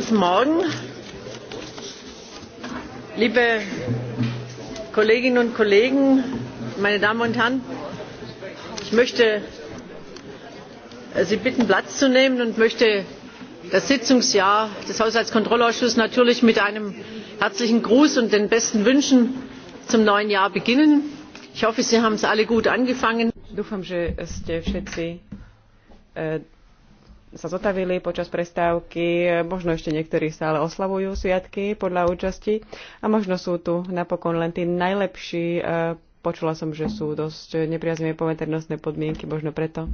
Guten Morgen, liebe Kolleginnen und Kollegen, meine Damen und Herren. Ich möchte äh, Sie bitten, Platz zu nehmen und möchte das Sitzungsjahr des Haushaltskontrollausschusses natürlich mit einem herzlichen Gruß und den besten Wünschen zum neuen Jahr beginnen. Ich hoffe, Sie haben es alle gut angefangen. Dúfam, že ste všetci äh, sa zotavili počas prestávky, možno ešte niektorí stále oslavujú sviatky podľa účasti a možno sú tu napokon len tí najlepší. E, počula som, že sú dosť nepriaznivé poveternostné podmienky, možno preto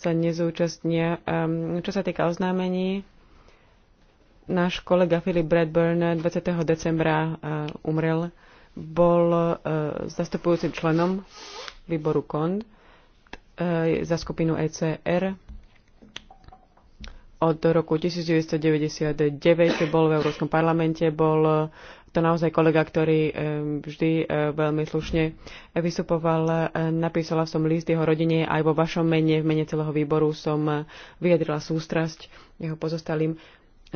sa nezúčastnia. Ehm, čo sa týka oznámení, náš kolega Philip Bradburn 20. decembra e, umrel. Bol e, zastupujúcim členom výboru KOND za skupinu ECR od roku 1999 bol v Európskom parlamente, bol to naozaj kolega, ktorý eh, vždy eh, veľmi slušne vystupoval. Eh, napísala som list jeho rodine aj vo vašom mene, v mene celého výboru som vyjadrila sústrasť jeho pozostalým.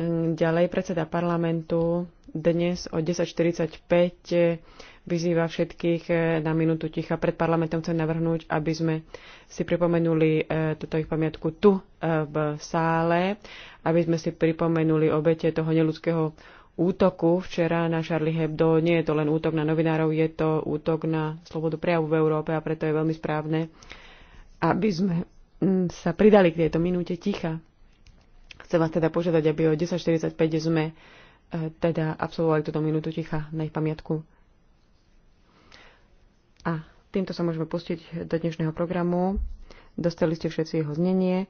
Mm, ďalej predseda parlamentu dnes o 10.45 vyzýva všetkých e, na minútu ticha. Pred parlamentom chcem navrhnúť, aby sme si pripomenuli e, túto ich pamiatku tu e, v sále, aby sme si pripomenuli obete toho neludského útoku včera na Charlie Hebdo. Nie je to len útok na novinárov, je to útok na slobodu prejavu v Európe a preto je veľmi správne, aby sme mm, sa pridali k tejto minúte ticha. Chcem vás teda požiadať, aby o 10.45 sme teda absolvovali túto minútu ticha na ich pamiatku. A týmto sa môžeme pustiť do dnešného programu. Dostali ste všetci jeho znenie.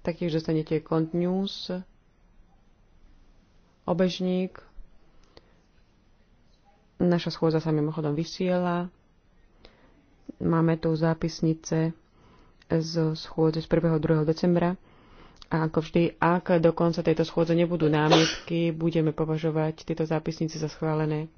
Taktiež dostanete Cont News, obežník. Naša schôdza sa mimochodom vysiela. Máme tu zápisnice z schôdze z 1. 2. decembra. A ako vždy, ak do konca tejto schôdze nebudú námietky, budeme považovať tieto zápisnice za schválené.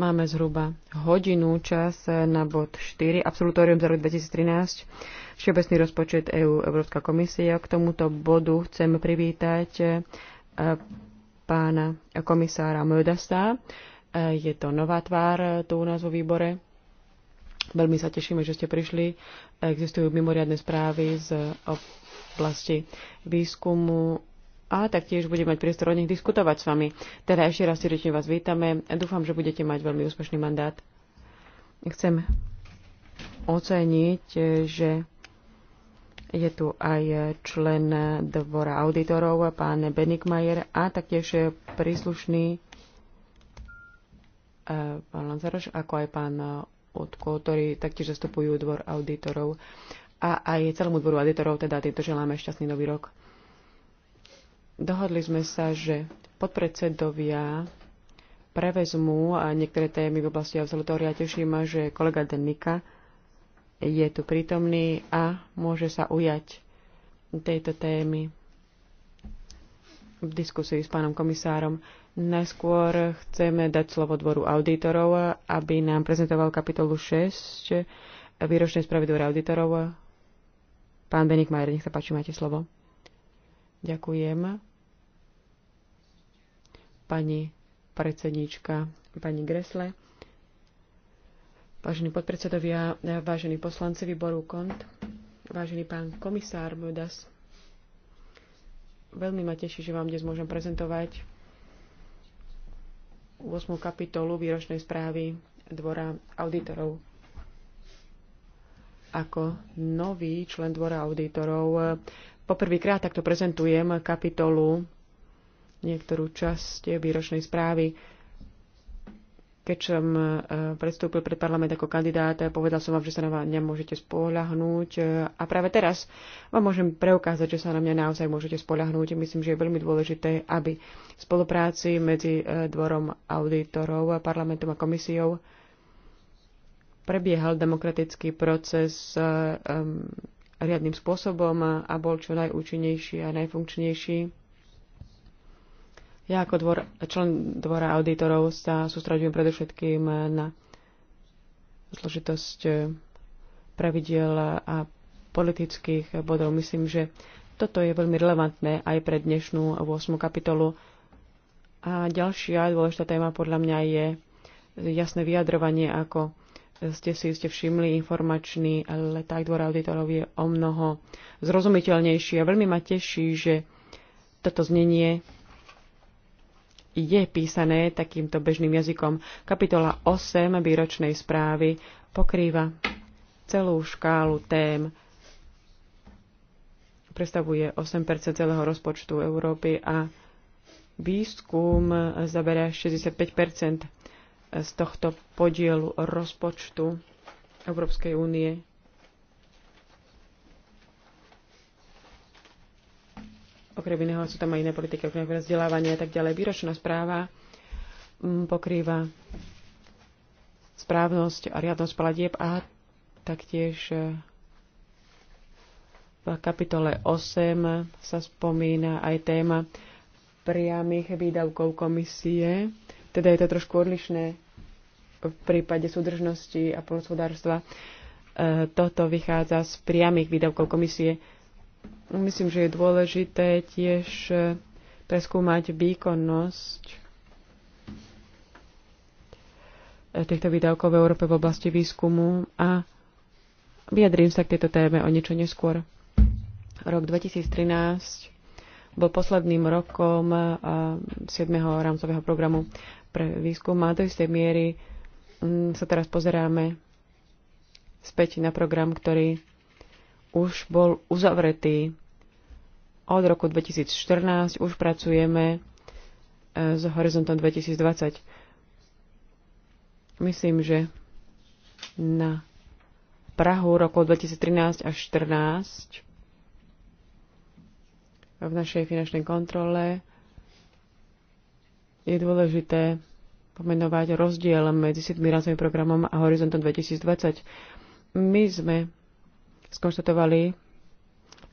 Máme zhruba hodinu čas na bod 4, absolutórium za rok 2013, Všeobecný rozpočet EÚ, EU, Európska komisia. K tomuto bodu chcem privítať e, pána komisára Mödasa. E, je to nová tvár tu u nás vo výbore. Veľmi sa tešíme, že ste prišli. Existujú mimoriadne správy z oblasti výskumu a taktiež budeme mať priestor o nich diskutovať s vami. Teda ešte raz srdečne vás vítame. Dúfam, že budete mať veľmi úspešný mandát. Chcem oceniť, že je tu aj člen dvora auditorov, pán Benigmajer a taktiež príslušný eh, pán Lanzaroš, ako aj pán Otko, ktorí taktiež zastupujú dvor auditorov a aj celému dvoru auditorov, teda týmto želáme šťastný nový rok. Dohodli sme sa, že podpredsedovia prevezmú a niektoré témy v oblasti absolutória. Teší ma, že kolega Denika je tu prítomný a môže sa ujať tejto témy v diskusii s pánom komisárom. Najskôr chceme dať slovo dvoru auditorov, aby nám prezentoval kapitolu 6 výročnej správy dvora auditorov. Pán Benik Majer, nech sa páči, máte slovo. Ďakujem pani predsedníčka, pani Gresle, vážení podpredsedovia, vážení poslanci výboru KONT, vážený pán komisár Budas, veľmi ma teší, že vám dnes môžem prezentovať 8. kapitolu výročnej správy Dvora auditorov. Ako nový člen Dvora auditorov poprvýkrát takto prezentujem kapitolu niektorú časť výročnej správy. Keď som e, predstúpil pred parlament ako kandidát, povedal som vám, že sa na vás môžete spolahnúť e, a práve teraz vám môžem preukázať, že sa na mňa naozaj môžete spolahnúť. Myslím, že je veľmi dôležité, aby v spolupráci medzi e, dvorom auditorov, parlamentom a komisiou prebiehal demokratický proces riadnym spôsobom a bol čo najúčinnejší a najfunkčnejší. Ja ako dvor, člen dvora auditorov sa sústraďujem predovšetkým na zložitosť eh, pravidel a politických bodov. Myslím, že toto je veľmi relevantné aj pre dnešnú 8. kapitolu. A ďalšia dôležitá téma podľa mňa je jasné vyjadrovanie, ako ste si ste všimli, informačný leták dvora auditorov je o mnoho zrozumiteľnejší a veľmi ma teší, že toto znenie je písané takýmto bežným jazykom. Kapitola 8 výročnej správy pokrýva celú škálu tém. Predstavuje 8 celého rozpočtu Európy a výskum zaberá 65 z tohto podielu rozpočtu Európskej únie. Okrem iného sú tam aj iné politiky, okrem vzdelávania a tak ďalej. Výročná správa mm, pokrýva správnosť a riadnosť pladieb a taktiež e, v kapitole 8 sa spomína aj téma priamých výdavkov komisie. Teda je to trošku odlišné v prípade súdržnosti a pohospodárstva. E, toto vychádza z priamých výdavkov komisie Myslím, že je dôležité tiež e, preskúmať výkonnosť e, týchto výdavkov v Európe v oblasti výskumu a vyjadrím sa k tejto téme o niečo neskôr. Rok 2013 bol posledným rokom 7. E, rámcového programu pre výskum a do istej miery sa teraz pozeráme späť na program, ktorý už bol uzavretý. Od roku 2014 už pracujeme e, s horizontom 2020. Myslím, že na Prahu roku 2013 až 2014 v našej finančnej kontrole je dôležité pomenovať rozdiel medzi 7. programom a Horizontom 2020. My sme skonštatovali,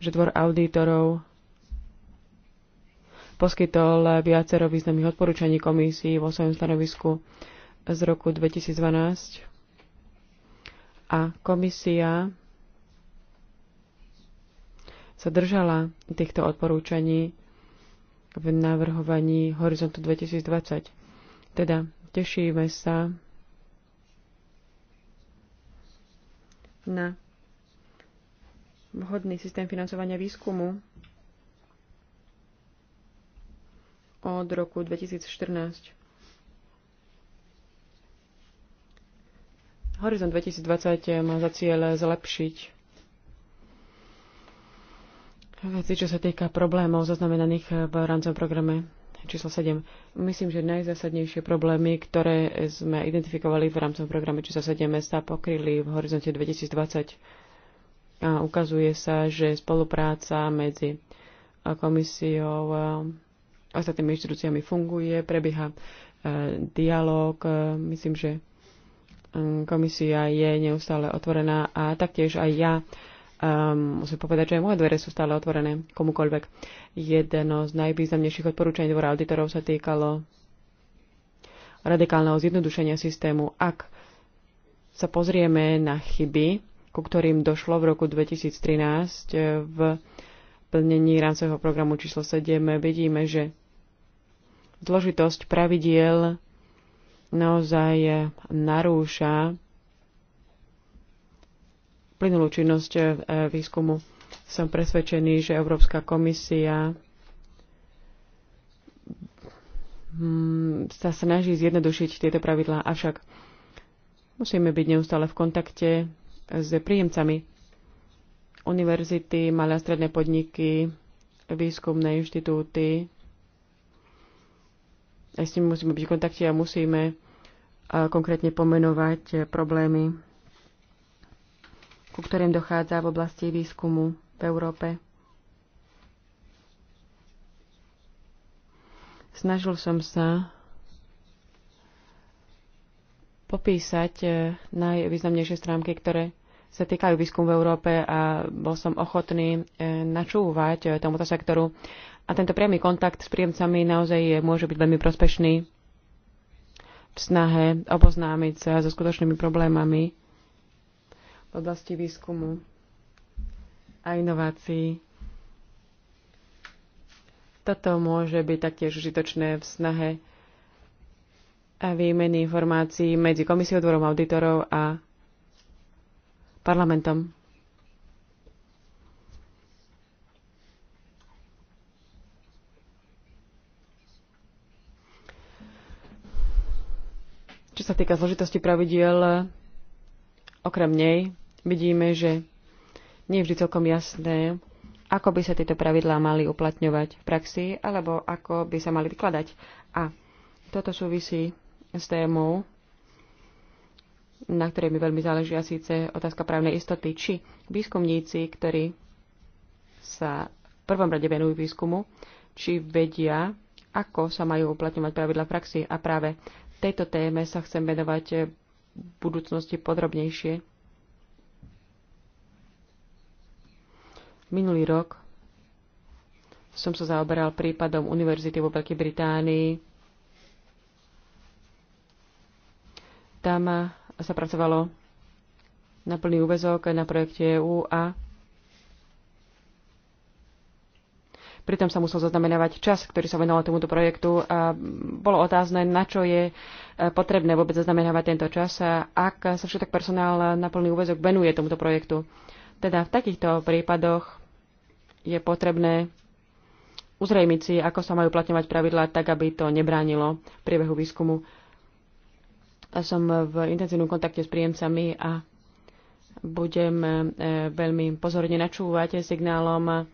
že dvor auditorov poskytol viacero významných odporúčaní komisii vo svojom stanovisku z roku 2012 a komisia sa držala týchto odporúčaní v navrhovaní Horizontu 2020. Teda tešíme sa na vhodný systém financovania výskumu od roku 2014. Horizont 2020 má za cieľ zlepšiť veci, čo sa týka problémov zaznamenaných v rámcom programe číslo 7. Myslím, že najzásadnejšie problémy, ktoré sme identifikovali v rámcom programe číslo 7 mesta, pokryli v horizonte 2020 a ukazuje sa, že spolupráca medzi komisiou a ostatnými inštitúciami funguje, prebieha e, dialog. E, myslím, že e, komisia je neustále otvorená a taktiež aj ja um, musím povedať, že aj moje dvere sú stále otvorené komukoľvek. Jedno z najvýznamnejších odporúčaní dvora auditorov sa týkalo radikálneho zjednodušenia systému. Ak sa pozrieme na chyby, ku ktorým došlo v roku 2013 e, v plnení rámcového programu číslo 7, vidíme, že zložitosť pravidiel naozaj narúša plynulú činnosť e, výskumu. Som presvedčený, že Európska komisia mm, sa snaží zjednodušiť tieto pravidlá, avšak musíme byť neustále v kontakte s príjemcami. Univerzity, malé a stredné podniky, výskumné inštitúty. A s nimi musíme byť v kontakte a musíme konkrétne pomenovať e, problémy, ku ktorým dochádza v oblasti výskumu v Európe. Snažil som sa popísať e, najvýznamnejšie stránky, ktoré sa týkajú výskumu v Európe a bol som ochotný e, načúvať e, tomuto sektoru. A tento priamy kontakt s príjemcami naozaj môže byť veľmi prospešný v snahe oboznámiť sa so skutočnými problémami v oblasti výskumu a inovácií. Toto môže byť taktiež užitočné v snahe a výmeny informácií medzi Komisiou dvorom auditorov a parlamentom. Čo sa týka zložitosti pravidiel, okrem nej vidíme, že nie je vždy celkom jasné, ako by sa tieto pravidlá mali uplatňovať v praxi alebo ako by sa mali vykladať. A toto súvisí s témou, na ktorej mi veľmi záleží a síce otázka právnej istoty, či výskumníci, ktorí sa v prvom rade venujú výskumu, či vedia, ako sa majú uplatňovať pravidla v praxi. A práve tejto téme sa chcem venovať v budúcnosti podrobnejšie. Minulý rok som sa zaoberal prípadom univerzity vo Veľkej Británii, Tam sa pracovalo na plný úvezok na projekte EU a pritom sa musel zaznamenávať čas, ktorý sa venoval tomuto projektu a bolo otázne, na čo je e, potrebné vôbec zaznamenávať tento čas, a ak sa všetok personál na plný úvezok venuje tomuto projektu. Teda v takýchto prípadoch je potrebné uzrejmiť si, ako sa majú platňovať pravidlá tak, aby to nebránilo priebehu výskumu som v intenzívnom kontakte s príjemcami a budem e, veľmi pozorne načúvať signálom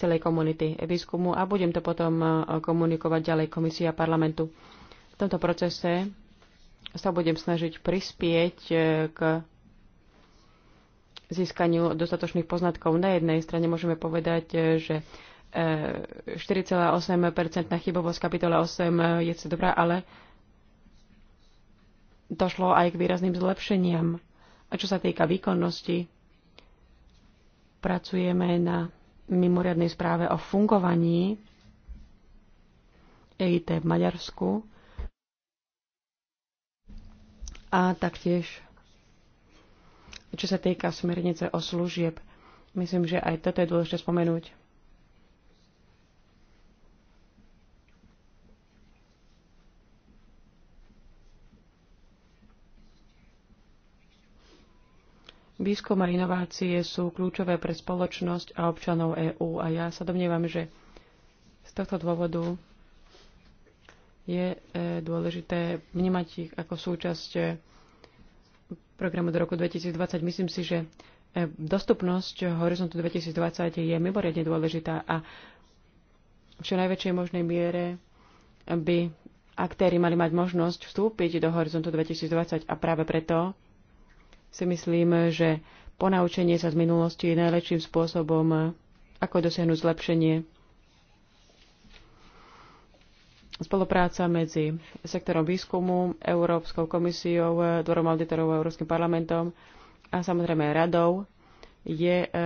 celej komunity výskumu a budem to potom e, komunikovať ďalej komisii a parlamentu. V tomto procese sa budem snažiť prispieť e, k získaniu dostatočných poznatkov. Na jednej strane môžeme povedať, že 4,8% chybovosť kapitola 8 je dobrá, ale došlo aj k výrazným zlepšeniam. A čo sa týka výkonnosti, pracujeme na mimoriadnej správe o fungovaní EIT v Maďarsku a taktiež čo sa týka smernice o služieb. Myslím, že aj toto je dôležité spomenúť. Výskum a inovácie sú kľúčové pre spoločnosť a občanov EÚ a ja sa domnievam, že z tohto dôvodu je e, dôležité vnímať ich ako súčasť e, programu do roku 2020. Myslím si, že e, dostupnosť Horizontu 2020 je mimoriadne dôležitá a v čo najväčšej možnej miere by aktéry mali mať možnosť vstúpiť do Horizontu 2020 a práve preto si myslím, že ponaučenie sa z minulosti je najlepším spôsobom, ako dosiahnuť zlepšenie. Spolupráca medzi sektorom výskumu, Európskou komisiou, Dvorom auditorov a Európskym parlamentom a samozrejme radou je e, e,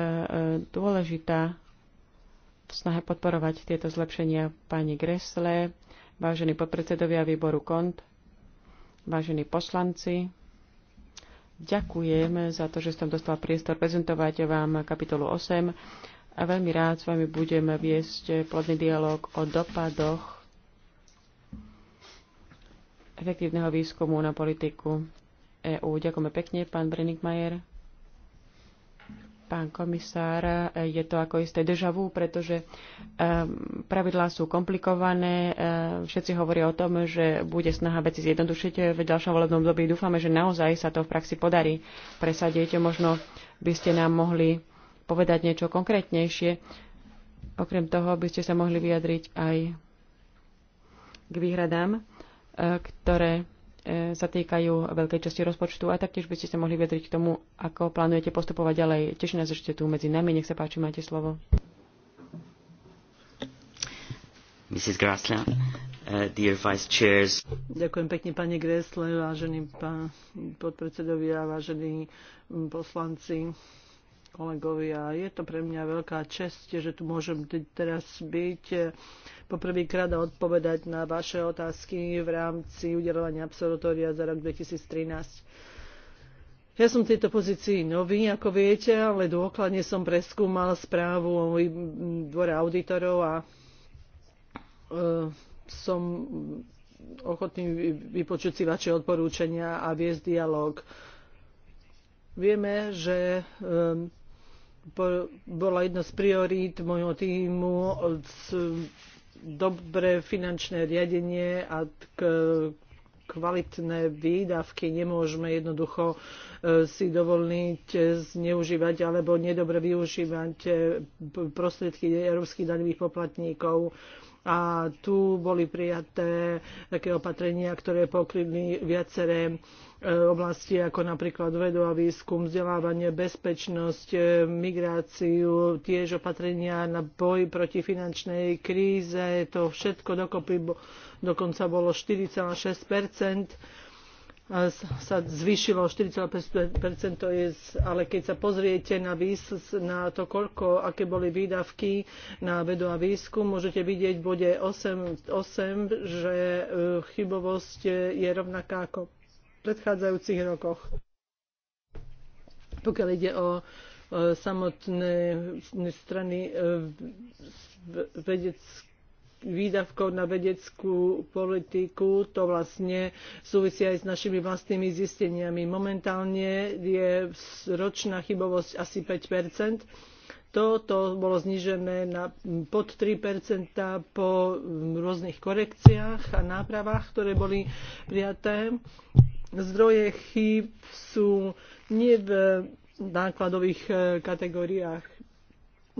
dôležitá v snahe podporovať tieto zlepšenia pani Gresle, vážení podpredsedovia výboru KONT, vážení poslanci, Ďakujem za to, že som dostal priestor prezentovať vám kapitolu 8 a veľmi rád s vami budem viesť plodný dialog o dopadoch efektívneho výskumu na politiku EÚ. Ďakujeme pekne, pán Brenikmajer pán komisár, je to ako isté vu, pretože ehm, pravidlá sú komplikované. Ehm, všetci hovoria o tom, že bude snaha veci zjednodušiť v ďalšom volebnom období. Dúfame, že naozaj sa to v praxi podarí presadiť. Možno by ste nám mohli povedať niečo konkrétnejšie. Okrem toho by ste sa mohli vyjadriť aj k výhradám, ehm, ktoré E, sa týkajú veľkej časti rozpočtu a taktiež by ste sa mohli vyjadriť k tomu, ako plánujete postupovať ďalej. Teším nás, že ste tu medzi nami. Nech sa páči, máte slovo. Mrs. Grassler, uh, dear vice chairs. Ďakujem pekne, pani Gressle, vážení pán podpredsedovia, vážení poslanci kolegovia. Je to pre mňa veľká čest, že tu môžem teraz byť eh, poprvýkrát a odpovedať na vaše otázky v rámci udelovania absolutória za rok 2013. Ja som v tejto pozícii nový, ako viete, ale dôkladne som preskúmal správu o dvore auditorov a uh, som ochotný vypočuť si vaše odporúčania a viesť dialog. Vieme, že um, bola jedno z priorít môjho týmu dobré finančné riadenie a kvalitné výdavky nemôžeme jednoducho e, si dovolniť e, zneužívať alebo nedobre využívať e, prostriedky európskych daňových poplatníkov. A tu boli prijaté také opatrenia, ktoré pokryli viaceré E, oblasti ako napríklad vedu a výskum, vzdelávanie, bezpečnosť, e, migráciu, tiež opatrenia na boj proti finančnej kríze. To všetko dokopy dokonca bolo 4,6 sa zvýšilo 4,5 je, ale keď sa pozriete na, výs, na to, koľko, aké boli výdavky na vedu a výskum, môžete vidieť v bode 8, 8 že e, chybovosť je rovnaká ako predchádzajúcich rokoch. Pokiaľ ide o samotné strany e, vedecké výdavkov na vedeckú politiku, to vlastne súvisí aj s našimi vlastnými zisteniami. Momentálne je ročná chybovosť asi 5 toto bolo znížené na pod 3 po rôznych korekciách a nápravách, ktoré boli prijaté zdroje chýb sú nie v nákladových e, kategóriách.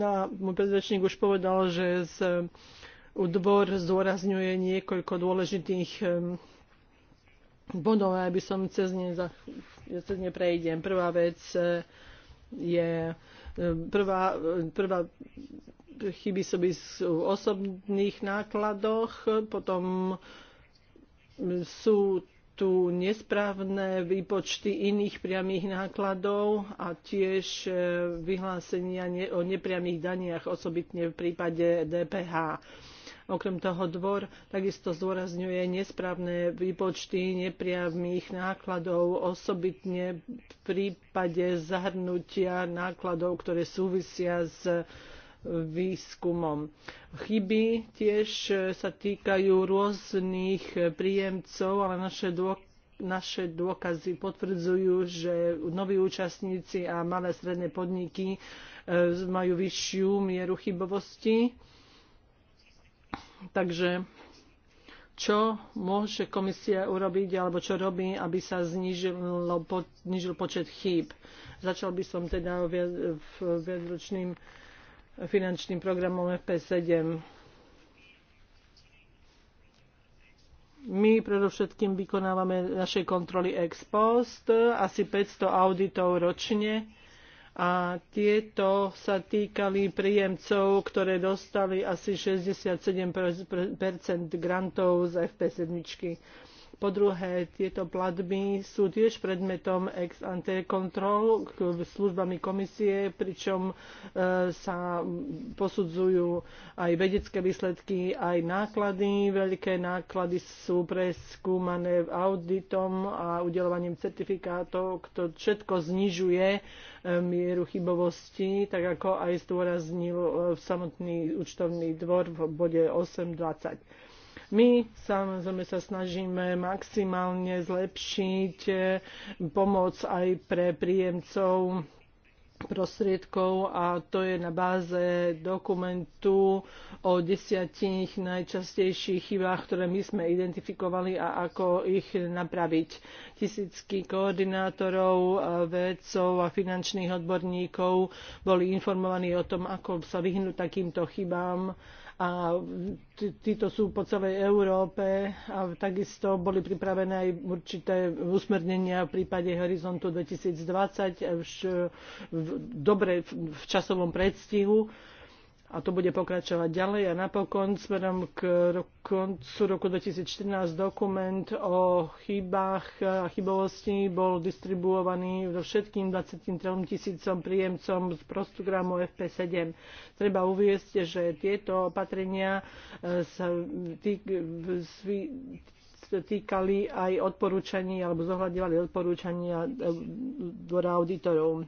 No a môj predvečník už povedal, že z, e, dvor zdôrazňuje niekoľko dôležitých e, bodov, aby som cez ne, za, cez ne prejdem. Prvá vec je prvá, prvá chyby sú v osobných nákladoch, potom sú tu nesprávne výpočty iných priamých nákladov a tiež e, vyhlásenia o nepriamých daniach, osobitne v prípade DPH. Okrem toho dvor takisto zdôrazňuje nesprávne výpočty nepriamých nákladov, osobitne v prípade zahrnutia nákladov, ktoré súvisia s výskumom. Chyby tiež e, sa týkajú rôznych e, príjemcov, ale naše dôkazy naše dôkazy potvrdzujú, že noví účastníci a malé stredné podniky e, majú vyššiu mieru chybovosti. Takže čo môže komisia urobiť alebo čo robí, aby sa znižil počet chýb. Začal by som teda viedročným viac finančným programom FP7. My predovšetkým vykonávame naše kontroly ex post, asi 500 auditov ročne a tieto sa týkali príjemcov, ktoré dostali asi 67 grantov z FP7. Po druhé, tieto platby sú tiež predmetom ex ante kontrol službami komisie, pričom e, sa posudzujú aj vedecké výsledky, aj náklady. Veľké náklady sú preskúmané auditom a udelovaním certifikátov, to všetko znižuje e, mieru chybovosti, tak ako aj zdôraznil e, samotný účtovný dvor v bode 8.20 my samozrejme sa snažíme maximálne zlepšiť e, pomoc aj pre príjemcov prostriedkov a to je na báze dokumentu o desiatich najčastejších chybách, ktoré my sme identifikovali a ako ich napraviť. Tisícky koordinátorov, e, vedcov a finančných odborníkov boli informovaní o tom, ako sa vyhnúť takýmto chybám a títo sú po celej Európe a takisto boli pripravené aj určité usmernenia v prípade Horizontu 2020 eh, v, v, dobre v, v časovom predstihu a to bude pokračovať ďalej. A napokon smerom k koncu roku 2014 dokument o chybách a chybovosti bol distribuovaný do všetkým 23 tisícom príjemcom z programu FP7. Treba uviesť, že tieto opatrenia eh, sa týkali aj odporúčaní alebo zohľadňovali odporúčania eh, dvora auditorov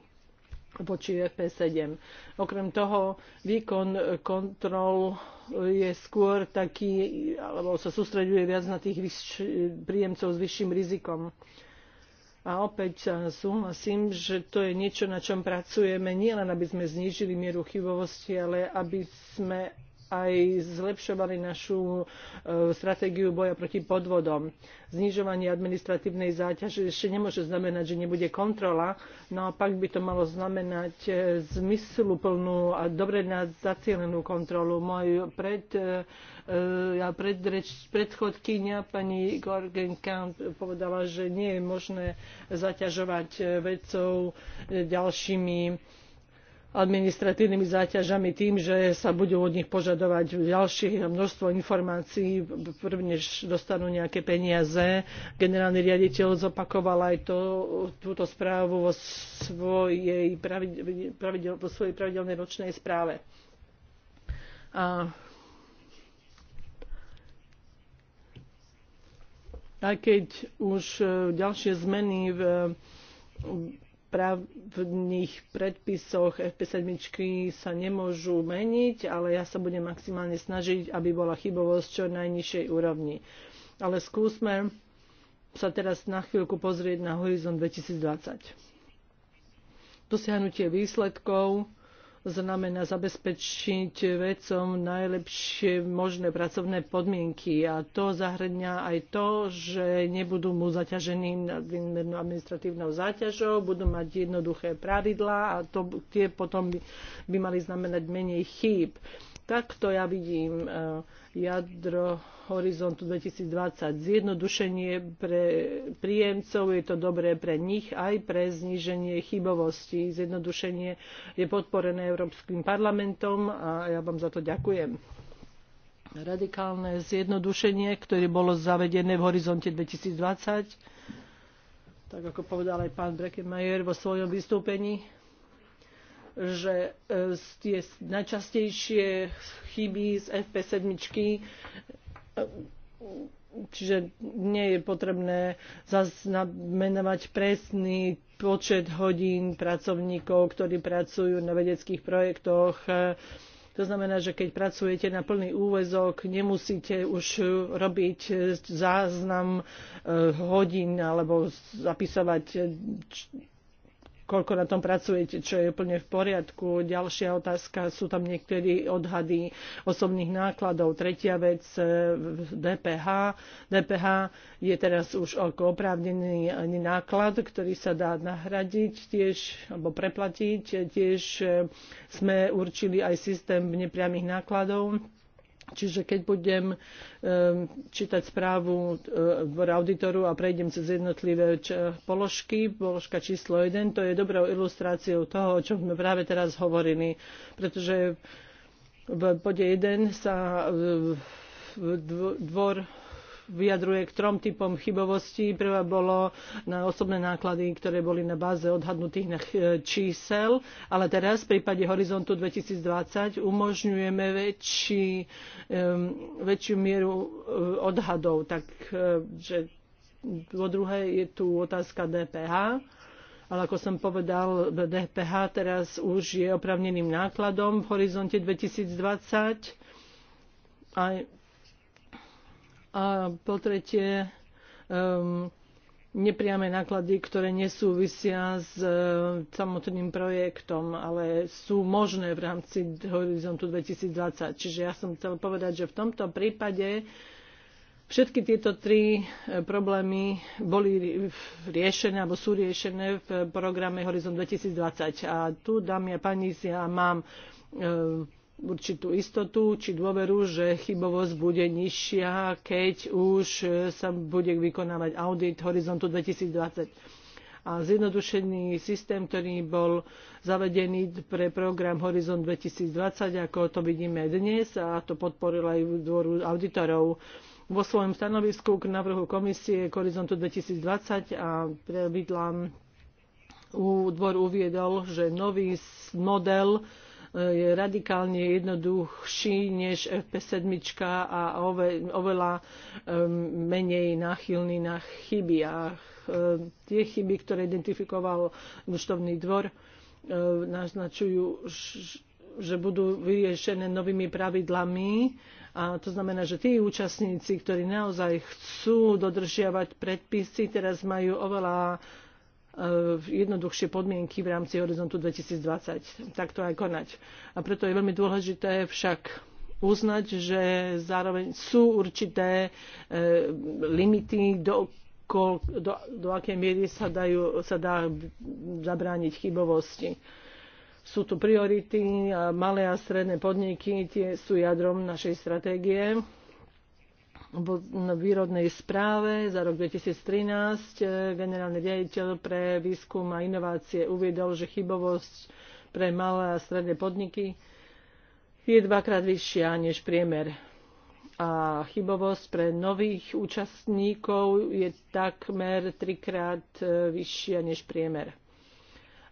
voči FP7. Okrem toho výkon e, kontrol je skôr taký, alebo sa sústreďuje viac na tých príjemcov s vyšším rizikom. A opäť súhlasím, že to je niečo, na čom pracujeme, nielen aby sme znížili mieru chybovosti, ale aby sme aj zlepšovali našu e, stratégiu boja proti podvodom. Znižovanie administratívnej záťaže ešte nemôže znamenať, že nebude kontrola, naopak by to malo znamenať e, zmysluplnú a dobre zacielenú kontrolu. Môj pred, e, ja predreč, predchodkynia pani Gorgenkamp povedala, že nie je možné zaťažovať vedcov ďalšími administratívnymi záťažami tým, že sa budú od nich požadovať ďalšie množstvo informácií, než dostanú nejaké peniaze. Generálny riaditeľ zopakoval aj to, túto správu vo svojej, pravidel, pravidel, vo svojej pravidelnej ročnej správe. A aj keď už e, ďalšie zmeny v právnych predpisoch FP7 sa nemôžu meniť, ale ja sa budem maximálne snažiť, aby bola chybovosť čo najnižšej úrovni. Ale skúsme sa teraz na chvíľku pozrieť na horizont 2020. Dosiahnutie výsledkov znamená zabezpečiť vedcom najlepšie možné pracovné podmienky. A to zahrňa aj to, že nebudú mu zaťažení administratívnou záťažou, budú mať jednoduché pravidlá a to, tie potom by, by mali znamenať menej chýb. Takto ja vidím e, jadro Horizontu 2020. Zjednodušenie pre príjemcov je to dobré pre nich aj pre zníženie chybovosti. Zjednodušenie je podporené Európskym parlamentom a ja vám za to ďakujem. Radikálne zjednodušenie, ktoré bolo zavedené v Horizonte 2020, tak ako povedal aj pán Breckenmayer vo svojom vystúpení, že e, tie najčastejšie chyby z FP7 e, čiže nie je potrebné zaznamenávať presný počet hodín pracovníkov, ktorí pracujú na vedeckých projektoch. E, to znamená, že keď pracujete na plný úvezok, nemusíte už robiť záznam hodín alebo zapisovať koľko na tom pracujete, čo je úplne v poriadku. Ďalšia otázka, sú tam niektorí odhady osobných nákladov. Tretia vec, e, DPH. DPH je teraz už ako oprávnený náklad, ktorý sa dá nahradiť tiež, alebo preplatiť. Tiež e, sme určili aj systém nepriamých nákladov Čiže keď budem um, čítať správu uh, auditoru a prejdem cez jednotlivé č- položky, položka číslo 1, to je dobrou ilustráciou toho, o čom sme práve teraz hovorili, pretože v bode 1 sa uh, dvor vyjadruje k trom typom chybovostí. Prvá bolo na osobné náklady, ktoré boli na báze odhadnutých na e, čísel, ale teraz v prípade Horizontu 2020 umožňujeme väčší, väčšiu mieru e, odhadov. Takže e, po druhé je tu otázka DPH ale ako som povedal, DPH teraz už je opravneným nákladom v horizonte 2020 a a po tretie um, nepriame náklady, ktoré nesúvisia s e, samotným projektom, ale sú možné v rámci horizontu 2020. Čiže ja som chcel povedať, že v tomto prípade všetky tieto tri e, problémy boli riešené alebo sú riešené v programe Horizont 2020. A tu, dámy a pani, ja mám e, určitú istotu či dôveru, že chybovosť bude nižšia, keď už e, sa bude vykonávať audit horizontu 2020 a zjednodušený systém, ktorý bol zavedený pre program Horizon 2020, ako to vidíme dnes a to podporilo aj dvoru auditorov vo svojom stanovisku k návrhu komisie k Horizontu 2020 a u dvor uviedol, že nový model je radikálne jednoduchší než FP7 a oveľa ehm, menej náchylný na chyby. A ehm, tie chyby, ktoré identifikoval účtovný dvor, ehm, naznačujú, že budú vyriešené novými pravidlami. A to znamená, že tí účastníci, ktorí naozaj chcú dodržiavať predpisy, teraz majú oveľa E, jednoduchšie podmienky v rámci horizontu 2020. Takto aj konať. A preto je veľmi dôležité však uznať, že zároveň sú určité e, limity, do, kol, do, do akej miery sa, dajú, sa dá zabrániť chybovosti sú tu priority a malé a stredné podniky tie sú jadrom našej stratégie výrodnej správe za rok 2013 e, generálny riaditeľ pre výskum a inovácie uviedol, že chybovosť pre malé a stredné podniky je dvakrát vyššia než priemer. A chybovosť pre nových účastníkov je takmer trikrát e, vyššia než priemer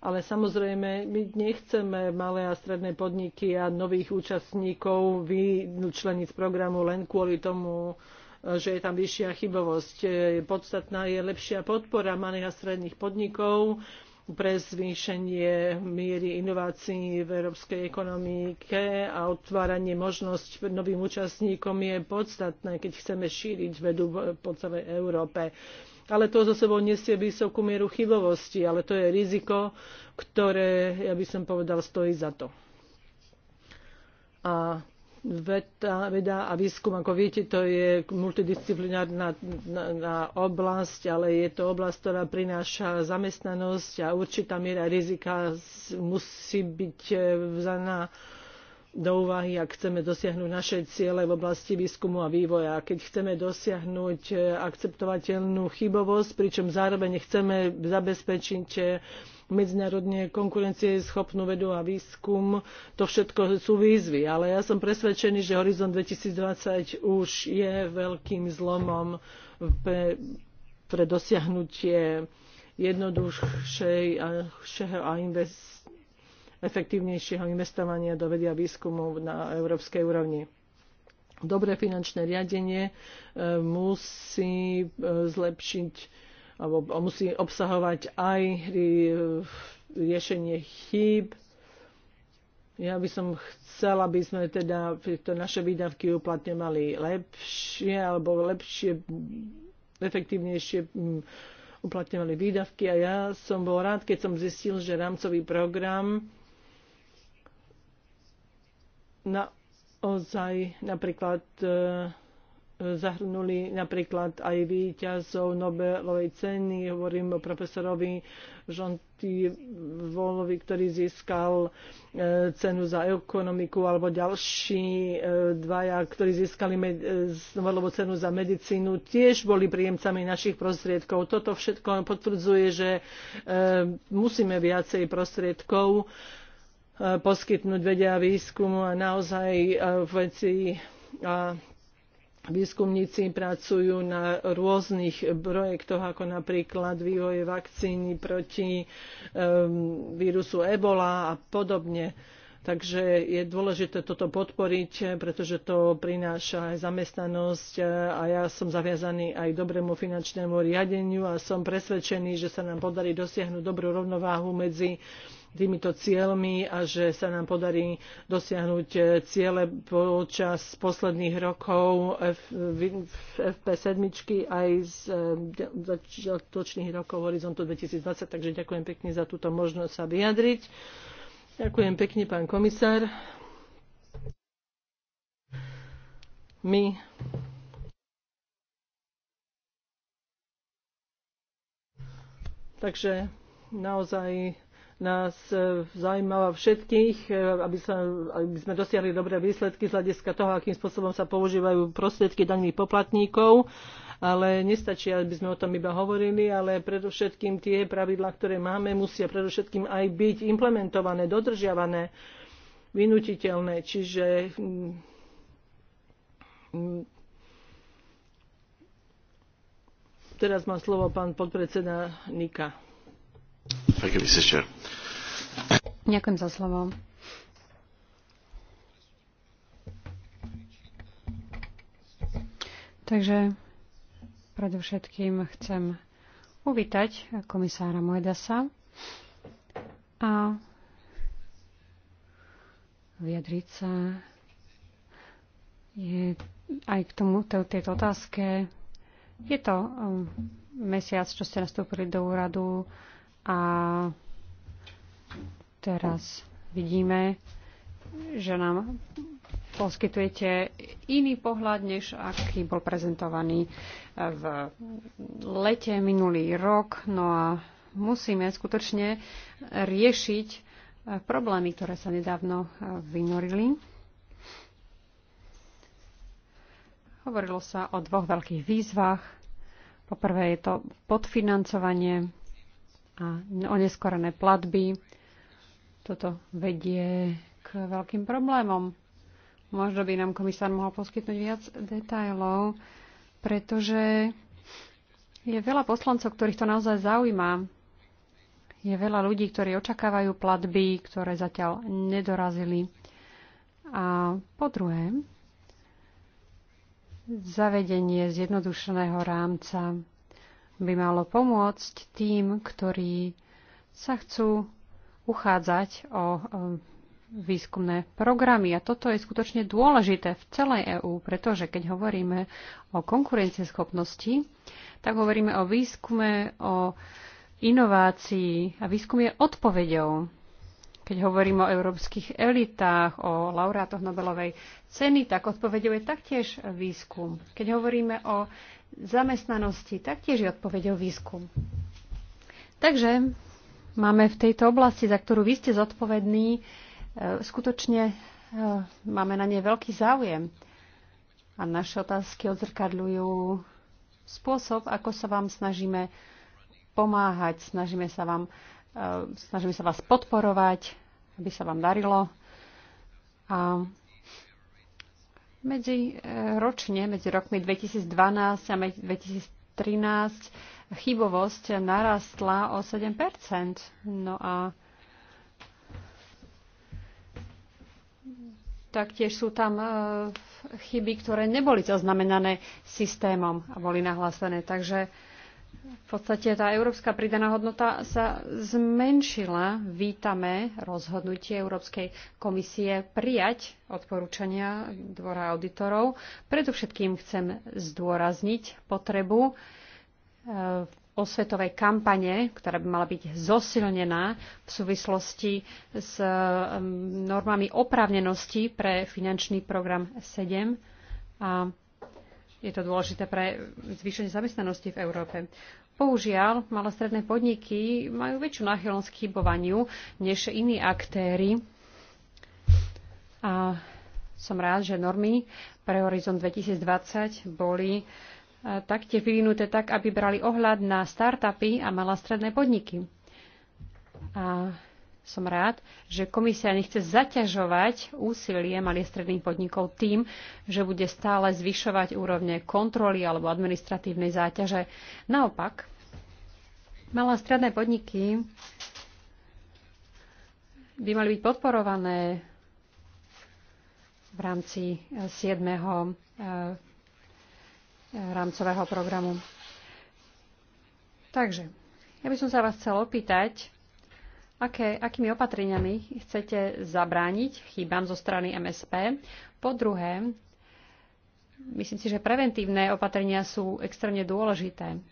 ale samozrejme my nechceme malé a stredné podniky a nových účastníkov vyčleniť z programu len kvôli tomu, že je tam vyššia chybovosť. E, podstatná je lepšia podpora malých a stredných podnikov pre zvýšenie miery inovácií v európskej ekonomike a otváranie možnosť novým účastníkom je podstatné, keď chceme šíriť vedu po celej Európe ale to zo sebou nesie vysokú mieru chybovosti, ale to je riziko, ktoré, ja by som povedal, stojí za to. A veda, veda a výskum, ako viete, to je multidisciplinárna na, na oblasť, ale je to oblasť, ktorá prináša zamestnanosť a určitá miera rizika musí byť eh, vzaná do úvahy, ak chceme dosiahnuť naše ciele v oblasti výskumu a vývoja. Keď chceme dosiahnuť eh, akceptovateľnú chybovosť, pričom zároveň chceme zabezpečiť eh, medzinárodne konkurencieschopnú vedu a výskum, to všetko sú výzvy. Ale ja som presvedčený, že Horizon 2020 už je veľkým zlomom pre, pre dosiahnutie jednoduchšej a, a invest efektívnejšieho investovania do vedia výskumu na európskej úrovni. Dobré finančné riadenie e, musí e, zlepšiť alebo musí obsahovať aj e, riešenie chýb, ja by som chcela, aby sme teda to naše výdavky uplatne mali lepšie alebo lepšie, efektívnejšie uplatňovali výdavky a ja som bol rád, keď som zistil, že rámcový program naozaj napríklad e, zahrnuli napríklad aj výťazov Nobelovej ceny. Hovorím o profesorovi Žonti Volovi, ktorý získal e, cenu za ekonomiku, alebo ďalší e, dvaja, ktorí získali Nobelovú cenu za medicínu, tiež boli príjemcami našich prostriedkov. Toto všetko potvrdzuje, že musíme viacej prostriedkov E, poskytnúť vedia a výskumu a naozaj e, veci a výskumníci pracujú na rôznych projektoch, ako napríklad vývoje vakcíny proti um, vírusu ebola a podobne. Takže je dôležité toto podporiť, pretože to prináša aj zamestnanosť a ja som zaviazaný aj dobrému finančnému riadeniu a som presvedčený, že sa nám podarí dosiahnuť dobrú rovnováhu medzi týmito cieľmi a že sa nám podarí dosiahnuť eh, ciele počas posledných rokov FP7 aj z eh, začiatočných rokov Horizontu 2020. Takže ďakujem pekne za túto možnosť sa vyjadriť. Ďakujem pekne, pán komisár. My Takže naozaj nás e, zaujímala všetkých, e, aby, sa, aby sme dosiahli dobré výsledky z hľadiska toho, akým spôsobom sa používajú prostriedky daných poplatníkov ale nestačí, aby sme o tom iba hovorili, ale predovšetkým tie pravidlá, ktoré máme, musia predovšetkým aj byť implementované, dodržiavané, vynutiteľné. Čiže mm, mm, teraz má slovo pán podpredseda Nika. Ďakujem za slovo. Takže predovšetkým chcem uvítať komisára Moedasa a vyjadriť sa je aj k tomu tejto otázke. Je to um, mesiac, čo ste nastúpili do úradu a teraz vidíme, že nám poskytujete iný pohľad, než aký bol prezentovaný e, v lete minulý rok. No a musíme skutočne riešiť e, problémy, ktoré sa nedávno e, vynorili. Hovorilo sa o dvoch veľkých výzvach. Poprvé je to podfinancovanie a oneskorené platby. Toto vedie k veľkým problémom. Možno by nám komisár mohol poskytnúť viac detajlov, pretože je veľa poslancov, ktorých to naozaj zaujíma. Je veľa ľudí, ktorí očakávajú platby, ktoré zatiaľ nedorazili. A po druhé, zavedenie zjednodušeného rámca by malo pomôcť tým, ktorí sa chcú uchádzať o výskumné programy. A toto je skutočne dôležité v celej EÚ, pretože keď hovoríme o konkurencieschopnosti, tak hovoríme o výskume, o inovácii a výskum je odpoveďou. Keď hovoríme o európskych elitách, o laureátoch Nobelovej ceny, tak odpoveďou je taktiež výskum. Keď hovoríme o zamestnanosti, taktiež je odpovedou výskum. Takže máme v tejto oblasti, za ktorú vy ste zodpovední, e, skutočne e, máme na nej veľký záujem. A naše otázky odzrkadľujú spôsob, ako sa vám snažíme pomáhať, snažíme sa, vám, e, snažíme sa vás podporovať, aby sa vám darilo. A medzi e, ročne, medzi rokmi 2012 a 2013 chybovosť narastla o 7 No a taktiež sú tam e, chyby, ktoré neboli zaznamenané systémom a boli nahlásené. Takže v podstate tá európska pridaná hodnota sa zmenšila. Vítame rozhodnutie Európskej komisie prijať odporúčania dvora auditorov. Predovšetkým chcem zdôrazniť potrebu e, osvetovej kampane, ktorá by mala byť zosilnená v súvislosti s e, normami oprávnenosti pre finančný program 7 a je to dôležité pre zvýšenie zamestnanosti v Európe. Bohužiaľ, malé stredné podniky majú väčšiu náchylnosť k chybovaniu než iní aktéry. A som rád, že normy pre Horizon 2020 boli e, taktiež vyvinuté tak, aby brali ohľad na startupy a malé stredné podniky. A som rád, že komisia nechce zaťažovať úsilie malých stredných podnikov tým, že bude stále zvyšovať úrovne kontroly alebo administratívnej záťaže. Naopak, malé stredné podniky by mali byť podporované v rámci 7. Eh, eh, eh, rámcového programu. Takže, ja by som sa vás chcel opýtať, aké, akými opatreniami chcete zabrániť chýbam zo strany MSP. Po druhé, myslím si, že preventívne opatrenia sú extrémne dôležité.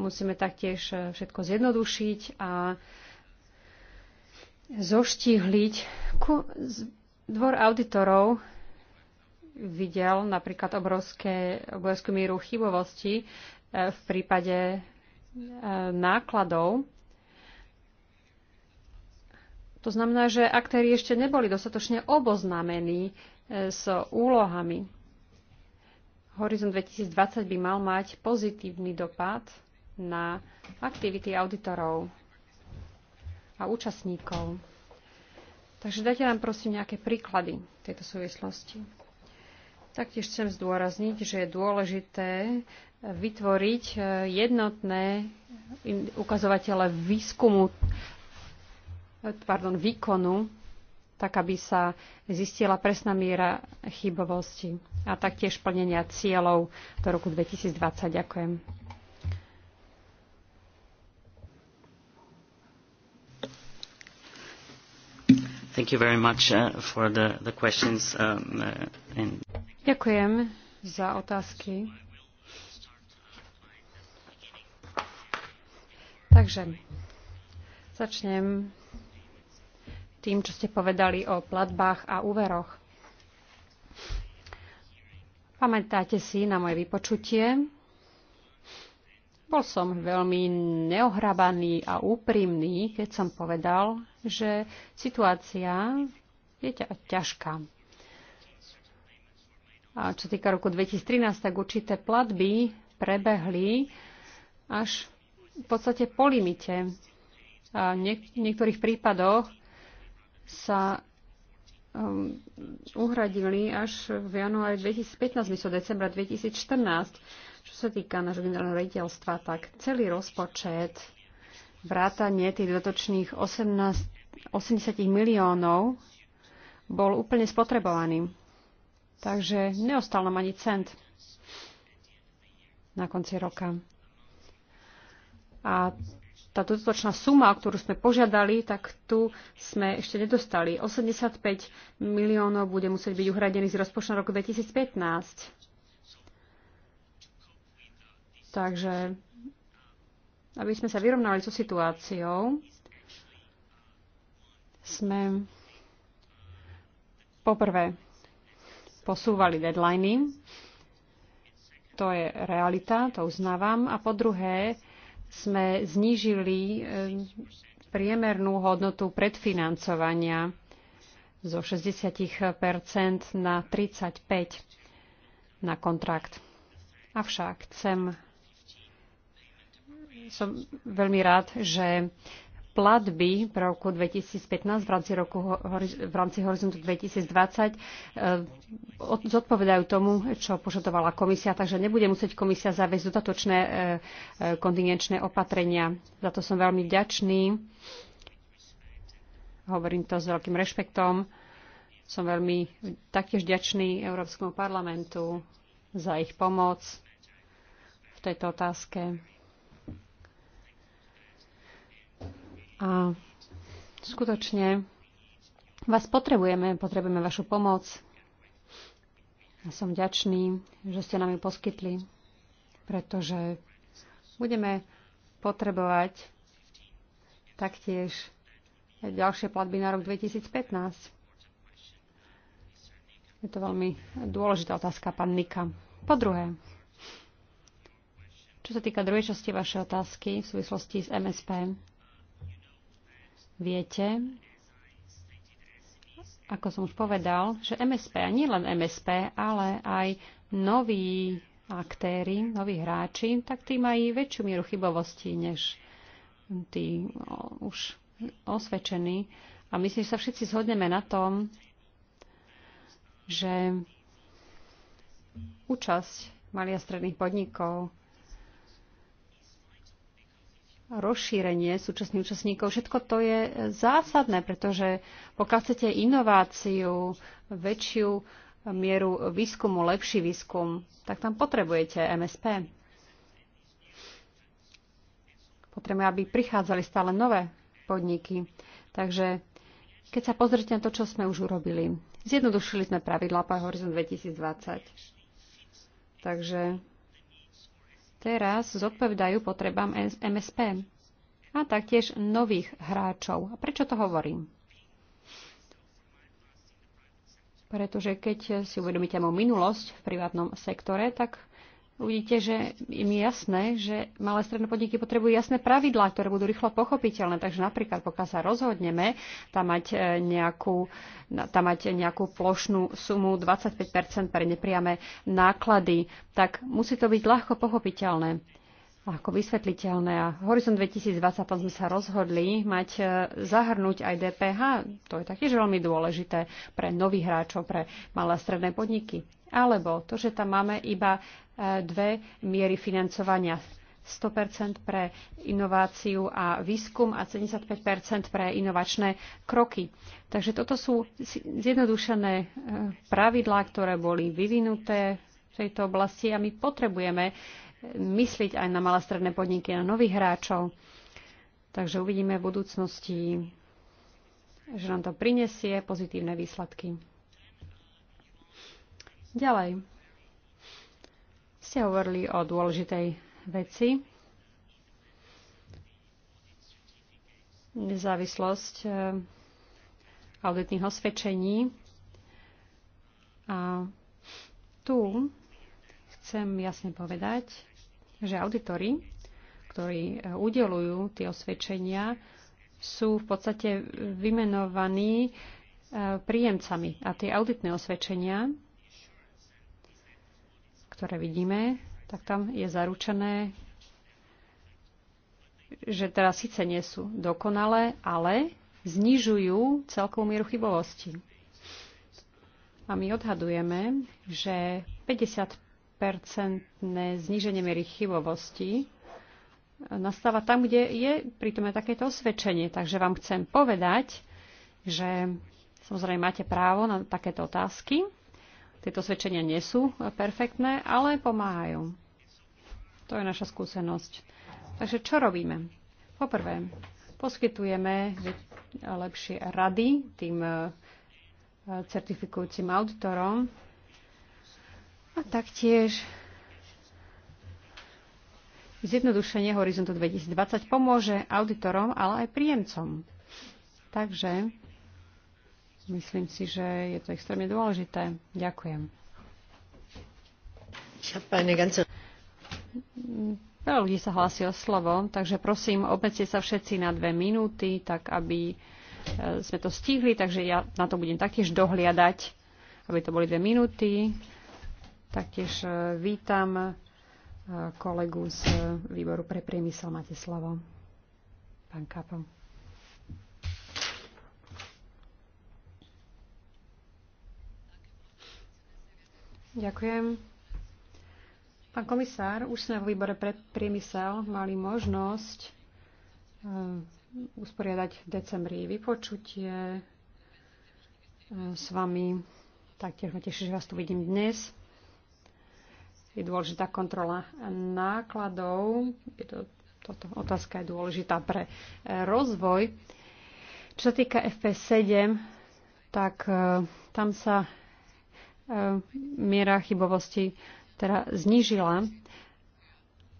Musíme taktiež eh, všetko zjednodušiť a zoštihliť. Dvor auditorov videl napríklad obrovské, obrovskú míru chybovosti eh, v prípade eh, nákladov to znamená, že aktéri ešte neboli dostatočne oboznámení e, s úlohami. Horizont 2020 by mal mať pozitívny dopad na aktivity auditorov a účastníkov. Takže dajte nám prosím nejaké príklady tejto súvislosti. Taktiež chcem zdôrazniť, že je dôležité vytvoriť e, jednotné ukazovatele výskumu pardon, výkonu, tak aby sa zistila presná miera chybovosti a taktiež plnenia cieľov do roku 2020. Ďakujem. Thank you very much uh, for the, the questions. Um, uh, and... Ďakujem za otázky. Takže začnem tým, čo ste povedali o platbách a úveroch. Pamätáte si na moje vypočutie? Bol som veľmi neohrabaný a úprimný, keď som povedal, že situácia je ťažká. A čo týka roku 2013, tak určité platby prebehli až v podstate po limite. A v niektorých prípadoch sa um, uhradili až v januári 2015, myslím decembra 2014. Čo sa týka nášho generálneho rejiteľstva, tak celý rozpočet vrátanie tých dodatočných 18, 80 miliónov bol úplne spotrebovaný. Takže neostal nám ani cent na konci roka. A tá dodatočná suma, o ktorú sme požiadali, tak tu sme ešte nedostali. 85 miliónov bude musieť byť uhradených z rozpočtu roku 2015. Takže, aby sme sa vyrovnali so situáciou, sme poprvé posúvali deadliny, to je realita, to uznávam, a po druhé, sme znížili e, priemernú hodnotu predfinancovania zo 60 na 35 na kontrakt. Avšak chcem, som veľmi rád, že platby v roku 2015 v rámci, roku, v rámci horizontu 2020 eh, zodpovedajú tomu, čo požadovala komisia, takže nebude musieť komisia zaviesť dodatočné eh, eh, kontingenčné opatrenia. Za to som veľmi vďačný. Hovorím to s veľkým rešpektom. Som veľmi taktiež vďačný Európskemu parlamentu za ich pomoc v tejto otázke. A skutočne vás potrebujeme, potrebujeme vašu pomoc. A som ďačný, že ste nám ju poskytli, pretože budeme potrebovať taktiež ďalšie platby na rok 2015. Je to veľmi dôležitá otázka, pán Nika. Po druhé, čo sa týka druhej časti vašej otázky v súvislosti s MSP, Viete, ako som už povedal, že MSP, a nie len MSP, ale aj noví aktéry, noví hráči, tak tí majú väčšiu mieru chybovosti než tí už osvedčení. A myslím, že sa všetci zhodneme na tom, že účasť malých a stredných podnikov rozšírenie súčasných účastníkov. Všetko to je zásadné, pretože pokiaľ chcete inováciu, väčšiu mieru výskumu, lepší výskum, tak tam potrebujete MSP. Potrebujeme, aby prichádzali stále nové podniky. Takže keď sa pozrite na to, čo sme už urobili, zjednodušili sme pravidlá pre Horizon 2020. Takže teraz zodpovedajú potrebám MSP a taktiež nových hráčov. A prečo to hovorím? Pretože keď si uvedomíte moju minulosť v privátnom sektore, tak uvidíte, že im je jasné, že malé stredné podniky potrebujú jasné pravidlá, ktoré budú rýchlo pochopiteľné. Takže napríklad, pokiaľ sa rozhodneme tam mať e, nejakú, tam mať nejakú plošnú sumu 25 pre nepriame náklady, tak musí to byť ľahko pochopiteľné ako vysvetliteľné. A Horizon 2020 potom sme sa rozhodli mať e, zahrnúť aj DPH. To je taktiež veľmi dôležité pre nových hráčov, pre malé a stredné podniky. Alebo to, že tam máme iba e, dve miery financovania. 100% pre inováciu a výskum a 75% pre inovačné kroky. Takže toto sú zjednodušené e, pravidlá, ktoré boli vyvinuté v tejto oblasti a my potrebujeme myslieť aj na malé stredné podniky, na nových hráčov. Takže uvidíme v budúcnosti, že nám to prinesie pozitívne výsledky. Ďalej. Ste hovorili o dôležitej veci. Nezávislosť e, auditných osvedčení. A tu chcem jasne povedať, že auditory, ktorí e, udelujú tie osvedčenia, sú v podstate vymenovaní e, príjemcami. A tie auditné osvedčenia, ktoré vidíme, tak tam je zaručené, že teraz síce nie sú dokonalé, ale znižujú celkovú mieru chybovosti. A my odhadujeme, že 50% percentné zníženie miery chybovosti nastáva tam, kde je prítomné takéto osvedčenie. Takže vám chcem povedať, že samozrejme máte právo na takéto otázky. Tieto osvedčenia nie sú perfektné, ale pomáhajú. To je naša skúsenosť. Takže čo robíme? Poprvé, poskytujeme lepšie rady tým eh, certifikujúcim auditorom, a taktiež zjednodušenie Horizontu 2020 pomôže auditorom, ale aj príjemcom. Takže myslím si, že je to extrémne dôležité. Ďakujem. Veľa ľudí sa hlási o slovo, takže prosím, obmedzte sa všetci na dve minúty, tak aby e, sme to stihli, takže ja na to budem taktiež dohliadať, aby to boli dve minúty. Taktiež e, vítam e, kolegu z e, výboru pre priemysel. Máte slovo. Pán Kapo. Ďakujem. Pán komisár, už sme v výbore pre priemysel mali možnosť usporiadať v decembri vypočutie s vami. Taktiež ma teší, že vás tu vidím dnes je dôležitá kontrola nákladov. Je to, toto otázka je dôležitá pre e, rozvoj. Čo sa týka FP7, tak e, tam sa e, miera chybovosti teda znížila.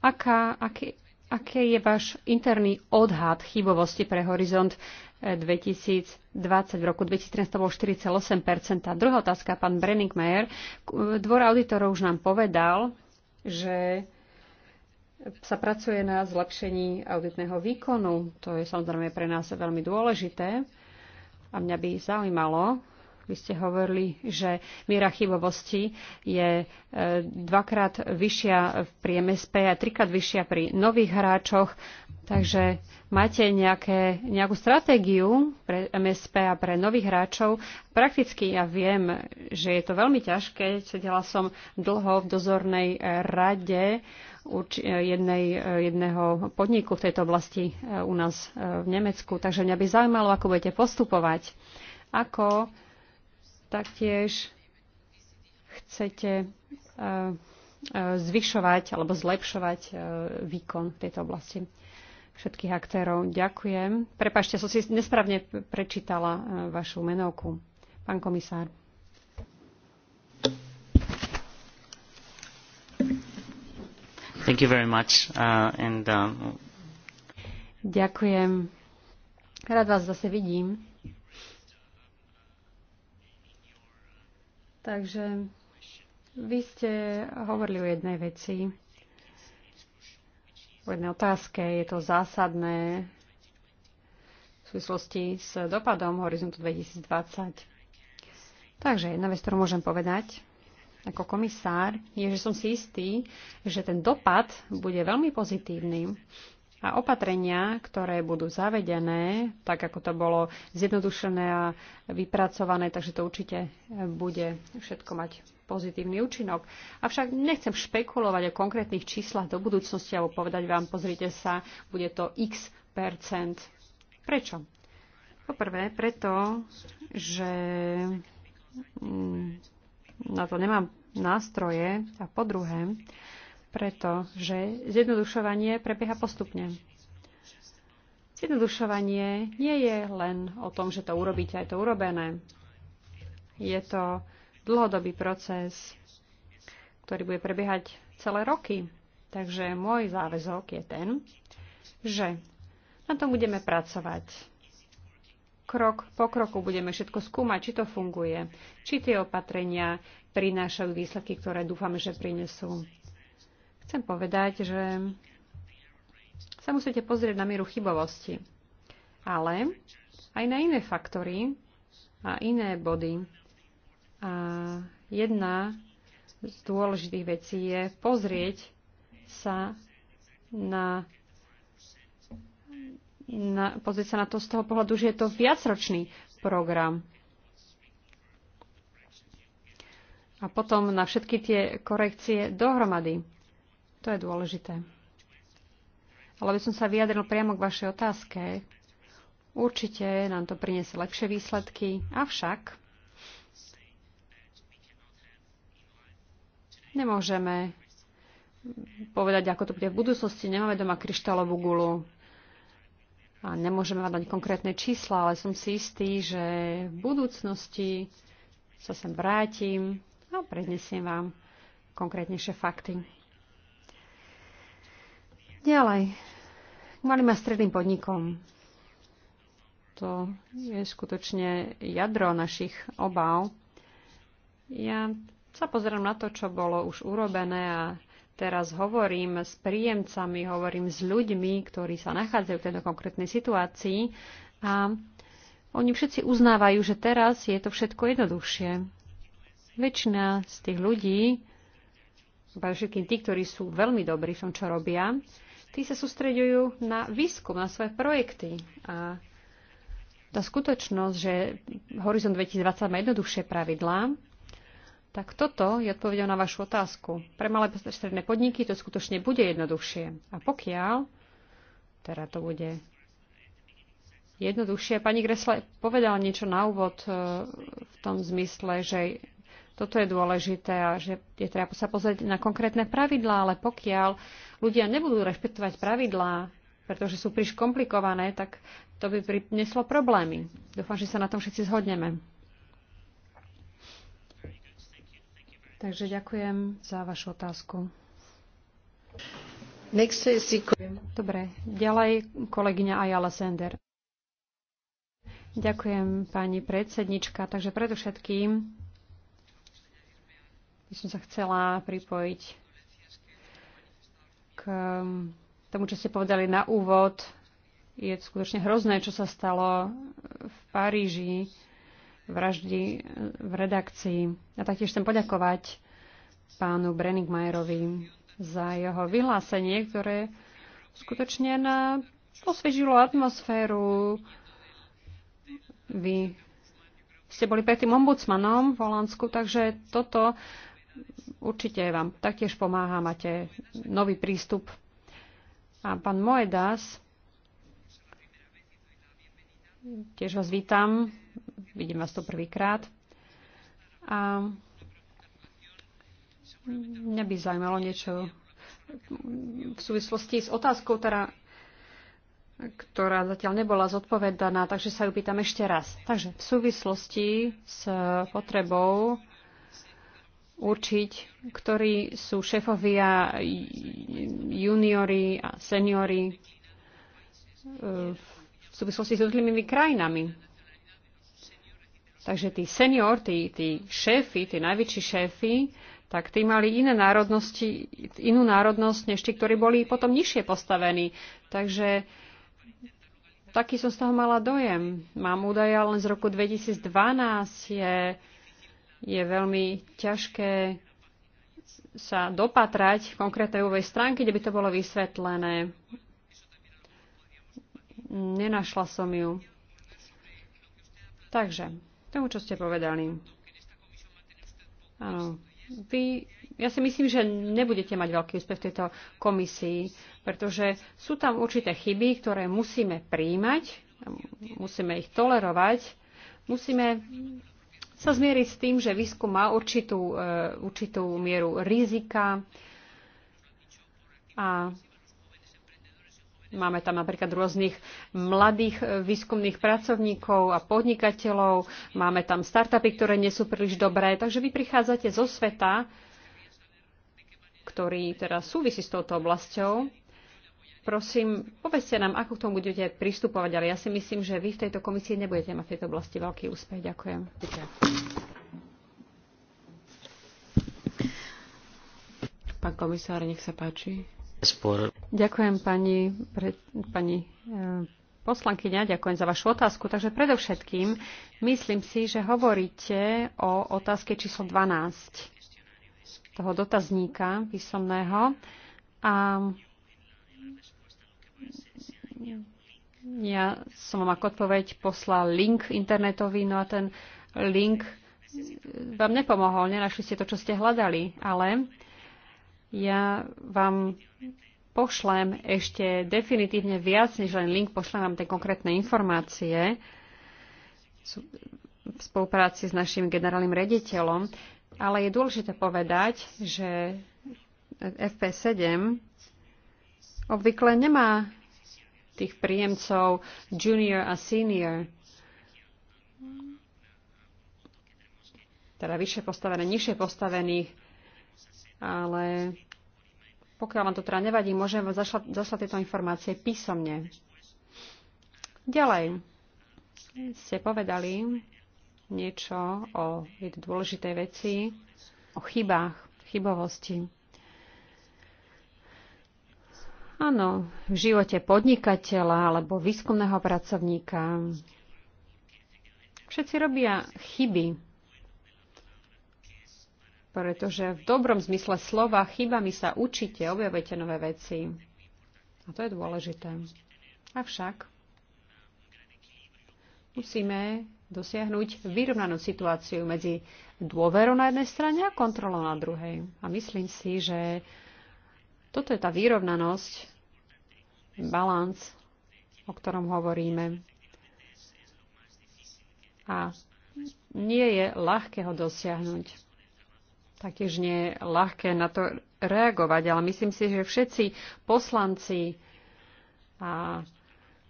Aká, aký, Aký je váš interný odhad chybovosti pre horizont 2020? Eh, v roku 2013 to bolo 4,8 Druhá otázka, pán Brenningmeier. Eh, dvor auditorov už nám povedal, že sa pracuje na zlepšení auditného výkonu. To je samozrejme pre nás veľmi dôležité. A mňa by zaujímalo, vy ste hovorili, že miera chybovosti je e, dvakrát vyššia pri MSP a trikrát vyššia pri nových hráčoch. Takže máte nejaké, nejakú stratégiu pre MSP a pre nových hráčov. Prakticky ja viem, že je to veľmi ťažké. Sedela som dlho v dozornej rade jednej, jedného podniku v tejto oblasti e, u nás e, v Nemecku. Takže mňa by zaujímalo, ako budete postupovať. Ako Taktiež chcete e, e, zvyšovať alebo zlepšovať e, výkon v tejto oblasti všetkých aktérov. Ďakujem. Prepašte, som si nesprávne prečítala vašu menovku. Pán komisár. Thank you very much. Uh, and, um... Ďakujem. Rád vás zase vidím. Takže vy ste hovorili o jednej veci, o jednej otázke. Je to zásadné v súvislosti s dopadom Horizontu 2020. Takže jedna vec, ktorú môžem povedať ako komisár, je, že som si istý, že ten dopad bude veľmi pozitívny. A opatrenia, ktoré budú zavedené, tak ako to bolo zjednodušené a vypracované, takže to určite bude všetko mať pozitívny účinok. Avšak nechcem špekulovať o konkrétnych číslach do budúcnosti alebo povedať vám, pozrite sa, bude to x percent. Prečo? Poprvé, preto, že mm, na to nemám nástroje. A po druhé, pretože zjednodušovanie prebieha postupne. Zjednodušovanie nie je len o tom, že to urobíte, aj to urobené. Je to dlhodobý proces, ktorý bude prebiehať celé roky. Takže môj záväzok je ten, že na tom budeme pracovať. Krok po kroku budeme všetko skúmať, či to funguje, či tie opatrenia prinášajú výsledky, ktoré dúfame, že prinesú. Chcem povedať, že sa musíte pozrieť na mieru chybovosti, ale aj na iné faktory a iné body. A jedna z dôležitých vecí je pozrieť sa na, na, pozrieť sa na to z toho pohľadu, že je to viacročný program. A potom na všetky tie korekcie dohromady. To je dôležité. Ale by som sa vyjadril priamo k vašej otázke. Určite nám to priniesie lepšie výsledky, avšak nemôžeme povedať, ako to bude v budúcnosti. Nemáme doma kryštálovú gulu a nemôžeme vám konkrétne čísla, ale som si istý, že v budúcnosti sa sem vrátim a prednesiem vám konkrétnejšie fakty. Ďalej, k malým a stredným podnikom. To je skutočne jadro našich obav. Ja sa pozerám na to, čo bolo už urobené a teraz hovorím s príjemcami, hovorím s ľuďmi, ktorí sa nachádzajú v tejto konkrétnej situácii a oni všetci uznávajú, že teraz je to všetko jednoduchšie. Väčšina z tých ľudí, všetkým tí, ktorí sú veľmi dobrí v tom, čo robia, tí sa sústreďujú na výskum, na svoje projekty. A tá skutočnosť, že Horizon 2020 má jednoduchšie pravidlá, tak toto je odpovedou na vašu otázku. Pre malé stredné podniky to skutočne bude jednoduchšie. A pokiaľ, teda to bude jednoduchšie, pani Gresle povedala niečo na úvod e, v tom zmysle, že toto je dôležité a že je treba sa pozrieť na konkrétne pravidlá, ale pokiaľ ľudia nebudú rešpektovať pravidlá, pretože sú príliš komplikované, tak to by prinieslo problémy. Dúfam, že sa na tom všetci zhodneme. Takže ďakujem za vašu otázku. Dobre, ďalej kolegyňa Ayala Sender. Ďakujem, pani predsednička. Takže predovšetkým by som sa chcela pripojiť k tomu, čo ste povedali na úvod. Je skutočne hrozné, čo sa stalo v Paríži, vraždy v redakcii. A taktiež chcem poďakovať pánu Brenningmajerovi za jeho vyhlásenie, ktoré skutočne na osvežilo atmosféru. Vy ste boli predtým ombudsmanom v Holandsku, takže toto určite vám taktiež pomáha, máte nový prístup. A pán Moedas, tiež vás vítam, vidím vás tu prvýkrát. A mňa by zaujímalo niečo v súvislosti s otázkou, ktorá, ktorá zatiaľ nebola zodpovedaná, takže sa ju pýtam ešte raz. Takže v súvislosti s potrebou určiť, ktorí sú šefovia, juniori a seniori e, v súvislosti s jednotlivými krajinami. Takže tí senior, tí, tí šéfy, tí najväčší šéfy, tak tí mali iné národnosti, inú národnosť než tí, ktorí boli potom nižšie postavení. Takže taký som z toho mala dojem. Mám údaje len z roku 2012 je je veľmi ťažké sa dopatrať v konkrétnej webovej stránky, kde by to bolo vysvetlené. Nenašla som ju. Takže, tomu, čo ste povedali. Áno, vy, ja si myslím, že nebudete mať veľký úspech v tejto komisii, pretože sú tam určité chyby, ktoré musíme príjmať, musíme ich tolerovať, musíme sa zmieriť s tým, že výskum má určitú, e, určitú mieru rizika a Máme tam napríklad rôznych mladých e, výskumných pracovníkov a podnikateľov, máme tam startupy, ktoré nie sú príliš dobré, takže vy prichádzate zo sveta, ktorý teraz súvisí s touto oblasťou prosím, povedzte nám, ako k tomu budete pristupovať, ale ja si myslím, že vy v tejto komisii nebudete mať v tejto oblasti veľký úspech. Ďakujem. Pán komisár, nech sa páči. Spor. Ďakujem pani, pre, pani e, poslankyňa, ďakujem za vašu otázku. Takže predovšetkým myslím si, že hovoríte o otázke číslo 12 toho dotazníka písomného. A ja som vám ako odpoveď poslal link internetový, no a ten link vám nepomohol, nenašli ste to, čo ste hľadali, ale ja vám pošlem ešte definitívne viac než len link, pošlem vám tie konkrétne informácie v spolupráci s našim generálnym rediteľom, ale je dôležité povedať, že FP7 obvykle nemá tých príjemcov junior a senior. Teda vyššie postavené, nižšie postavených. Ale pokiaľ vám to teda nevadí, môžem vám zašla, zaslať tieto informácie písomne. Ďalej ste povedali niečo o dôležitej veci, o chybách, chybovosti. Áno, v živote podnikateľa alebo výskumného pracovníka. Všetci robia chyby, pretože v dobrom zmysle slova chybami sa učíte, objavujete nové veci. A to je dôležité. Avšak musíme dosiahnuť vyrovnanú situáciu medzi dôverou na jednej strane a kontrolou na druhej. A myslím si, že toto je tá vyrovnanosť, balans, o ktorom hovoríme. A nie je ľahké ho dosiahnuť. Taktiež nie je ľahké na to reagovať, ale myslím si, že všetci poslanci a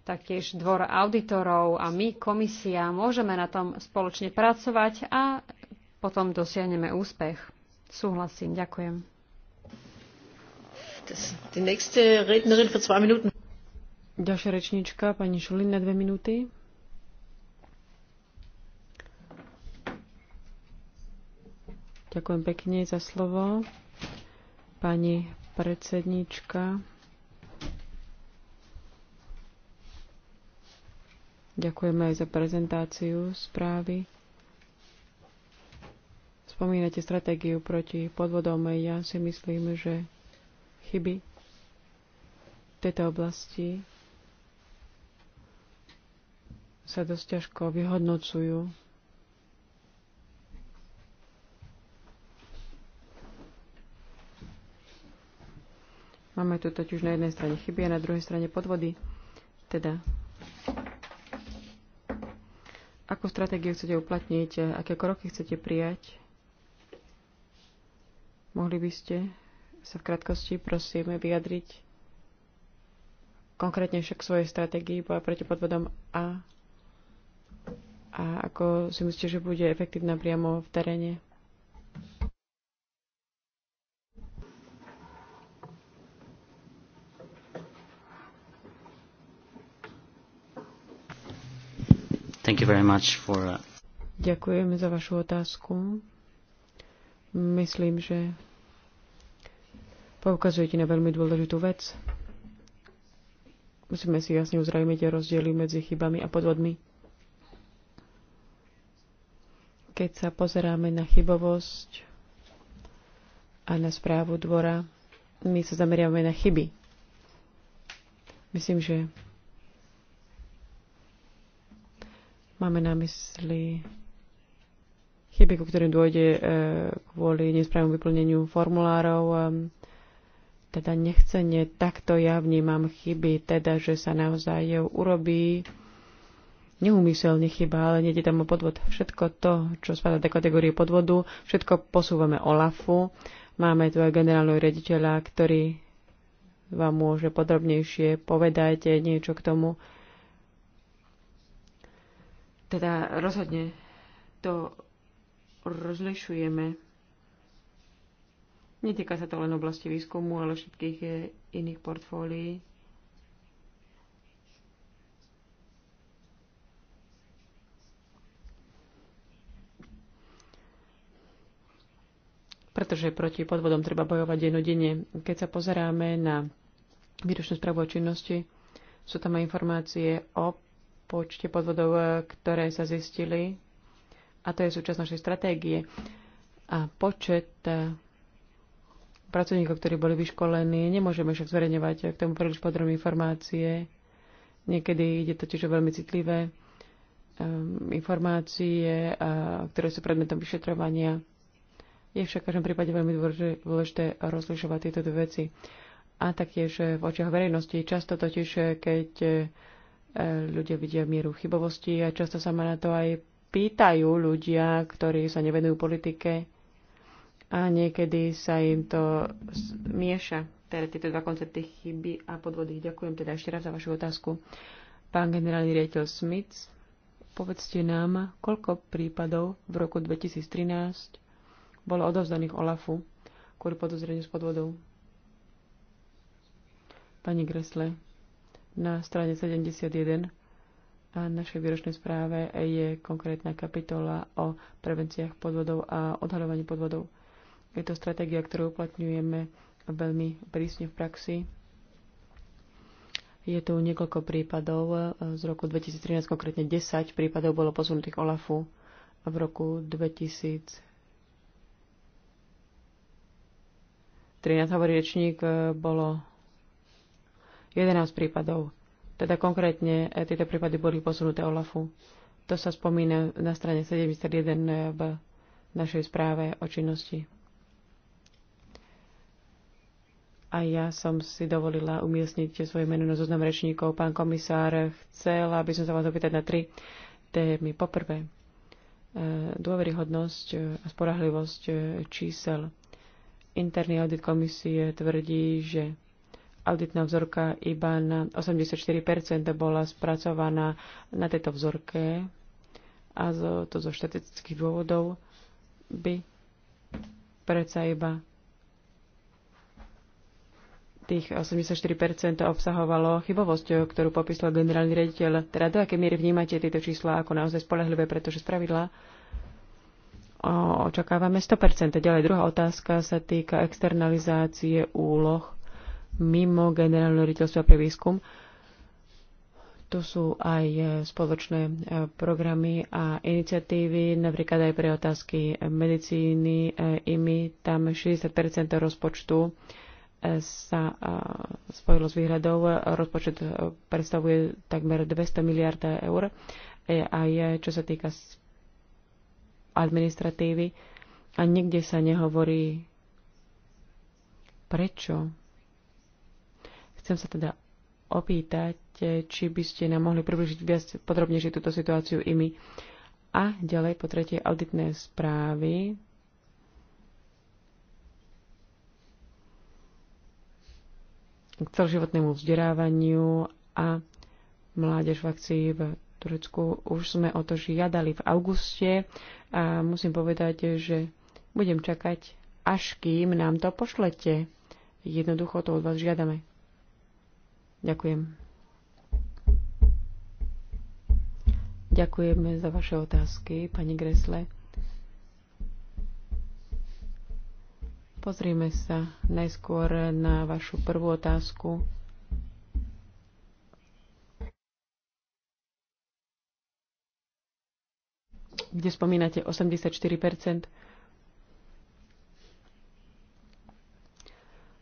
taktiež dvor auditorov a my, komisia, môžeme na tom spoločne pracovať a potom dosiahneme úspech. Súhlasím, ďakujem. Ďalšia rečníčka, pani Šulin, na dve minúty. Ďakujem pekne za slovo. Pani predsednička. Ďakujeme aj za prezentáciu správy. Spomínate stratégiu proti podvodom. Ja si myslím, že chyby v tejto oblasti sa dosť ťažko vyhodnocujú. Máme tu totiž na jednej strane chyby a na druhej strane podvody. Teda, akú stratégiu chcete uplatniť, aké kroky chcete prijať, mohli by ste sa v krátkosti prosíme vyjadriť konkrétne však svojej stratégii boja proti podvodom a, a ako si myslíte, že bude efektívna priamo v teréne? Thank you very much for... Uh, Ďakujem za vašu otázku. Myslím, že Poukazujete na veľmi dôležitú vec. Musíme si jasne uzrajmiť rozdiely medzi chybami a podvodmi. Keď sa pozeráme na chybovosť a na správu dvora, my sa zameriavame na chyby. Myslím, že máme na mysli chyby, ku ktorým dôjde eh, kvôli nesprávnemu vyplneniu formulárov, a eh, teda nechcene, takto ja vnímam chyby, teda, že sa naozaj urobí neumyselne chyba, ale je tam o podvod. Všetko to, čo spadá do kategórie podvodu, všetko posúvame OLAFu. Máme tu aj generálneho rediteľa, ktorý vám môže podrobnejšie povedať niečo k tomu. Teda rozhodne to rozlišujeme Netýka sa to len oblasti výskumu, ale všetkých eh, iných portfólií. pretože proti podvodom treba bojovať denodenne. Keď sa pozeráme na výročnú správu o činnosti, sú tam aj informácie o počte podvodov, eh, ktoré sa zistili, a to je súčasť našej stratégie. A počet eh, pracovníkov, ktorí boli vyškolení. Nemôžeme však zverejňovať k tomu príliš podrobné informácie. Niekedy ide totiž o veľmi citlivé um, informácie, a, ktoré sú predmetom vyšetrovania. Je však v každom prípade veľmi dôležité rozlišovať tieto dve veci. A taktiež v očiach verejnosti často totiž, keď e, ľudia vidia mieru chybovosti a často sa ma na to aj pýtajú ľudia, ktorí sa nevenujú politike, a niekedy sa im to mieša. Teda tieto dva koncepty chyby a podvody. Ďakujem teda ešte raz za vašu otázku. Pán generálny riaditeľ Smith, povedzte nám, koľko prípadov v roku 2013 bolo odovzdaných Olafu kvôli podozreniu z podvodov. Pani Gresle, na strane 71 a našej výročnej správe je konkrétna kapitola o prevenciách podvodov a odhaľovaní podvodov. Je to stratégia, ktorú uplatňujeme veľmi prísne v praxi. Je tu niekoľko prípadov. Z roku 2013 konkrétne 10 prípadov bolo posunutých OLAFu a v roku 2013 hovorí rečník bolo 11 prípadov. Teda konkrétne e, tieto prípady boli posunuté OLAFu. To sa spomína na strane 71 v našej správe o činnosti. A ja som si dovolila umiestniť svoje meno na zoznam rečníkov. Pán komisár, chcela by som sa vás opýtať na tri témy. Poprvé, e, dôveryhodnosť a sporahlivosť e, čísel. Interný audit komisie tvrdí, že auditná vzorka iba na 84% bola spracovaná na tejto vzorke a to zo štatistických dôvodov by predsa iba tých 84% obsahovalo chybovosť, ktorú popísal generálny rediteľ. Teda do aké miery vnímate tieto čísla ako naozaj spolehlivé, pretože pravidla očakávame 100%. Ďalej druhá otázka sa týka externalizácie úloh mimo generálneho riaditeľstva pre výskum. Tu sú aj spoločné e, programy a iniciatívy, napríklad aj pre otázky medicíny, IMI, e, tam 60% rozpočtu sa spojilo s výhľadou. Rozpočet e, predstavuje takmer 200 miliard eur, e, aj čo sa týka administratívy. A nikde sa nehovorí, prečo. Chcem sa teda opýtať, e, či by ste nám mohli približiť viac podrobnejšie túto situáciu i my. A ďalej po tretie auditné správy k celoživotnému vzdelávaniu a mládež v akcii v Turecku. Už sme o to žiadali v auguste a musím povedať, že budem čakať, až kým nám to pošlete. Jednoducho to od vás žiadame. Ďakujem. Ďakujeme za vaše otázky, pani Gresle. Pozrime sa najskôr na vašu prvú otázku. kde spomínate 84%.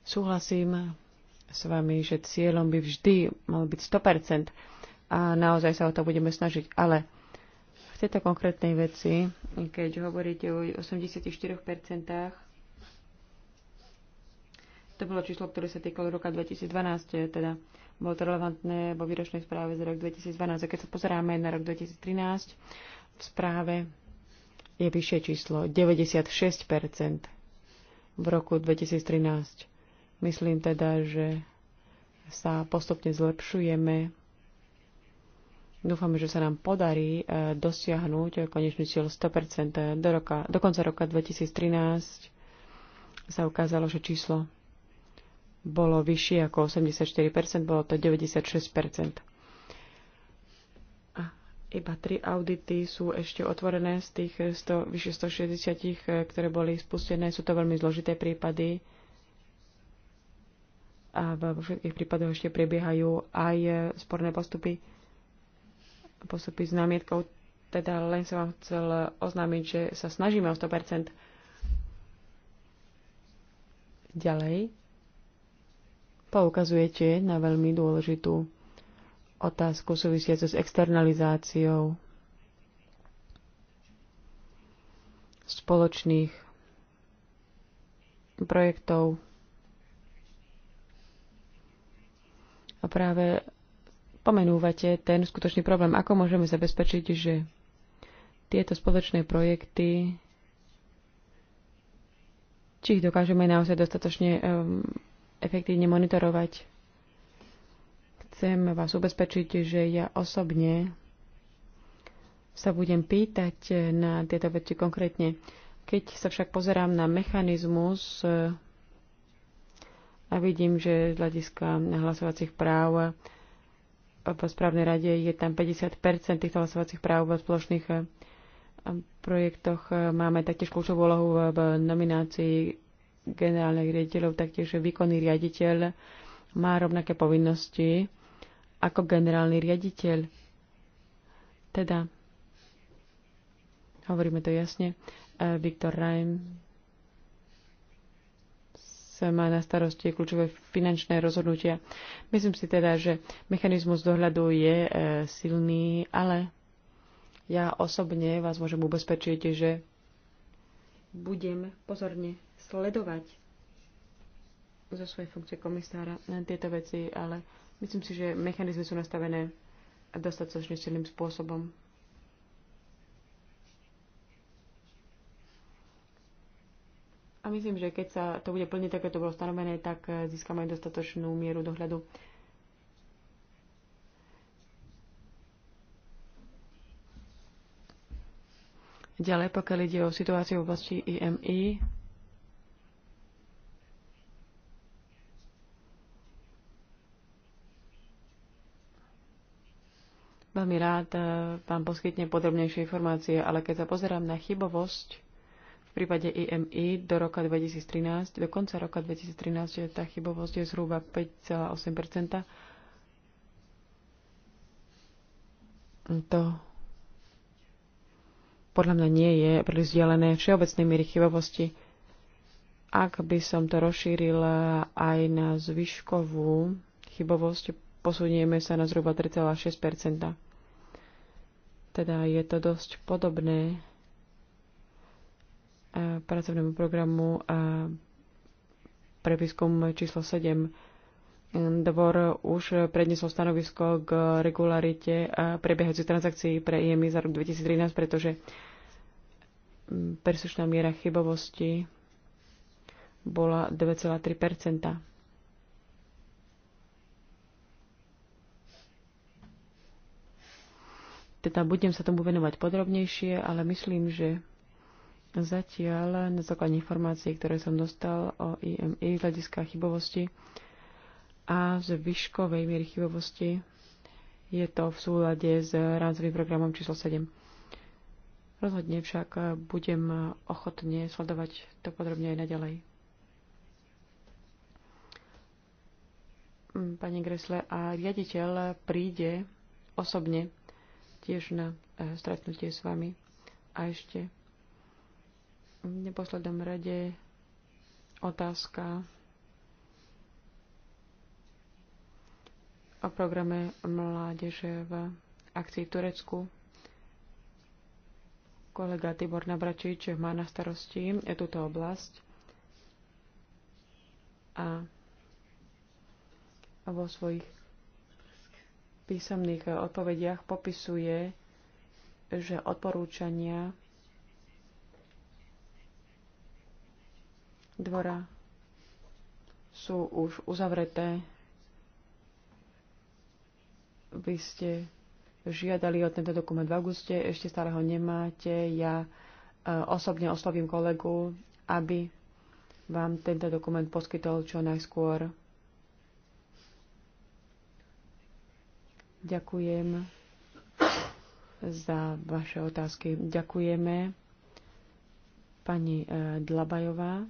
Súhlasím s vami, že cieľom by vždy mal byť 100% a naozaj sa o to budeme snažiť. Ale v tejto konkrétnej veci, keď hovoríte o 84%, to bolo číslo, ktoré sa týkalo roka 2012, eh, teda bolo to relevantné vo výročnej správe za rok 2012. A keď sa pozeráme na rok 2013, v správe je vyššie číslo 96 v roku 2013. Myslím teda, že sa postupne zlepšujeme. Dúfame, že sa nám podarí eh, dosiahnuť eh, konečný cieľ 100% do, roka, do konca roka 2013 sa ukázalo, že číslo bolo vyššie ako 84%, bolo to 96%. A iba tri audity sú ešte otvorené z tých 100, vyše 160, eh, ktoré boli spustené. Sú to veľmi zložité prípady a vo všetkých prípadoch ešte prebiehajú aj eh, sporné postupy, postupy s námietkou. Teda len som vám chcel oznámiť, že sa snažíme o 100%. Ďalej poukazujete na veľmi dôležitú otázku súvisiacu s externalizáciou spoločných projektov. A práve pomenúvate ten skutočný problém. Ako môžeme zabezpečiť, že tieto spoločné projekty, či ich dokážeme naozaj dostatočne um, efektívne monitorovať. Chcem vás ubezpečiť, že ja osobne sa budem pýtať na tieto veci konkrétne. Keď sa však pozerám na mechanizmus a vidím, že z hľadiska hlasovacích práv v správnej rade je tam 50 týchto hlasovacích práv v spoločných projektoch. Máme taktiež kľúčovú úlohu v nominácii generálnych riaditeľov, taktiež výkonný riaditeľ má rovnaké povinnosti ako generálny riaditeľ. Teda, hovoríme to jasne, e, Viktor Reim sa má na starosti kľúčové finančné rozhodnutia. Myslím si teda, že mechanizmus dohľadu je e, silný, ale ja osobne vás môžem ubezpečiť, že budem pozorne sledovať zo svojej funkcie komisára tieto veci, ale myslím si, že mechanizmy sú nastavené dostatočne silným spôsobom. A myslím, že keď sa to bude plniť tak, ako to bolo stanovené, tak eh, získame aj dostatočnú mieru dohľadu. Ďalej, pokiaľ ide o situáciu v oblasti IMI, Veľmi rád e, vám poskytne podrobnejšie informácie, ale keď sa pozerám na chybovosť v prípade IMI do roka 2013, do konca roka 2013, že tá chybovosť je zhruba 5,8 To podľa mňa nie je príliš vzdialené všeobecnej miery chybovosti. Ak by som to rozšírila aj na zvyškovú chybovosť, posunieme sa na zhruba 3,6 teda je to dosť podobné eh, pracovnému programu a eh, pre výskum číslo 7. Dvor už predniesol stanovisko k regularite a eh, prebiehajúcich transakcií pre IMI za rok 2013, pretože mm, persušná miera chybovosti bola 2,3 Teda budem sa tomu venovať podrobnejšie, ale myslím, že zatiaľ na základe informácií, ktoré som dostal o IMI z hľadiska chybovosti a z výškovej miery chybovosti, je to v súlade s rámcovým programom číslo 7. Rozhodne však budem ochotne sledovať to podrobne aj naďalej. pani Gresle, a riaditeľ príde osobne tiež na e, stretnutie s vami. A ešte v neposlednom rade otázka o programe mládeže v akcii v Turecku. Kolega Tibor Nabračič má na starosti túto oblasť a vo svojich písomných eh, odpovediach popisuje, že odporúčania dvora sú už uzavreté. Vy ste žiadali o tento dokument v auguste, ešte stále ho nemáte. Ja eh, osobne oslovím kolegu, aby vám tento dokument poskytol čo najskôr. Ďakujem za vaše otázky. Ďakujeme pani e, Dlabajová.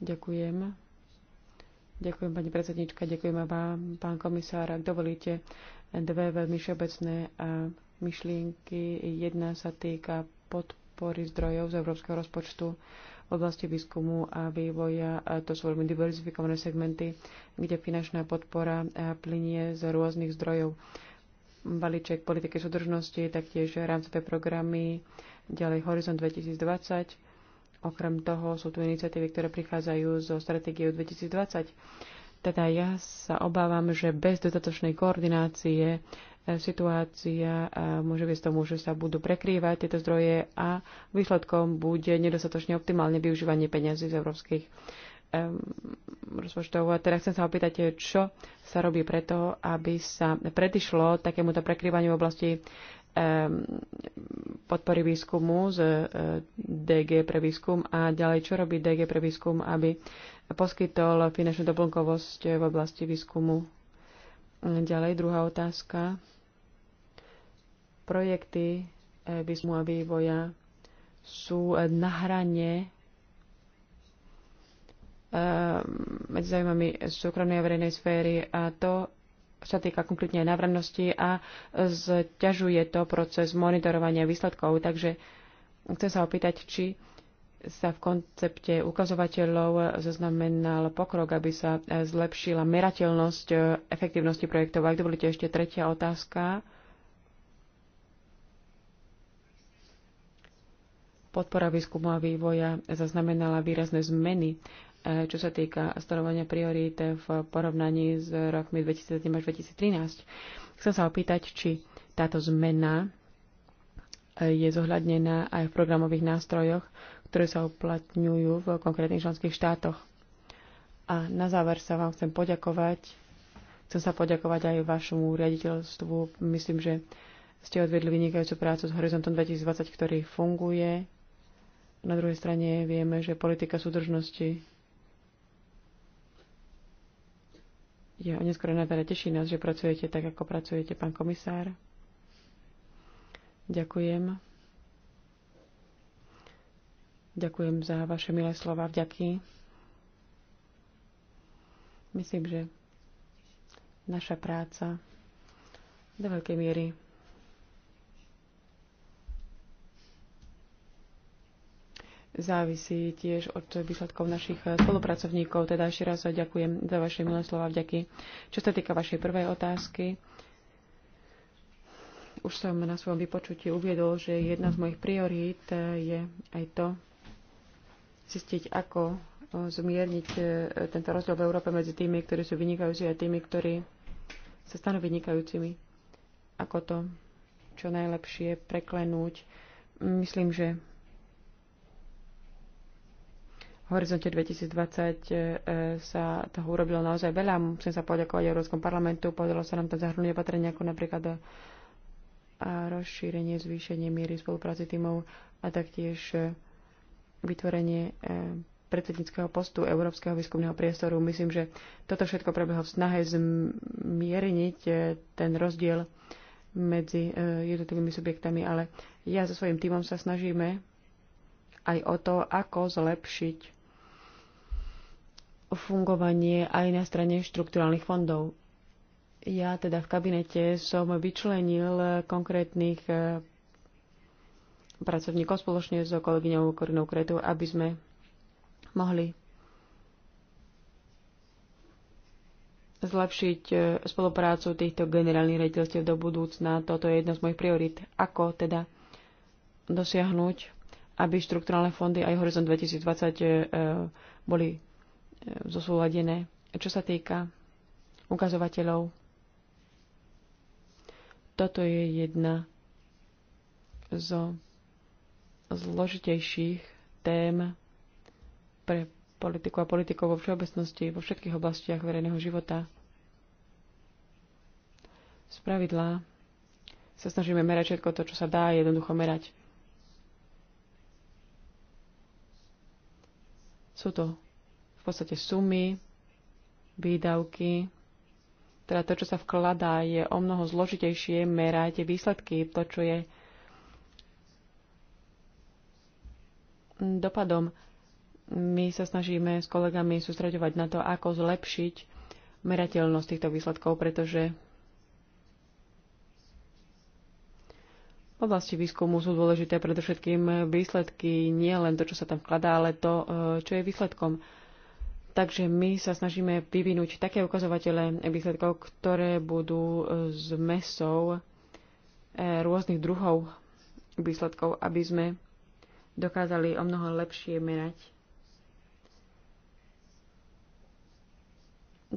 Ďakujem. Ďakujem, pani predsednička, ďakujem vám, pán komisár. Ak dovolíte, dve veľmi všeobecné e, myšlienky. Jedna sa týka podpory zdrojov z európskeho rozpočtu v oblasti výskumu a vývoja. To sú veľmi diverzifikované segmenty, kde finančná podpora plinie z rôznych zdrojov. Balíček politiky súdržnosti, taktiež rámcové programy, ďalej Horizon 2020. Okrem toho sú tu iniciatívy, ktoré prichádzajú zo stratégie 2020. Teda ja sa obávam, že bez dostatočnej koordinácie situácia môže viesť tomu, že sa budú prekrývať tieto zdroje a výsledkom bude nedostatočne optimálne využívanie peňazí z európskych rozpočtov. A teda chcem sa opýtať, čo sa robí preto, aby sa predišlo takémuto prekrývaniu v oblasti podpory výskumu z e, DG pre výskum a ďalej, čo robí DG pre výskum, aby poskytol finančnú doplnkovosť v oblasti výskumu. Ďalej, druhá otázka Projekty výskumu e, a vývoja sú e, na hrane e, medzi zaujímami súkromnej a verejnej sféry a to sa týka konkrétne návrannosti a zťažuje to proces monitorovania výsledkov. Takže chcem sa opýtať, či sa v koncepte ukazovateľov zaznamenal pokrok, aby sa zlepšila merateľnosť efektívnosti projektov. Ak dovolíte ešte tretia otázka podpora výskumu a vývoja zaznamenala výrazné zmeny, e, čo sa týka stanovania priorít v porovnaní s rokmi 2007 až 2013. Chcem sa opýtať, či táto zmena e, je zohľadnená aj v programových nástrojoch, ktoré sa uplatňujú v konkrétnych členských štátoch. A na záver sa vám chcem poďakovať. Chcem sa poďakovať aj vašemu riaditeľstvu. Myslím, že ste odvedli vynikajúcu prácu s Horizontom 2020, ktorý funguje na druhej strane vieme, že politika súdržnosti je oneskorená, teda teší nás, že pracujete tak, ako pracujete, pán komisár. Ďakujem. Ďakujem za vaše milé slova vďaky. Myslím, že naša práca do veľkej miery závisí tiež od výsledkov našich spolupracovníkov. Teda ešte raz ďakujem za vaše milé slova vďaky. Čo sa týka vašej prvej otázky, už som na svojom vypočutí uviedol, že jedna z mojich priorít je aj to zistiť, ako zmierniť e, tento rozdiel v Európe medzi tými, ktorí sú vynikajúci a tými, ktorí sa stanú vynikajúcimi. Ako to čo najlepšie preklenúť. Myslím, že v horizonte 2020 e, sa toho urobilo naozaj veľa. Musím sa poďakovať Európskom parlamentu. Podarilo sa nám tam zahrnúť opatrenia ako napríklad e, a rozšírenie, zvýšenie miery spolupráce týmov a taktiež e, vytvorenie predsedníckého postu Európskeho výskumného priestoru. Myslím, že toto všetko prebehlo v snahe zmierniť ten rozdiel medzi jednotlivými subjektami, ale ja so svojím týmom sa snažíme aj o to, ako zlepšiť fungovanie aj na strane štrukturálnych fondov. Ja teda v kabinete som vyčlenil konkrétnych eh, pracovníkov spoločne s kolegyňou Korinou Kretu, aby sme mohli zlepšiť eh, spoluprácu týchto generálnych rediteľstiev do budúcna. Toto je jedna z mojich priorit. Ako teda dosiahnuť, aby štrukturálne fondy aj Horizon 2020 eh, boli E, zosúladené. Čo sa týka ukazovateľov, toto je jedna zo zložitejších tém pre politiku a politikov vo všeobecnosti, vo všetkých oblastiach verejného života. Z pravidla sa snažíme merať všetko to, čo sa dá jednoducho merať. Sú to podstate sumy, výdavky, teda to, čo sa vkladá, je o mnoho zložitejšie merať výsledky, to, čo je dopadom. My sa snažíme s kolegami sústraďovať na to, ako zlepšiť merateľnosť týchto výsledkov, pretože v oblasti výskumu sú dôležité predovšetkým výsledky, nie len to, čo sa tam vkladá, ale to, eh, čo je výsledkom. Takže my sa snažíme vyvinúť také ukazovatele výsledkov, ktoré budú z e, mesov e, rôznych druhov výsledkov, aby sme dokázali o mnoho lepšie merať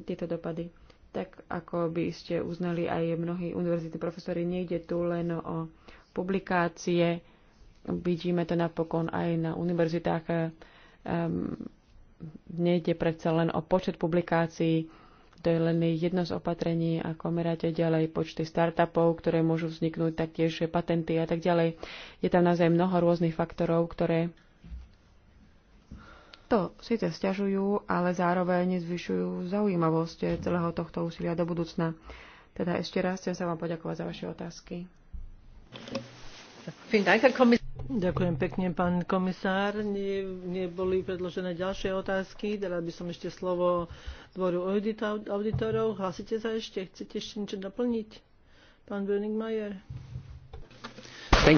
tieto dopady. Tak ako by ste uznali aj mnohí univerzitní profesori, nejde tu len o publikácie, vidíme to napokon aj na univerzitách. Um, nejde predsa len o počet publikácií, to je len jedno z opatrení, ako meráte ďalej počty startupov, ktoré môžu vzniknúť, taktiež patenty a tak ďalej. Je tam naozaj mnoho rôznych faktorov, ktoré to síce stiažujú, ale zároveň zvyšujú zaujímavosť celého tohto úsilia do budúcna. Teda ešte raz chcem sa vám poďakovať za vaše otázky. Ďakujem pekne, pán komisár. Nie, predložené ďalšie otázky. Dala by som ešte slovo dvoru auditorov. Hlasíte sa ešte? Chcete ešte niečo doplniť? Pán Böningmajer.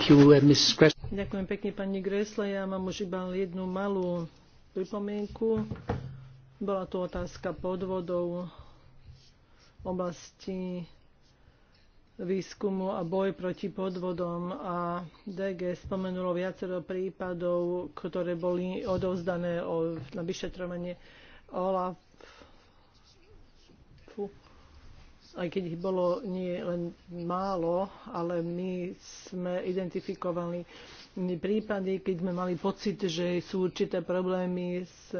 You, uh, Ďakujem pekne, pani Gresle. Ja mám už iba jednu malú pripomienku. Bola tu otázka podvodov v oblasti výskumu a boj proti podvodom a DG spomenulo viacero prípadov, ktoré boli odovzdané o, na vyšetrovanie OLAF. Aj keď ich bolo nie len málo, ale my sme identifikovali prípady, keď sme mali pocit, že sú určité problémy s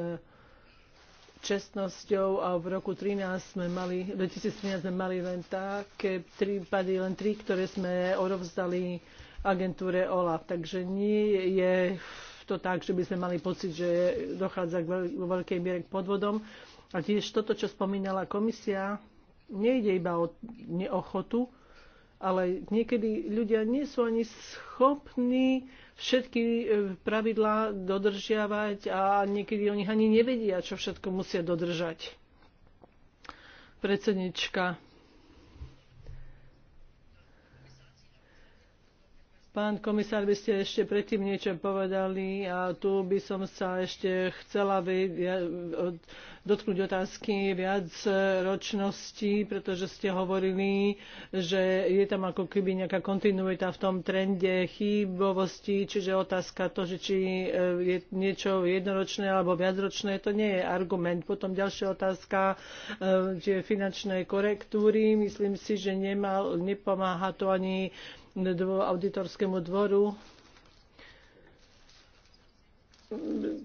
čestnosťou a v roku 13 sme mali, 2013 sme mali len také prípady, len tri, ktoré sme odovzdali agentúre OLAF. Takže nie je to tak, že by sme mali pocit, že dochádza k vo veľkej miere k podvodom. A tiež toto, čo spomínala komisia, nejde iba o neochotu, ale niekedy ľudia nie sú ani schopní všetky e, pravidlá dodržiavať a niekedy o nich ani nevedia, čo všetko musia dodržať. Predsednička. Pán komisár, by ste ešte predtým niečo povedali a tu by som sa ešte chcela dotknúť otázky viac e, ročnosti, pretože ste hovorili, že je tam ako keby nejaká kontinuita v tom trende chýbovosti, čiže otázka to, že či e, je niečo jednoročné alebo viacročné, to nie je argument. Potom ďalšia otázka, e, tie finančné korektúry, myslím si, že nemal, nepomáha to ani auditorskému dvoru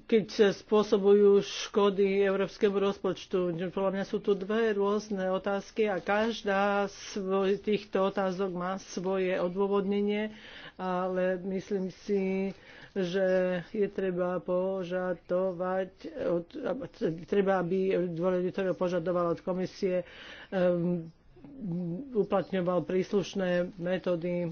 keď sa spôsobujú škody európskemu rozpočtu. Podľa mňa sú tu dve rôzne otázky a každá z týchto otázok má svoje odôvodnenie, ale myslím si, že je treba požadovať, treba, aby dôležitého požadoval od komisie, um, uplatňoval príslušné metódy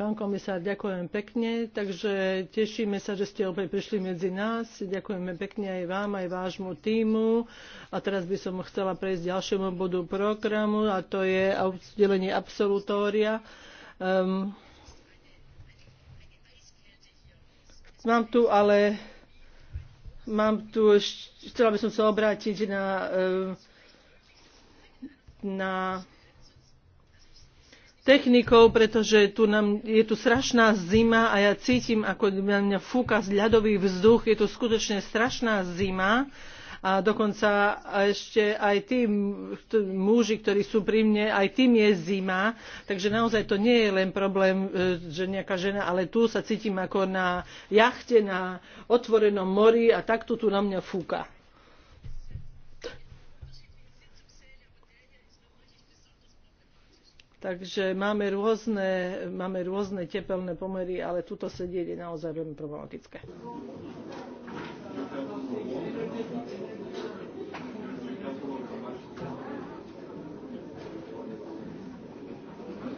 Pán komisár, ďakujem pekne, takže tešíme sa, že ste opäť prišli medzi nás. Ďakujeme pekne aj vám, aj vášmu týmu. A teraz by som chcela prejsť ďalšiemu bodu programu a to je udelenie absolutória. Um, mám tu ale mám tu chcela by som sa obrátiť na, ehm, na technikou, pretože tu nám, je tu strašná zima a ja cítim, ako na mňa fúka ľadový vzduch. Je tu skutočne strašná zima a dokonca ešte aj tí muži, ktorí sú pri mne, aj tým je zima. Takže naozaj to nie je len problém, e, že nejaká žena, ale tu sa cítim ako na jachte, na otvorenom mori a takto tu na mňa fúka. Takže máme rôzne, máme rôzne tepelné pomery, ale tuto sedieť je naozaj veľmi problematické.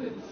Thank you.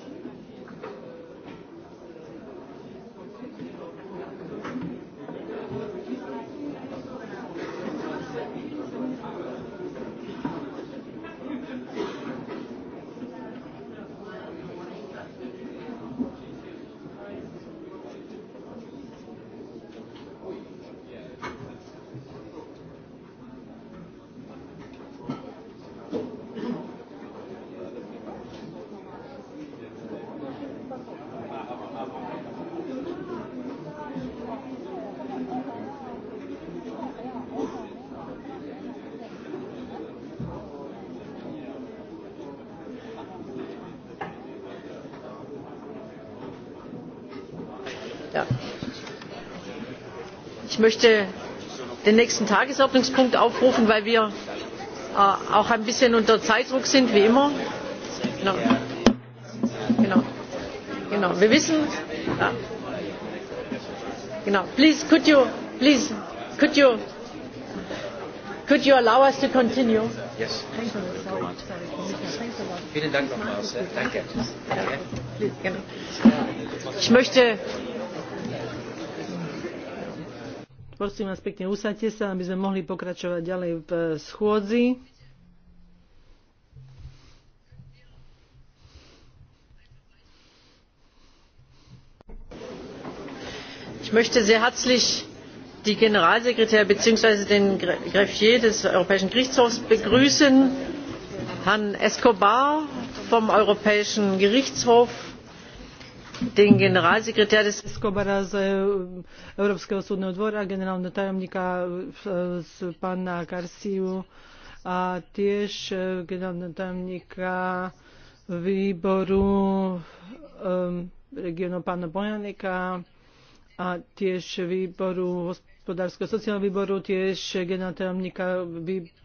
möchte den nächsten tagesordnungspunkt aufrufen weil wir äh, auch ein bisschen unter zeitdruck sind wie immer. Genau. wir wissen äh, genau please could you please could you could you allow us to continue? Yes. Sorry. a lot. Vielen Dank Danke. Ich möchte Prosím vás pekne, usadte sa, aby sme mohli pokračovať ďalej v eh, schôdzi. Ich möchte sehr herzlich die Generalsekretär bzw. den Greffier des Europäischen Gerichtshofs begrüßen, Herrn Escobar vom Europäischen Gerichtshof den generalsekretär des Escobara z e, Európskeho súdneho dvora, generálneho tajomníka e, pána Garciu a tiež e, generálneho tajomníka výboru regionu pána Bojanika a tiež výboru hospodárskeho hospodárskeho sociálneho výboru, tiež generálneho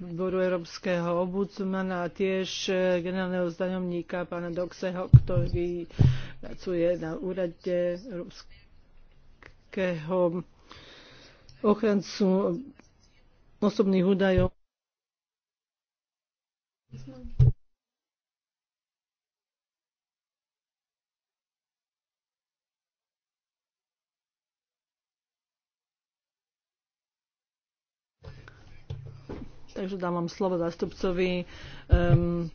výboru Európskeho obudzmana a tiež generálneho zdaňovníka pána Doxeho, ktorý pracuje na úrade Európskeho ochrancu osobných údajov. Takže dávam slovo zástupcovi um,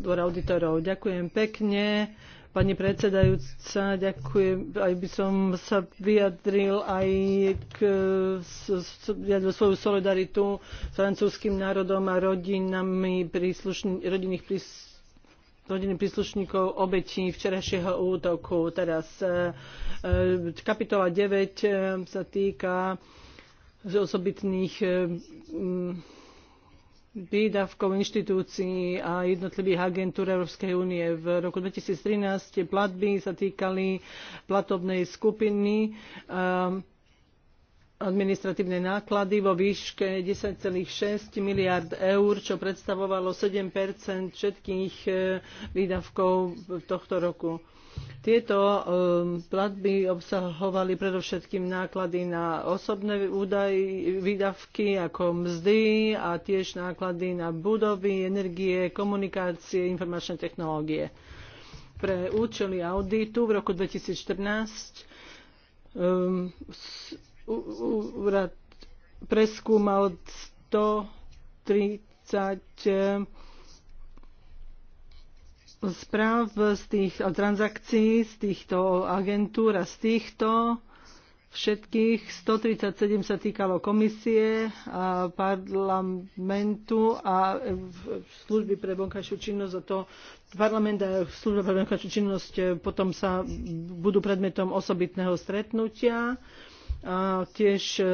dvora auditorov. Ďakujem pekne. Pani predsedajúca, ďakujem, aj by som sa vyjadril aj k, vyjadril svoju solidaritu s francúzským národom a rodinami príslušn, rodinných rodiny príslušníkov obetí včerajšieho útoku. Teraz e, e, kapitola 9 e, sa týka osobitných výdavkov inštitúcií a jednotlivých agentúr Európskej únie. V roku 2013 platby sa týkali platobnej skupiny ehm, administratívne náklady vo výške 10,6 miliard eur, čo predstavovalo 7 všetkých eh, výdavkov tohto roku. Tieto um, platby obsahovali predovšetkým náklady na osobné údaj, výdavky ako mzdy a tiež náklady na budovy, energie, komunikácie, informačné technológie. Pre účely auditu v roku 2014 um, úrad preskúmal 130 správ z tých transakcií, z týchto agentúr a z týchto všetkých 137 sa týkalo komisie a parlamentu a služby pre vonkajšiu činnosť a to parlament a služba pre vonkajšiu činnosť e, potom sa budú predmetom osobitného stretnutia. A tiež e,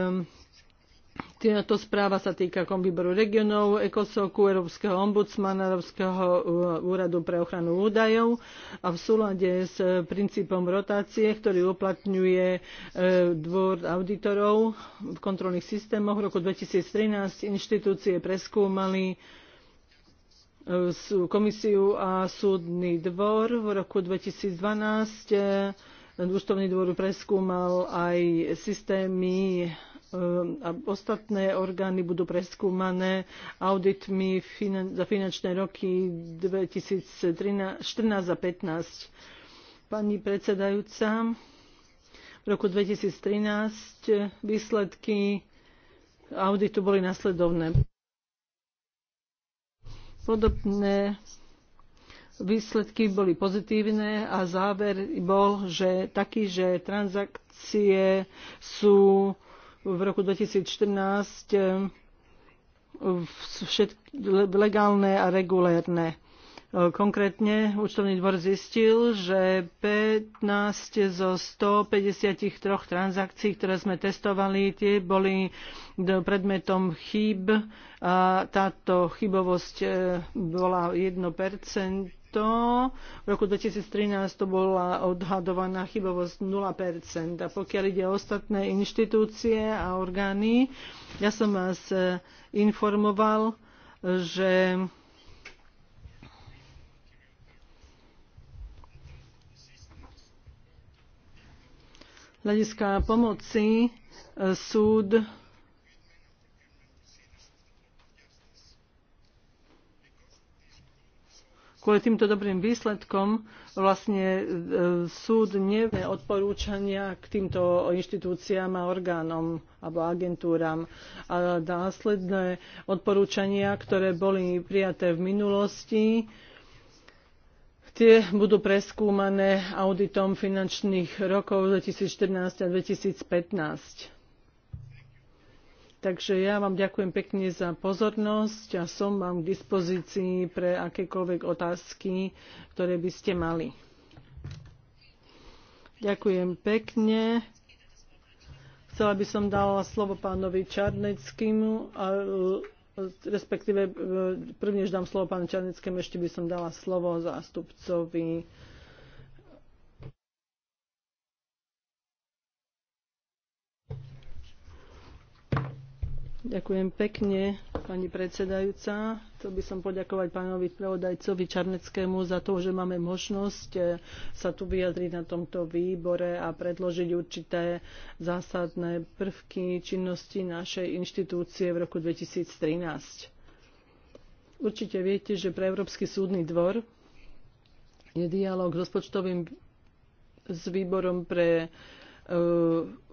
táto správa sa týka výboru regionov, ECOSOKu, Európskeho ombudsmana, Európskeho uh, úradu pre ochranu údajov a v súlade s uh, princípom rotácie, ktorý uplatňuje uh, dvor auditorov v kontrolných systémoch v roku 2013 inštitúcie preskúmali komisiu a súdny dvor v roku 2012 ústavný dvor preskúmal aj systémy Ehm, a ostatné orgány budú preskúmané auditmi za finančné roky 2014 a 2015. Pani predsedajúca, v roku 2013 výsledky auditu boli nasledovné. Podobné výsledky boli pozitívne a záver bol, že taký, že transakcie sú v roku 2014 eh, legálne a regulérne. Eh, konkrétne účtovný dvor zistil, že 15 zo 153 transakcií, ktoré sme testovali, tie boli eh, predmetom chýb a táto chybovosť bola 1%, v roku 2013 to bola odhadovaná chybovosť 0%. A pokiaľ ide o ostatné inštitúcie a orgány, ja som vás e, informoval, že hľadiska pomoci e, súd kvôli týmto dobrým výsledkom vlastne e, súd nevie odporúčania k týmto inštitúciám a orgánom alebo agentúram. A následné odporúčania, ktoré boli prijaté v minulosti, tie budú preskúmané auditom finančných rokov 2014 a 2015 Takže ja vám ďakujem pekne za pozornosť a som vám k dispozícii pre akékoľvek otázky, ktoré by ste mali. Ďakujem pekne. Chcela by som dala slovo pánovi Čarneckému, e, respektíve e, prvnež dám slovo pánu Čarneckému, ešte by som dala slovo zástupcovi Ďakujem pekne, pani predsedajúca. Chcel by som poďakovať pánovi spravodajcovi Čarneckému za to, že máme možnosť eh, sa tu vyjadriť na tomto výbore a predložiť určité zásadné prvky činnosti našej inštitúcie v roku 2013. Určite viete, že pre Európsky súdny dvor je dialog s rozpočtovým s výborom pre eh,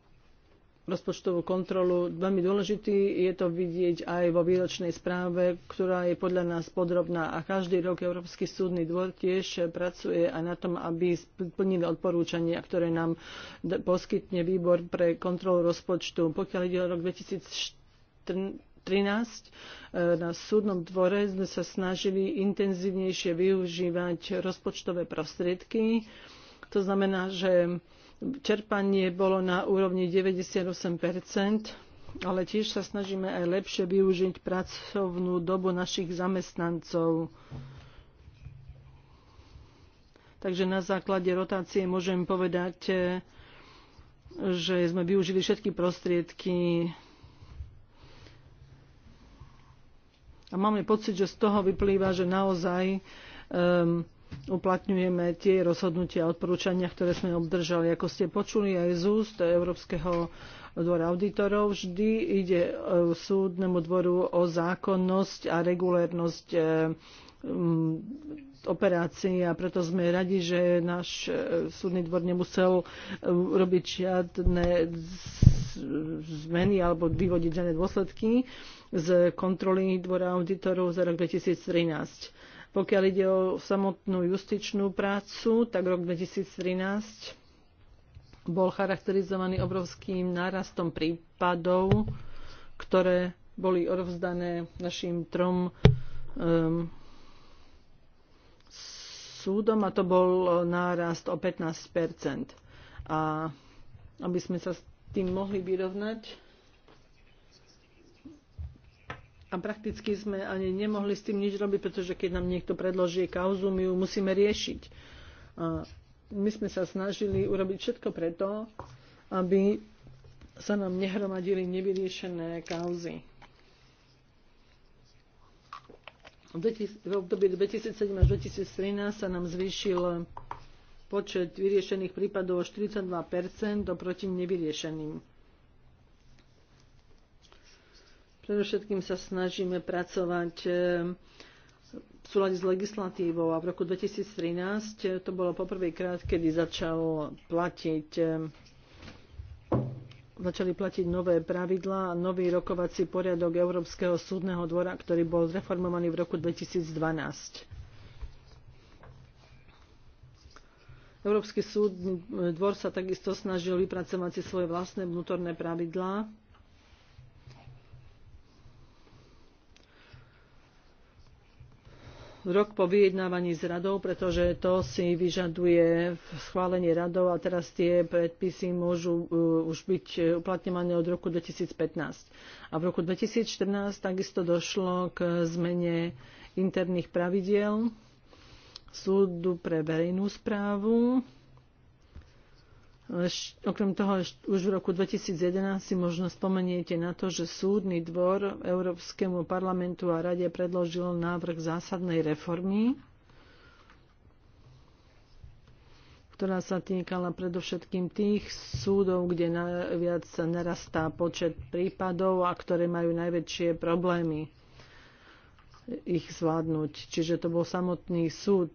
rozpočtovú kontrolu. Veľmi dôležitý je to vidieť aj vo výročnej správe, ktorá je podľa nás podrobná a každý rok Európsky súdny dvor tiež pracuje aj na tom, aby splnili odporúčania, ktoré nám poskytne výbor pre kontrolu rozpočtu. Pokiaľ ide o rok 2014, 2013 e, na súdnom dvore sme sa snažili intenzívnejšie využívať rozpočtové prostriedky. To znamená, že Čerpanie bolo na úrovni 98 ale tiež sa snažíme aj lepšie využiť pracovnú dobu našich zamestnancov. Takže na základe rotácie môžem povedať, eh, že sme využili všetky prostriedky a máme pocit, že z toho vyplýva, že naozaj um, uplatňujeme tie rozhodnutia a odporúčania, ktoré sme obdržali. Ako ste počuli aj z úst Európskeho dvora auditorov, vždy ide e, súdnemu dvoru o zákonnosť a regulérnosť e, operácií a preto sme radi, že náš e, súdny dvor nemusel robiť žiadne zmeny alebo vyvodiť žiadne dôsledky z kontroly dvora auditorov za rok 2013 pokiaľ ide o samotnú justičnú prácu, tak rok 2013 bol charakterizovaný obrovským nárastom prípadov, ktoré boli odovzdané našim trom um, súdom a to bol nárast o 15 A aby sme sa s tým mohli vyrovnať, a prakticky sme ani nemohli s tým nič robiť, pretože keď nám niekto predloží kauzu, my ju musíme riešiť. A my sme sa snažili urobiť všetko preto, aby sa nám nehromadili nevyriešené kauzy. V období 2007 až 2013 sa nám zvýšil počet vyriešených prípadov o 42 oproti nevyriešeným. Predovšetkým sa snažíme pracovať e, v súlade s legislatívou a v roku 2013 to bolo poprvýkrát, kedy začal platiť e, začali platiť nové pravidlá a nový rokovací poriadok Európskeho súdneho dvora, ktorý bol zreformovaný v roku 2012. Európsky súdny dvor sa takisto snažil vypracovať si svoje vlastné vnútorné pravidlá rok po vyjednávaní s radou, pretože to si vyžaduje schválenie radov a teraz tie predpisy môžu uh, už byť uplatňované od roku 2015. A v roku 2014 takisto došlo k zmene interných pravidiel súdu pre verejnú správu Okrem toho, už v roku 2011 si možno spomeniete na to, že súdny dvor Európskemu parlamentu a rade predložil návrh zásadnej reformy, ktorá sa týkala predovšetkým tých súdov, kde najviac narastá počet prípadov a ktoré majú najväčšie problémy ich zvládnuť. Čiže to bol samotný súd.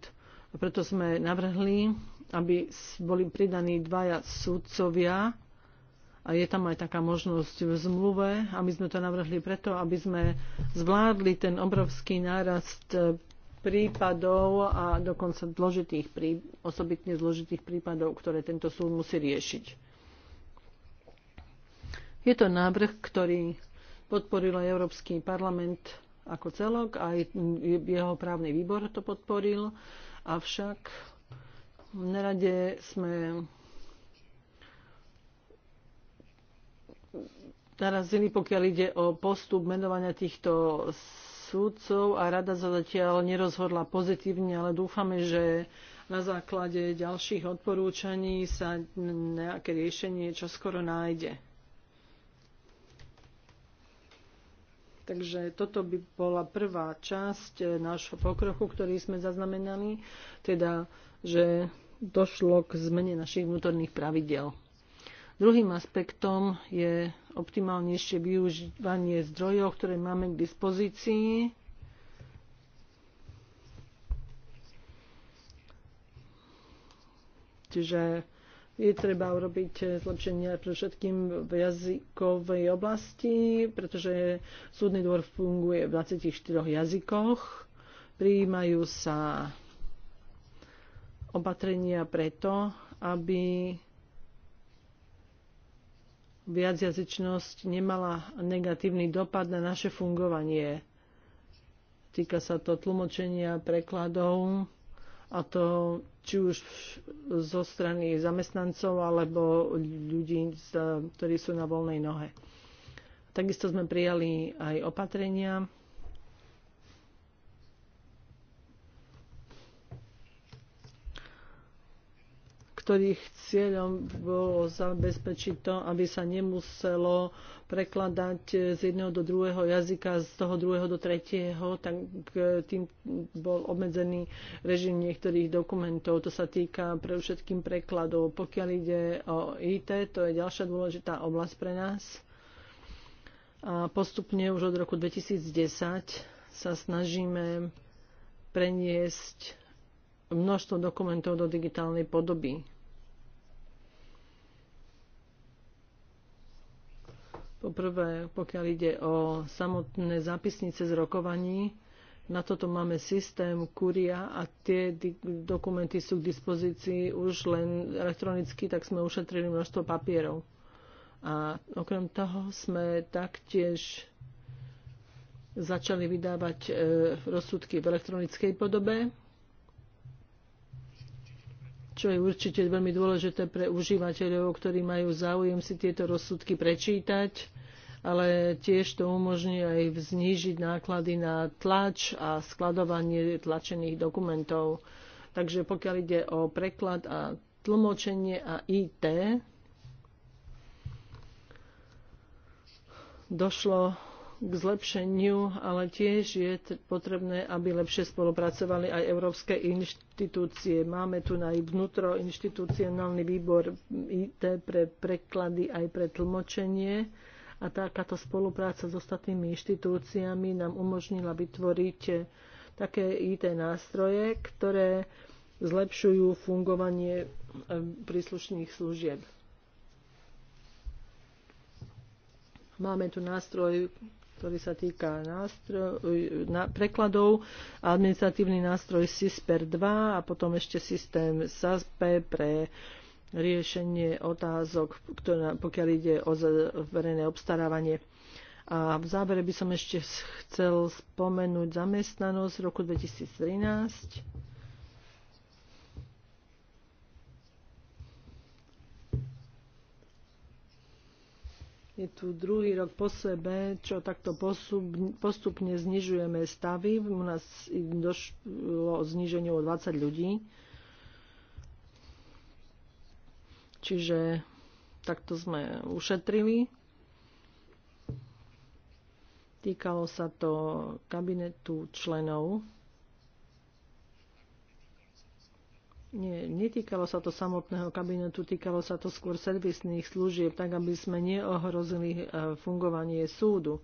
A preto sme navrhli aby boli pridaní dvaja súdcovia a je tam aj taká možnosť v zmluve a my sme to navrhli preto, aby sme zvládli ten obrovský nárast e, prípadov a dokonca zložitých, prí, osobitne zložitých prípadov, ktoré tento súd musí riešiť. Je to návrh, ktorý podporil aj Európsky parlament ako celok, aj jeho právny výbor to podporil, avšak na rade sme narazili, pokiaľ ide o postup menovania týchto súdcov a rada sa zatiaľ nerozhodla pozitívne, ale dúfame, že na základe ďalších odporúčaní sa nejaké riešenie čoskoro nájde. Takže toto by bola prvá časť eh, nášho pokroku, ktorý sme zaznamenali, teda že došlo k zmene našich vnútorných pravidel. Druhým aspektom je optimálnejšie využívanie zdrojov, ktoré máme k dispozícii. Čiže je treba urobiť zlepšenia pre všetkým v jazykovej oblasti, pretože súdny dvor funguje v 24 jazykoch. Prijímajú sa opatrenia preto, aby viacjazyčnosť nemala negatívny dopad na naše fungovanie. Týka sa to tlmočenia prekladov a to či už zo strany zamestnancov alebo ľudí, ktorí sú na voľnej nohe. Takisto sme prijali aj opatrenia, ktorých cieľom bolo zabezpečiť to, aby sa nemuselo prekladať z jedného do druhého jazyka, z toho druhého do tretieho, tak e, tým bol obmedzený režim niektorých dokumentov. To sa týka pre všetkým prekladov. Pokiaľ ide o IT, to je ďalšia dôležitá oblasť pre nás. A postupne už od roku 2010 sa snažíme preniesť množstvo dokumentov do digitálnej podoby. Poprvé, pokiaľ ide o samotné zápisnice z rokovaní, na toto máme systém Kuria a tie dokumenty sú k dispozícii už len elektronicky, tak sme ušetrili množstvo papierov. A okrem toho sme taktiež začali vydávať e, rozsudky v elektronickej podobe čo je určite veľmi dôležité pre užívateľov, ktorí majú záujem si tieto rozsudky prečítať, ale tiež to umožní aj znížiť náklady na tlač a skladovanie tlačených dokumentov. Takže pokiaľ ide o preklad a tlmočenie a IT, došlo k zlepšeniu, ale tiež je potrebné, aby lepšie spolupracovali aj európske inštitúcie. Máme tu aj vnútroinštitucionálny výbor IT pre preklady aj pre tlmočenie a takáto spolupráca s ostatnými inštitúciami nám umožnila vytvoriť také IT nástroje, ktoré zlepšujú fungovanie e, príslušných služieb. Máme tu nástroj ktorý sa týka nástroj, na, prekladov, administratívny nástroj SISPER 2 a potom ešte systém SASP pre riešenie otázok, ktorá, pokiaľ ide o verejné obstarávanie. A v závere by som ešte chcel spomenúť zamestnanosť v roku 2013 je tu druhý rok po sebe, čo takto postupne znižujeme stavy. U nás došlo o zniženiu o 20 ľudí. Čiže takto sme ušetrili. Týkalo sa to kabinetu členov Nie, netýkalo sa to samotného kabinetu, týkalo sa to skôr servisných služieb, tak aby sme neohrozili e, fungovanie súdu.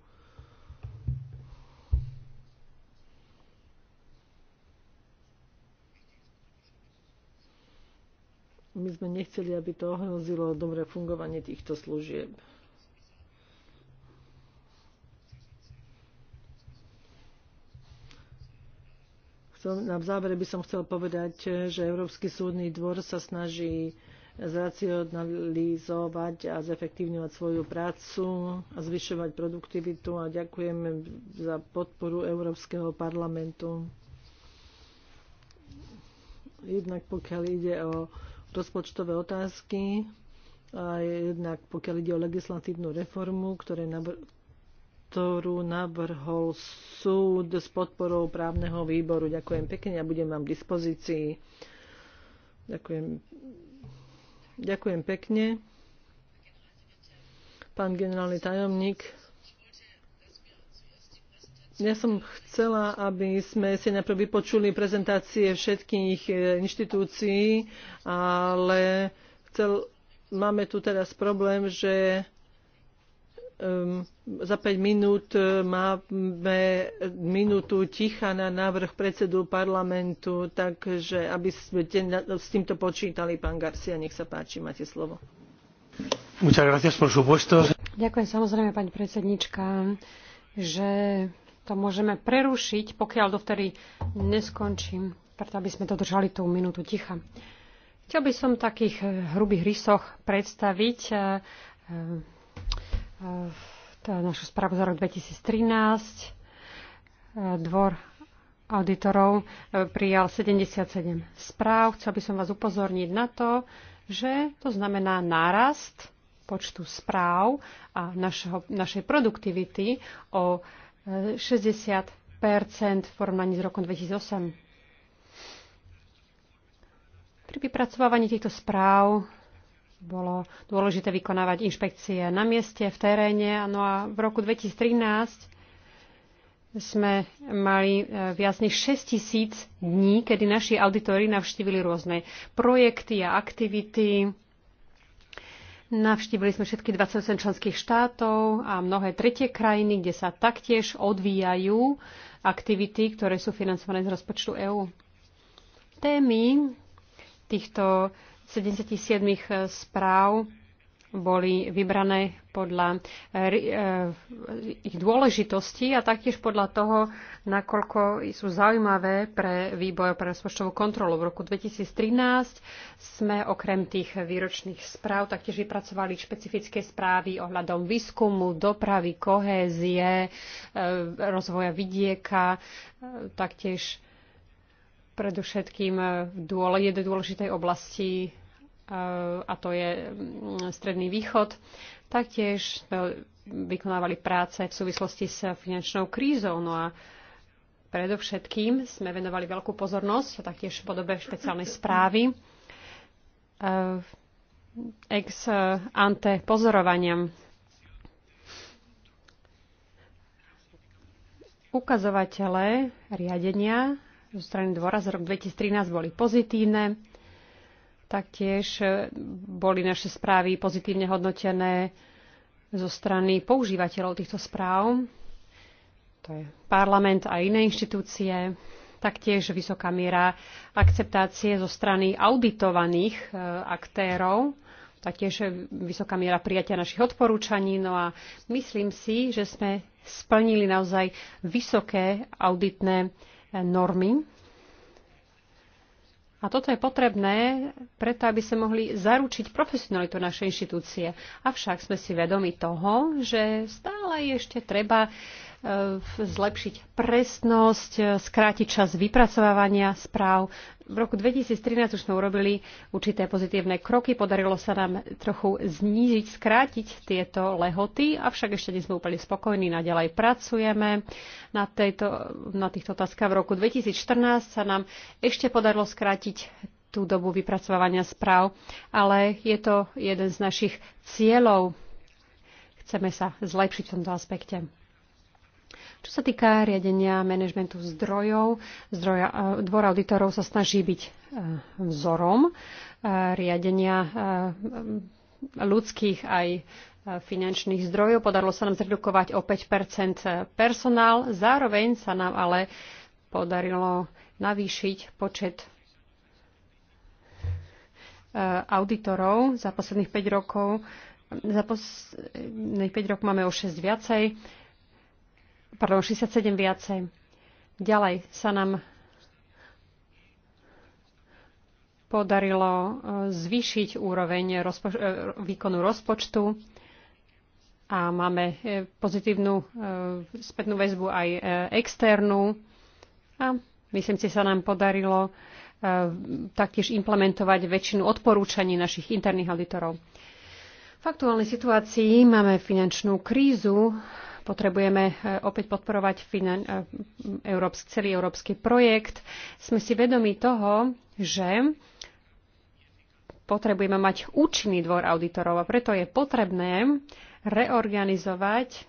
My sme nechceli, aby to ohrozilo dobré fungovanie týchto služieb. Na závere by som chcel povedať, eh, že Európsky súdny dvor sa snaží zracionalizovať a zefektívňovať svoju prácu a zvyšovať produktivitu a ďakujem za podporu Európskeho parlamentu. Jednak pokiaľ ide o rozpočtové otázky, a jednak pokiaľ ide o legislatívnu reformu, ktoré ktorú navrhol súd s podporou právneho výboru. Ďakujem pekne a budem vám k dispozícii. Ďakujem, Ďakujem pekne. Pán generálny tajomník, ja som chcela, aby sme si najprv vypočuli prezentácie všetkých e, inštitúcií, ale chcel, máme tu teraz problém, že Ehm, za 5 minút e, máme minútu ticha na návrh predsedu parlamentu, takže aby ste s týmto počítali, pán Garcia, nech sa páči, máte slovo. Ďakujem samozrejme, pani predsednička, že to môžeme prerušiť, pokiaľ dovtedy neskončím, preto aby sme dodržali tú minútu ticha. Chcel by som v takých hrubých rysoch predstaviť e, e, tá našu správu za rok 2013. Dvor auditorov e, prijal 77 správ. Chcel by som vás upozorniť na to, že to znamená nárast počtu správ a našeho, našej produktivity o 60 e, v porovnaní s rokom 2008. Pri vypracovávaní týchto správ bolo dôležité vykonávať inšpekcie na mieste, v teréne. No a v roku 2013 sme mali e, viac než 6 tisíc dní, kedy naši auditori navštívili rôzne projekty a aktivity. Navštívili sme všetky 28 členských štátov a mnohé tretie krajiny, kde sa taktiež odvíjajú aktivity, ktoré sú financované z rozpočtu EÚ. Témy týchto 77 eh, správ boli vybrané podľa eh, eh, ich dôležitosti a taktiež podľa toho, nakoľko sú zaujímavé pre výboj pre rozpočtovú kontrolu. V roku 2013 sme okrem tých výročných správ taktiež vypracovali špecifické správy ohľadom výskumu, dopravy, kohézie, rozvoja vidieka, taktiež predovšetkým eh, v jednej dôležitej oblasti, eh, a to je mm, Stredný východ. Taktiež eh, vykonávali práce v súvislosti s finančnou krízou. No a predovšetkým sme venovali veľkú pozornosť, a taktiež v podobe špeciálnej správy, ex ante pozorovaniam. Ukazovatele riadenia zo strany dvora z rok 2013 boli pozitívne. Taktiež e, boli naše správy pozitívne hodnotené zo strany používateľov týchto správ. To je parlament a iné inštitúcie. Taktiež vysoká miera akceptácie zo strany auditovaných e, aktérov taktiež vysoká miera prijatia našich odporúčaní. No a myslím si, že sme splnili naozaj vysoké auditné E, normy. A toto je potrebné preto, aby sme mohli zaručiť profesionalitu našej inštitúcie. Avšak sme si vedomi toho, že stále ešte treba uh, zlepšiť presnosť, e, skrátiť čas vypracovávania správ. V roku 2013 už sme urobili určité pozitívne kroky, podarilo sa nám trochu znížiť, skrátiť tieto lehoty, avšak ešte nie sme úplne spokojní, naďalej pracujeme na, tejto, na týchto otázkach. V roku 2014 sa nám ešte podarilo skrátiť tú dobu vypracovania správ, ale je to jeden z našich cieľov. Chceme sa zlepšiť v tomto aspekte. Čo sa týka riadenia manažmentu zdrojov, zdroja, eh, dvor auditorov sa snaží byť eh, vzorom eh, riadenia ľudských aj finančných zdrojov. Podarilo sa nám zredukovať o 5 personál. Zároveň sa nám ale podarilo navýšiť počet auditorov za posledných 5 rokov. Za posledných 5 rokov máme o 6 viacej pardon, 67 viacej. Ďalej sa nám podarilo e, zvýšiť úroveň rozpoč- e, výkonu rozpočtu a máme e, pozitívnu spätnú väzbu aj externú. A myslím si, sa nám podarilo taktiež implementovať väčšinu odporúčaní našich interných auditorov. V aktuálnej situácii máme finančnú krízu, Potrebujeme e, opäť podporovať finan- e, európsky, celý európsky projekt. Sme si vedomi toho, že potrebujeme mať účinný dvor auditorov a preto je potrebné reorganizovať e,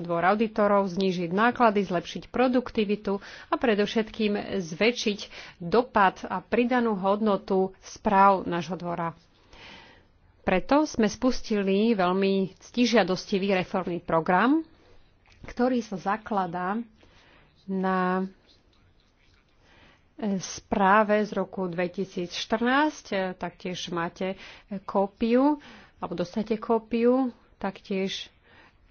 dvor auditorov, znížiť náklady, zlepšiť produktivitu a predovšetkým zväčšiť dopad a pridanú hodnotu správ nášho dvora. Preto sme spustili veľmi ctižiadostivý reformný program, ktorý sa zakladá na e, správe z roku 2014. E, taktiež máte kópiu, alebo dostate kópiu. Taktiež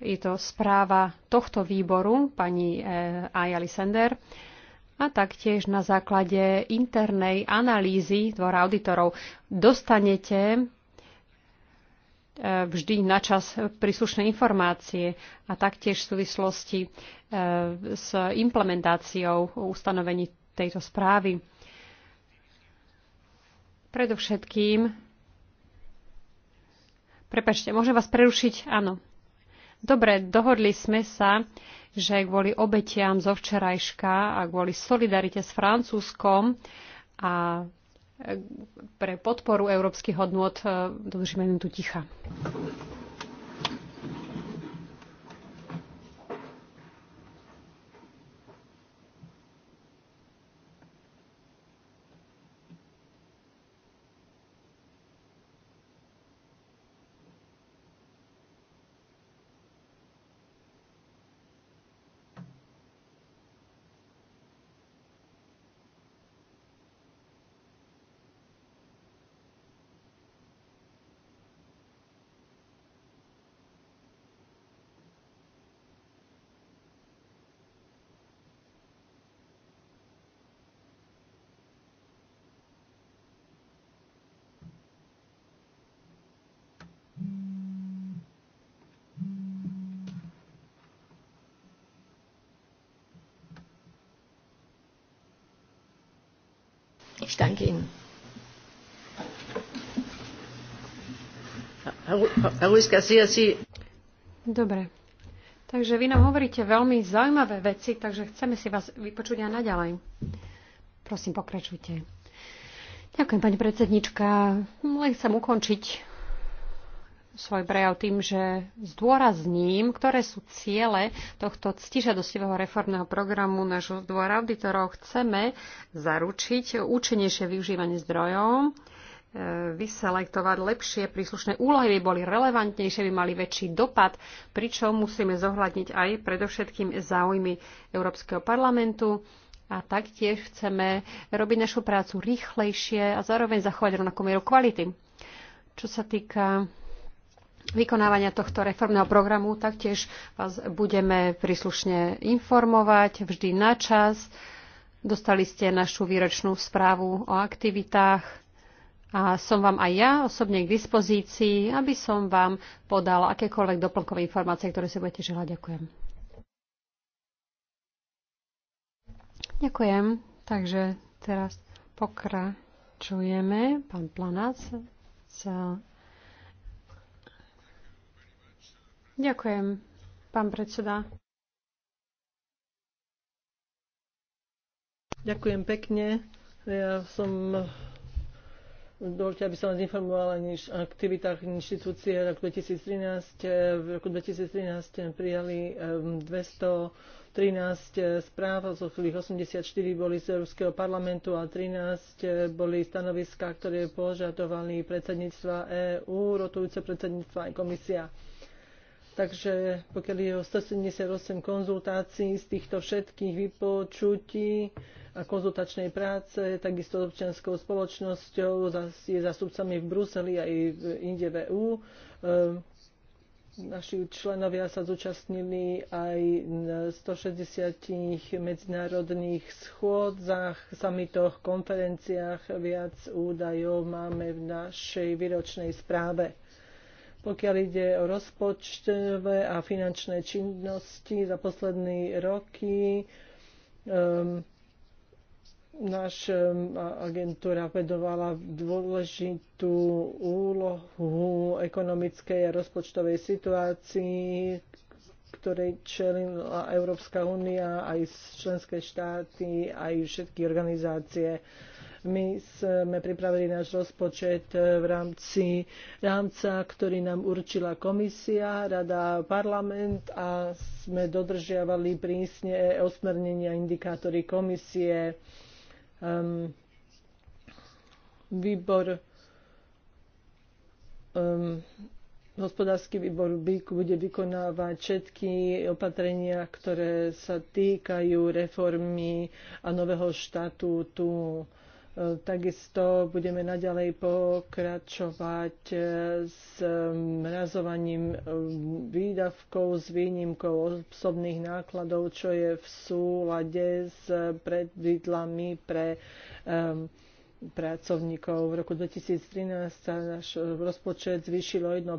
je to správa tohto výboru, pani e, Aja Lissender. A taktiež na základe internej analýzy dvora auditorov dostanete vždy načas príslušné informácie a taktiež v súvislosti e, s implementáciou ustanovení tejto správy. Predovšetkým, prepačte, môžem vás prerušiť? Áno. Dobre, dohodli sme sa, že kvôli obetiam zo včerajška a kvôli solidarite s Francúzskom a pre podporu európskych hodnôt eh, dodržíme minútu ticha. danke Dobre. Takže vy nám hovoríte veľmi zaujímavé veci, takže chceme si vás vypočuť aj naďalej. Prosím, pokračujte. Ďakujem, pani predsednička. Len chcem ukončiť svoj prejav tým, že zdôrazním, ktoré sú ciele tohto ctižadostivého reformného programu nášho dvora auditorov. Chceme zaručiť účinnejšie využívanie zdrojov, e, vyselektovať lepšie príslušné úlohy, by boli relevantnejšie, by mali väčší dopad, pričom musíme zohľadniť aj predovšetkým záujmy Európskeho parlamentu a taktiež chceme robiť našu prácu rýchlejšie a zároveň zachovať rovnakú mieru kvality. Čo sa týka vykonávania tohto reformného programu. Taktiež vás budeme príslušne informovať vždy na čas. Dostali ste našu výročnú správu o aktivitách a som vám aj ja osobne k dispozícii, aby som vám podal akékoľvek doplnkové informácie, ktoré si budete želať. Ďakujem. Ďakujem. Takže teraz pokračujeme. Pán Planác sa Ďakujem, pán predseda. Ďakujem pekne. Ja som Dovolte, aby som vás informovala o aktivitách inštitúcie eh, v roku 2013. V roku 2013 prijali 213 eh, eh, správ, zo ktorých 84 boli z Európskeho parlamentu a 13 boli stanoviská, ktoré požadovali predsedníctva EÚ, rotujúce predsedníctva aj komisia. Takže pokiaľ je o 178 konzultácií z týchto všetkých vypočutí a konzultačnej práce, takisto s občianskou spoločnosťou, je zastupcami v Bruseli a aj v inde v EU. Ehm, naši členovia sa zúčastnili aj na 160 medzinárodných schôdzach, samitoch, konferenciách. Viac údajov máme v našej výročnej správe. Pokiaľ ide o rozpočtové a finančné činnosti za posledné roky, um, ehm, naša ehm, agentúra vedovala dôležitú úlohu ekonomickej a rozpočtovej situácii, ktorej čelila Európska únia, aj členské štáty, aj všetky organizácie my sme pripravili náš rozpočet v rámci rámca, ktorý nám určila komisia, rada, parlament a sme dodržiavali prísne osmernenia indikátory komisie. Um, výbor um, hospodársky výbor BIK bude vykonávať všetky opatrenia, ktoré sa týkajú reformy a nového štatútu Takisto budeme naďalej pokračovať eh, s eh, mrazovaním eh, výdavkov s výnimkou osobných nákladov, čo je v súlade s predvidlami pre um, pracovníkov. V roku 2013 sa náš rozpočet zvýšil o 1%,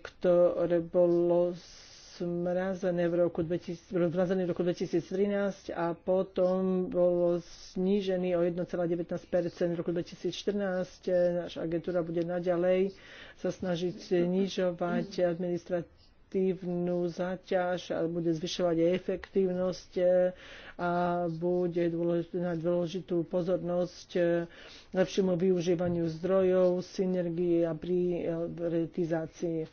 ktoré bolo z zmrazené v roku, 2000, zmrazené v roku 2013 a potom bolo snížený o 1,19 v roku 2014. Naša agentúra bude naďalej sa snažiť znižovať administratívnu záťaž a bude zvyšovať aj efektívnosť a bude na dôležitú pozornosť lepšiemu využívaniu zdrojov, synergie a prioritizácii.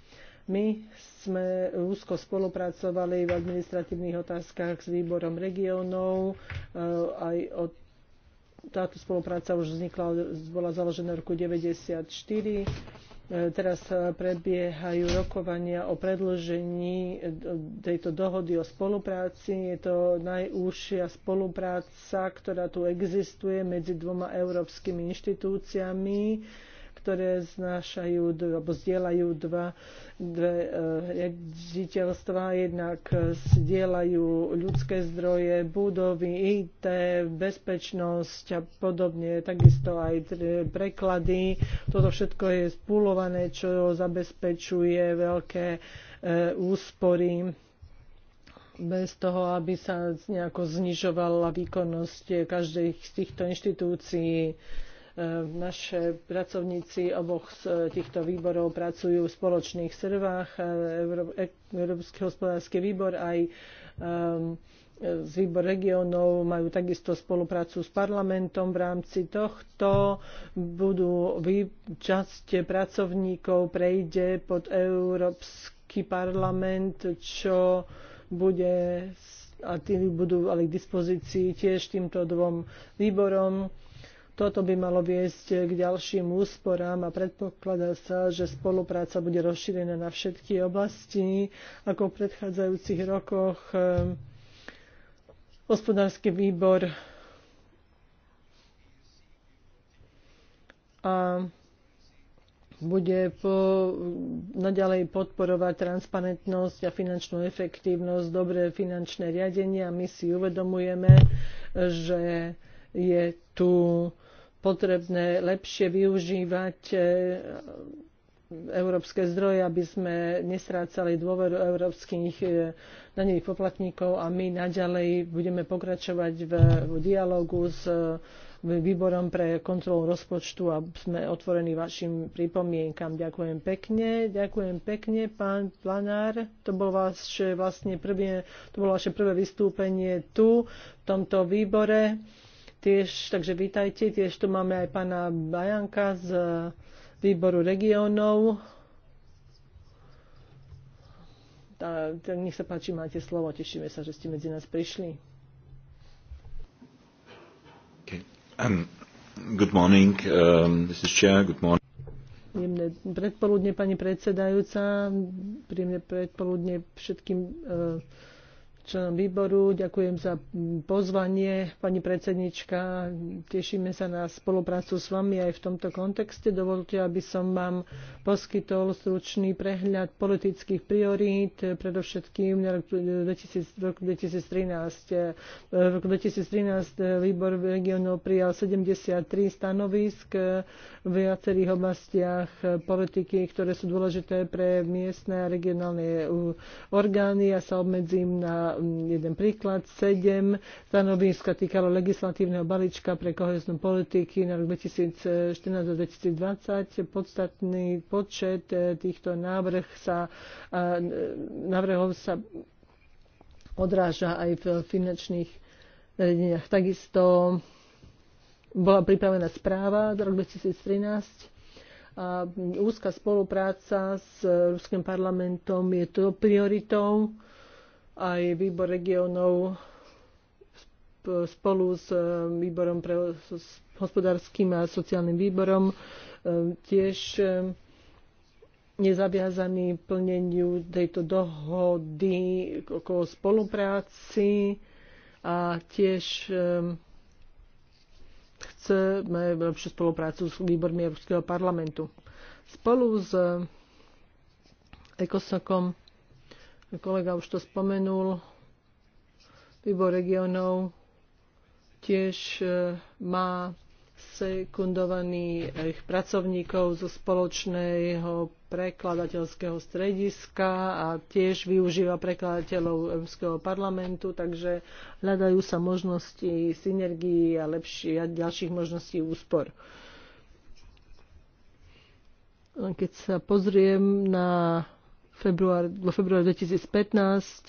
My sme úzko spolupracovali v administratívnych otázkach s výborom regiónov, eh, aj od táto spolupráca už vznikla, bola založená v roku 1994. Eh, teraz eh, prebiehajú rokovania o predložení tejto dohody o spolupráci. Je to najúžšia spolupráca, ktorá tu existuje medzi dvoma európskymi inštitúciami ktoré znášajú alebo zdieľajú dva, dve e, riaditeľstva. Jednak zdieľajú ľudské zdroje, budovy, IT, bezpečnosť a podobne, takisto aj preklady. Toto všetko je spúlované, čo zabezpečuje veľké e, úspory bez toho, aby sa nejako znižovala výkonnosť e, každej z týchto inštitúcií. Ehm, naše pracovníci oboch z e, týchto výborov pracujú v spoločných servách e, e-, Európsky hospodársky výbor aj ehm, z výbor regionov majú takisto spoluprácu s parlamentom. V rámci tohto budú časť pracovníkov prejde pod Európsky parlament, čo bude a tí budú ale k dispozícii tiež týmto dvom výborom toto by malo viesť k ďalším úsporám a predpokladá sa, že spolupráca bude rozšírená na všetky oblasti. Ako v predchádzajúcich rokoch eh, hospodársky výbor a bude po, naďalej podporovať transparentnosť a finančnú efektívnosť, dobré finančné riadenie a my si uvedomujeme, že je tu potrebné lepšie využívať e, európske zdroje, aby sme nestrácali dôveru európskych e, daňových poplatníkov a my naďalej budeme pokračovať v, v dialogu s e, výborom pre kontrolu rozpočtu a sme otvorení vašim pripomienkam. Ďakujem pekne. Ďakujem pekne, pán Planár. To bolo vaše, vlastne prvé, to bolo vaše prvé vystúpenie tu, v tomto výbore. Tiež, takže vítajte, tiež tu máme aj pána Bajanka z výboru regionov. Tak nech sa páči, máte slovo, tešíme sa, že ste medzi nás prišli. Okay. Um, good morning, um, this is Chair, good morning. Príjemné predpoludne, pani predsedajúca, príjemné predpoludne všetkým uh, členom výboru. Ďakujem za pozvanie, pani predsednička. Tešíme sa na spoluprácu s vami aj v tomto kontexte. Dovolte, aby som vám poskytol stručný prehľad politických priorít, predovšetkým na roku 2013. V roku 2013 výbor regionov prijal 73 stanovisk v viacerých oblastiach politiky, ktoré sú dôležité pre miestne a regionálne orgány. Ja sa obmedzím na jeden príklad. 7 stanoviska týkalo legislatívneho balíčka pre koheznú politiky na rok 2014-2020. Podstatný počet eh, týchto návrh sa, eh, návrhov sa odráža aj v finančných riadeniach. Takisto bola pripravená správa do rok 2013 a úzka spolupráca s Ruským parlamentom je to prioritou aj výbor regionov spolu s eh, výborom pre s hospodárským a sociálnym výborom eh, tiež eh, je plneniu tejto dohody o spolupráci a tiež chceme lepšiu spoluprácu s výbormi Európskeho parlamentu. Spolu s ECOSOCom kolega už to spomenul, výbor regionov tiež e, má sekundovaných pracovníkov zo spoločného prekladateľského strediska a tiež využíva prekladateľov Európskeho parlamentu, takže hľadajú sa možnosti synergii a, lepší, a ďalších možností úspor. Keď sa pozriem na február, vo február 2015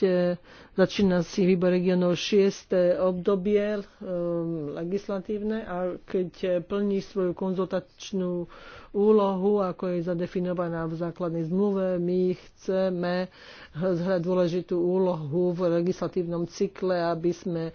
začína si výbor regionov 6. obdobie um, legislatívne a keď e, plní svoju konzultačnú úlohu, ako je zadefinovaná v základnej zmluve, my chceme zhrať dôležitú úlohu v legislatívnom cykle, aby sme e,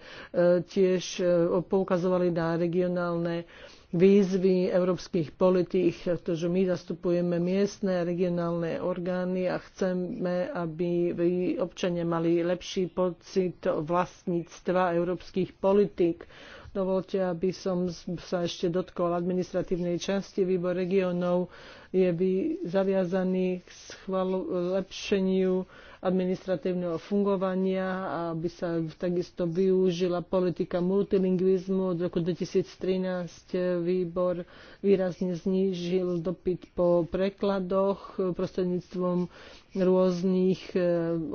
tiež poukazovali na regionálne výzvy európskych politík, pretože my zastupujeme miestne a regionálne orgány a chceme, aby občania mali lepší pocit vlastníctva európskych politík. Dovolte, aby som sa ešte dotkol administratívnej časti. Výbor regionov je by zaviazaný k schvalu, lepšeniu administratívneho fungovania, aby sa takisto využila politika multilingvizmu. Od roku 2013 výbor výrazne znížil dopyt po prekladoch prostredníctvom rôznych e,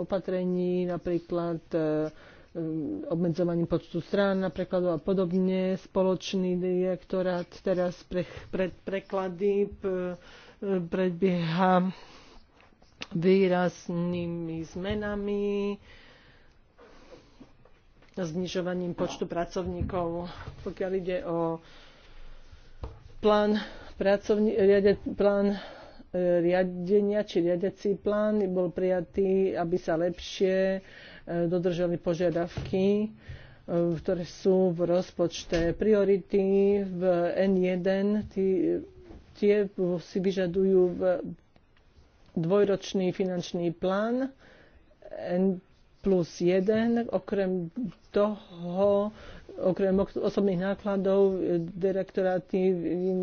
opatrení, napríklad e, e, obmedzovaním počtu strán na prekladov a podobne. Spoločný direktorát teraz pre, pre preklady predbieha výraznými zmenami, znižovaním počtu pracovníkov, pokiaľ ide o plán, pracovní, riade, plán e, riadenia či riadecí plán bol prijatý, aby sa lepšie e, dodržali požiadavky, e, ktoré sú v rozpočte priority v N1. Tí, tie si vyžadujú dvojročný finančný plán N plus jeden okrem toho, okrem osobných nákladov, direktoráty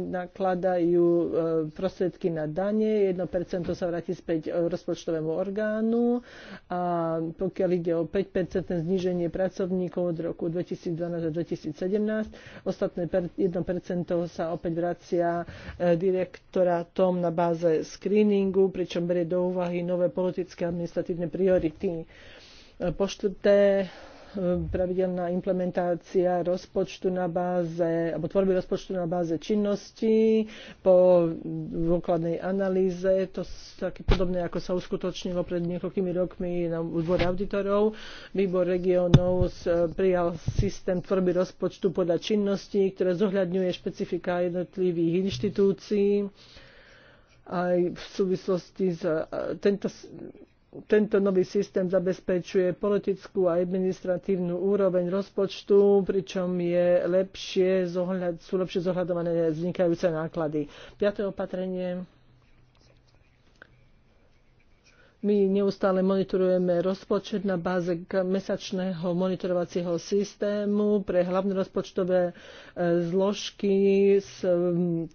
nakladajú e, prostriedky na dane, 1% sa vráti späť rozpočtovému orgánu a pokiaľ ide o 5% zníženie pracovníkov od roku 2012 a 2017, ostatné 1% sa opäť vracia e, direktorátom na báze screeningu, pričom berie do úvahy nové politické a administratívne priority. E, po štvrté, E, pravidelná implementácia rozpočtu na báze, alebo tvorby rozpočtu na báze činností po dôkladnej analýze. To také podobné, ako sa uskutočnilo pred niekoľkými rokmi na úbor auditorov. Výbor regionov prijal systém tvorby rozpočtu podľa činností, ktoré zohľadňuje špecifika jednotlivých inštitúcií aj v súvislosti s tento tento nový systém zabezpečuje politickú a administratívnu úroveň rozpočtu, pričom je lepšie zohľad, sú lepšie zohľadované vznikajúce náklady. Piaté opatrenie my neustále monitorujeme rozpočet na báze mesačného monitorovacieho systému pre hlavné rozpočtové e, zložky.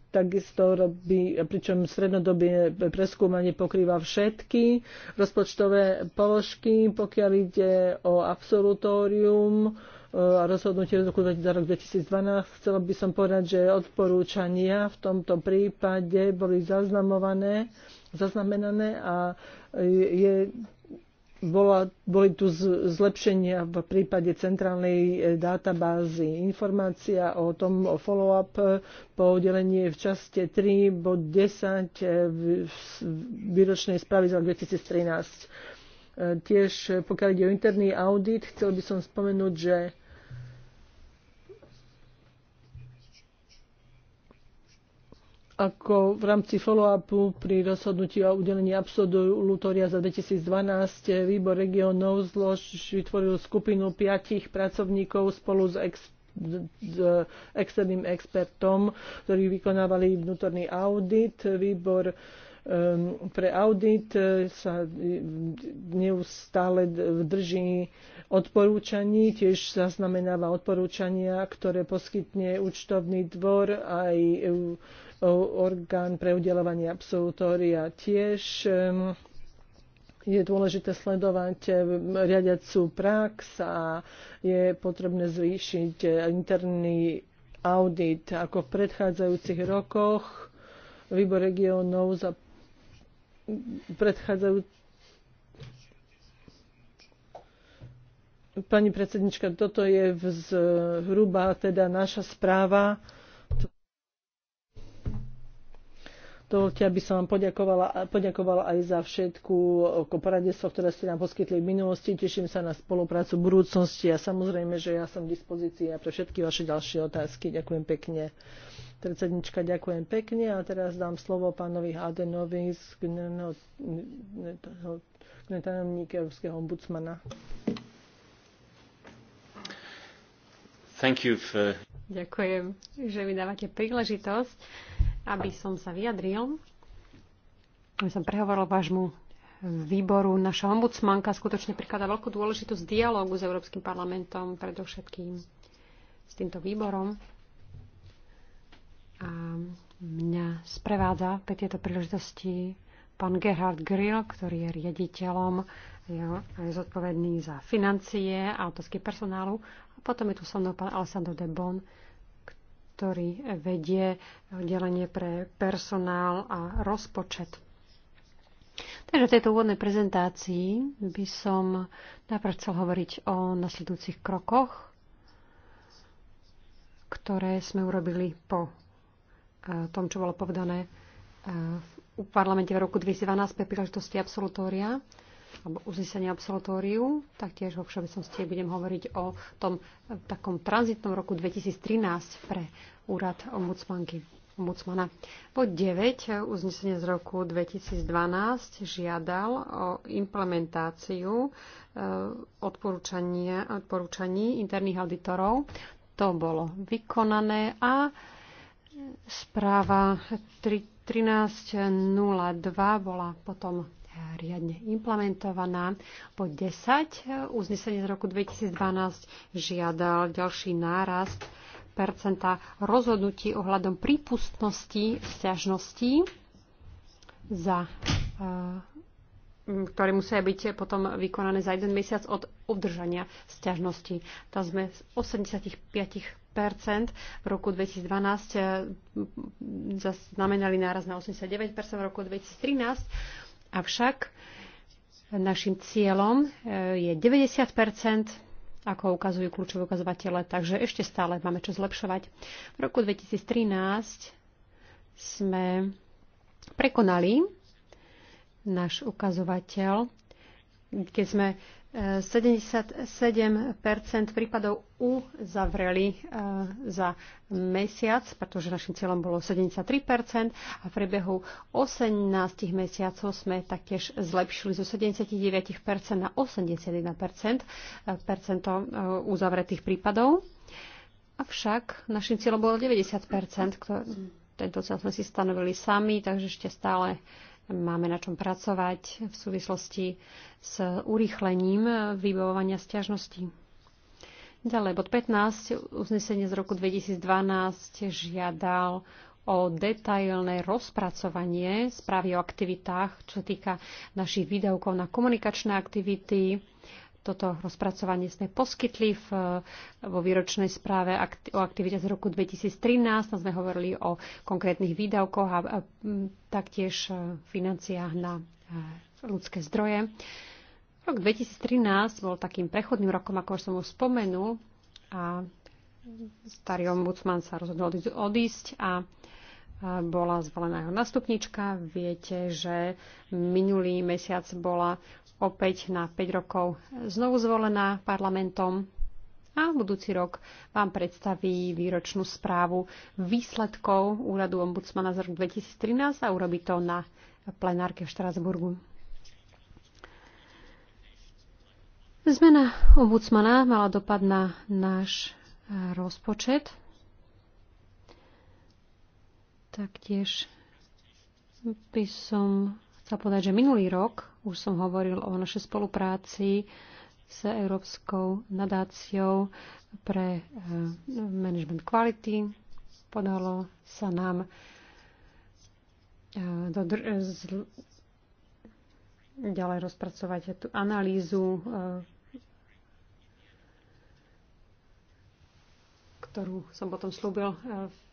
Takisto robí, pričom strednodobie preskúmanie pokrýva všetky rozpočtové položky, pokiaľ ide o absolutórium e, a rozhodnutie roku za rok 2012. Chcela by som povedať, že odporúčania v tomto prípade boli zaznamované zaznamenané a je, bola, boli tu zlepšenia v prípade centrálnej eh, databázy. Informácia o tom o follow-up eh, po udelení v časte 3 bod 10 eh, v výročnej správy za 2013. Tiež pokiaľ ide o interný audit, chcel by som spomenúť, že ako v rámci follow-upu pri rozhodnutí o udelení absolutória za 2012 výbor regionov zlož vytvoril skupinu piatich pracovníkov spolu s ex s externým expertom, ktorí vykonávali vnútorný audit. Výbor ehm, pre audit e, sa neustále drží odporúčaní, tiež zaznamenáva odporúčania, ktoré poskytne účtovný dvor aj e, orgán pre udelovanie absolutória tiež je dôležité sledovať riadiacu prax a je potrebné zvýšiť e, interný audit. Ako v predchádzajúcich rokoch výbor regionov za predchádzajúcich. Pani predsednička, toto je zhruba teda naša správa. Dovolte, aby som vám poďakovala, poďakovala aj za všetku eh, poradenstvo, ktoré ste nám poskytli v minulosti. Teším sa na spoluprácu v budúcnosti a samozrejme, že ja som v dispozícii pre všetky vaše ďalšie otázky. Ďakujem pekne. Predsednička, ďakujem pekne a teraz dám slovo pánovi Hadenovi z Gnetanovníka Európskeho ombudsmana. Thank you for... Ďakujem, že mi dávate príležitosť aby som sa vyjadril, aby som prehovoril vášmu výboru. Naša ombudsmanka skutočne prikladá veľkú dôležitosť dialógu s Európskym parlamentom, predovšetkým s týmto výborom. A mňa sprevádza pri tieto príležitosti pán Gerhard Grill, ktorý je riaditeľom a je zodpovedný za financie a autorský personálu. A potom je tu so mnou pán Alessandro de Bon, ktorý vedie oddelenie pre personál a rozpočet. Takže v tejto úvodnej prezentácii by som najprv chcel hovoriť o nasledujúcich krokoch, ktoré sme urobili po e, tom, čo bolo povedané e, v parlamente v roku 2012 pre príležitosti absolutória uznesenie absolutóriu, taktiež vo všeobecnosti budem hovoriť o tom takom tranzitnom roku 2013 pre úrad ombudsmanky ombudsmana. Po 9 uznesenie z roku 2012 žiadal o implementáciu eh, odporúčaní interných auditorov. To bolo vykonané a správa 1302 bola potom riadne implementovaná. Po 10 eh, uznesenie z roku 2012 žiadal ďalší nárast percenta rozhodnutí ohľadom prípustnosti sťažností, za, eh, ktoré musia byť potom vykonané za jeden mesiac od obdržania sťažnosti. Tam sme z 85 v roku 2012 eh, zaznamenali náraz na 89 v roku 2013 Avšak našim cieľom e, je 90 ako ukazujú kľúčové ukazovatele, takže ešte stále máme čo zlepšovať. V roku 2013 sme prekonali náš ukazovateľ, keď sme 77 prípadov uzavreli e, za mesiac, pretože našim cieľom bolo 73 a v priebehu 18 mesiacov sme taktiež zlepšili zo 79 na 81 e, percento e, uzavretých prípadov. Avšak našim cieľom bolo 90 tento cieľ sme si stanovili sami, takže ešte stále máme na čom pracovať v súvislosti s urýchlením vybavovania stiažností. Ďalej, bod 15, uznesenie z roku 2012 žiadal o detailné rozpracovanie správy o aktivitách, čo týka našich výdavkov na komunikačné aktivity, toto rozpracovanie sme poskytli v, vo výročnej správe o aktivite z roku 2013. Tam sme hovorili o konkrétnych výdavkoch a, a taktiež e, financiách na e, ľudské zdroje. Rok 2013 bol takým prechodným rokom, ako som už spomenul, a starý ombudsman sa rozhodol odísť a bola zvolená jeho nastupnička. Viete, že minulý mesiac bola opäť na 5 rokov znovu zvolená parlamentom a budúci rok vám predstaví výročnú správu výsledkov úradu ombudsmana z roku 2013 a urobí to na plenárke v Štrasburgu. Zmena ombudsmana mala dopad na náš rozpočet Taktiež by som chcel povedať, že minulý rok už som hovoril o našej spolupráci s Európskou nadáciou pre eh, management quality. Podalo sa nám eh, ďalej rozpracovať tú analýzu eh, ktorú som potom slúbil e,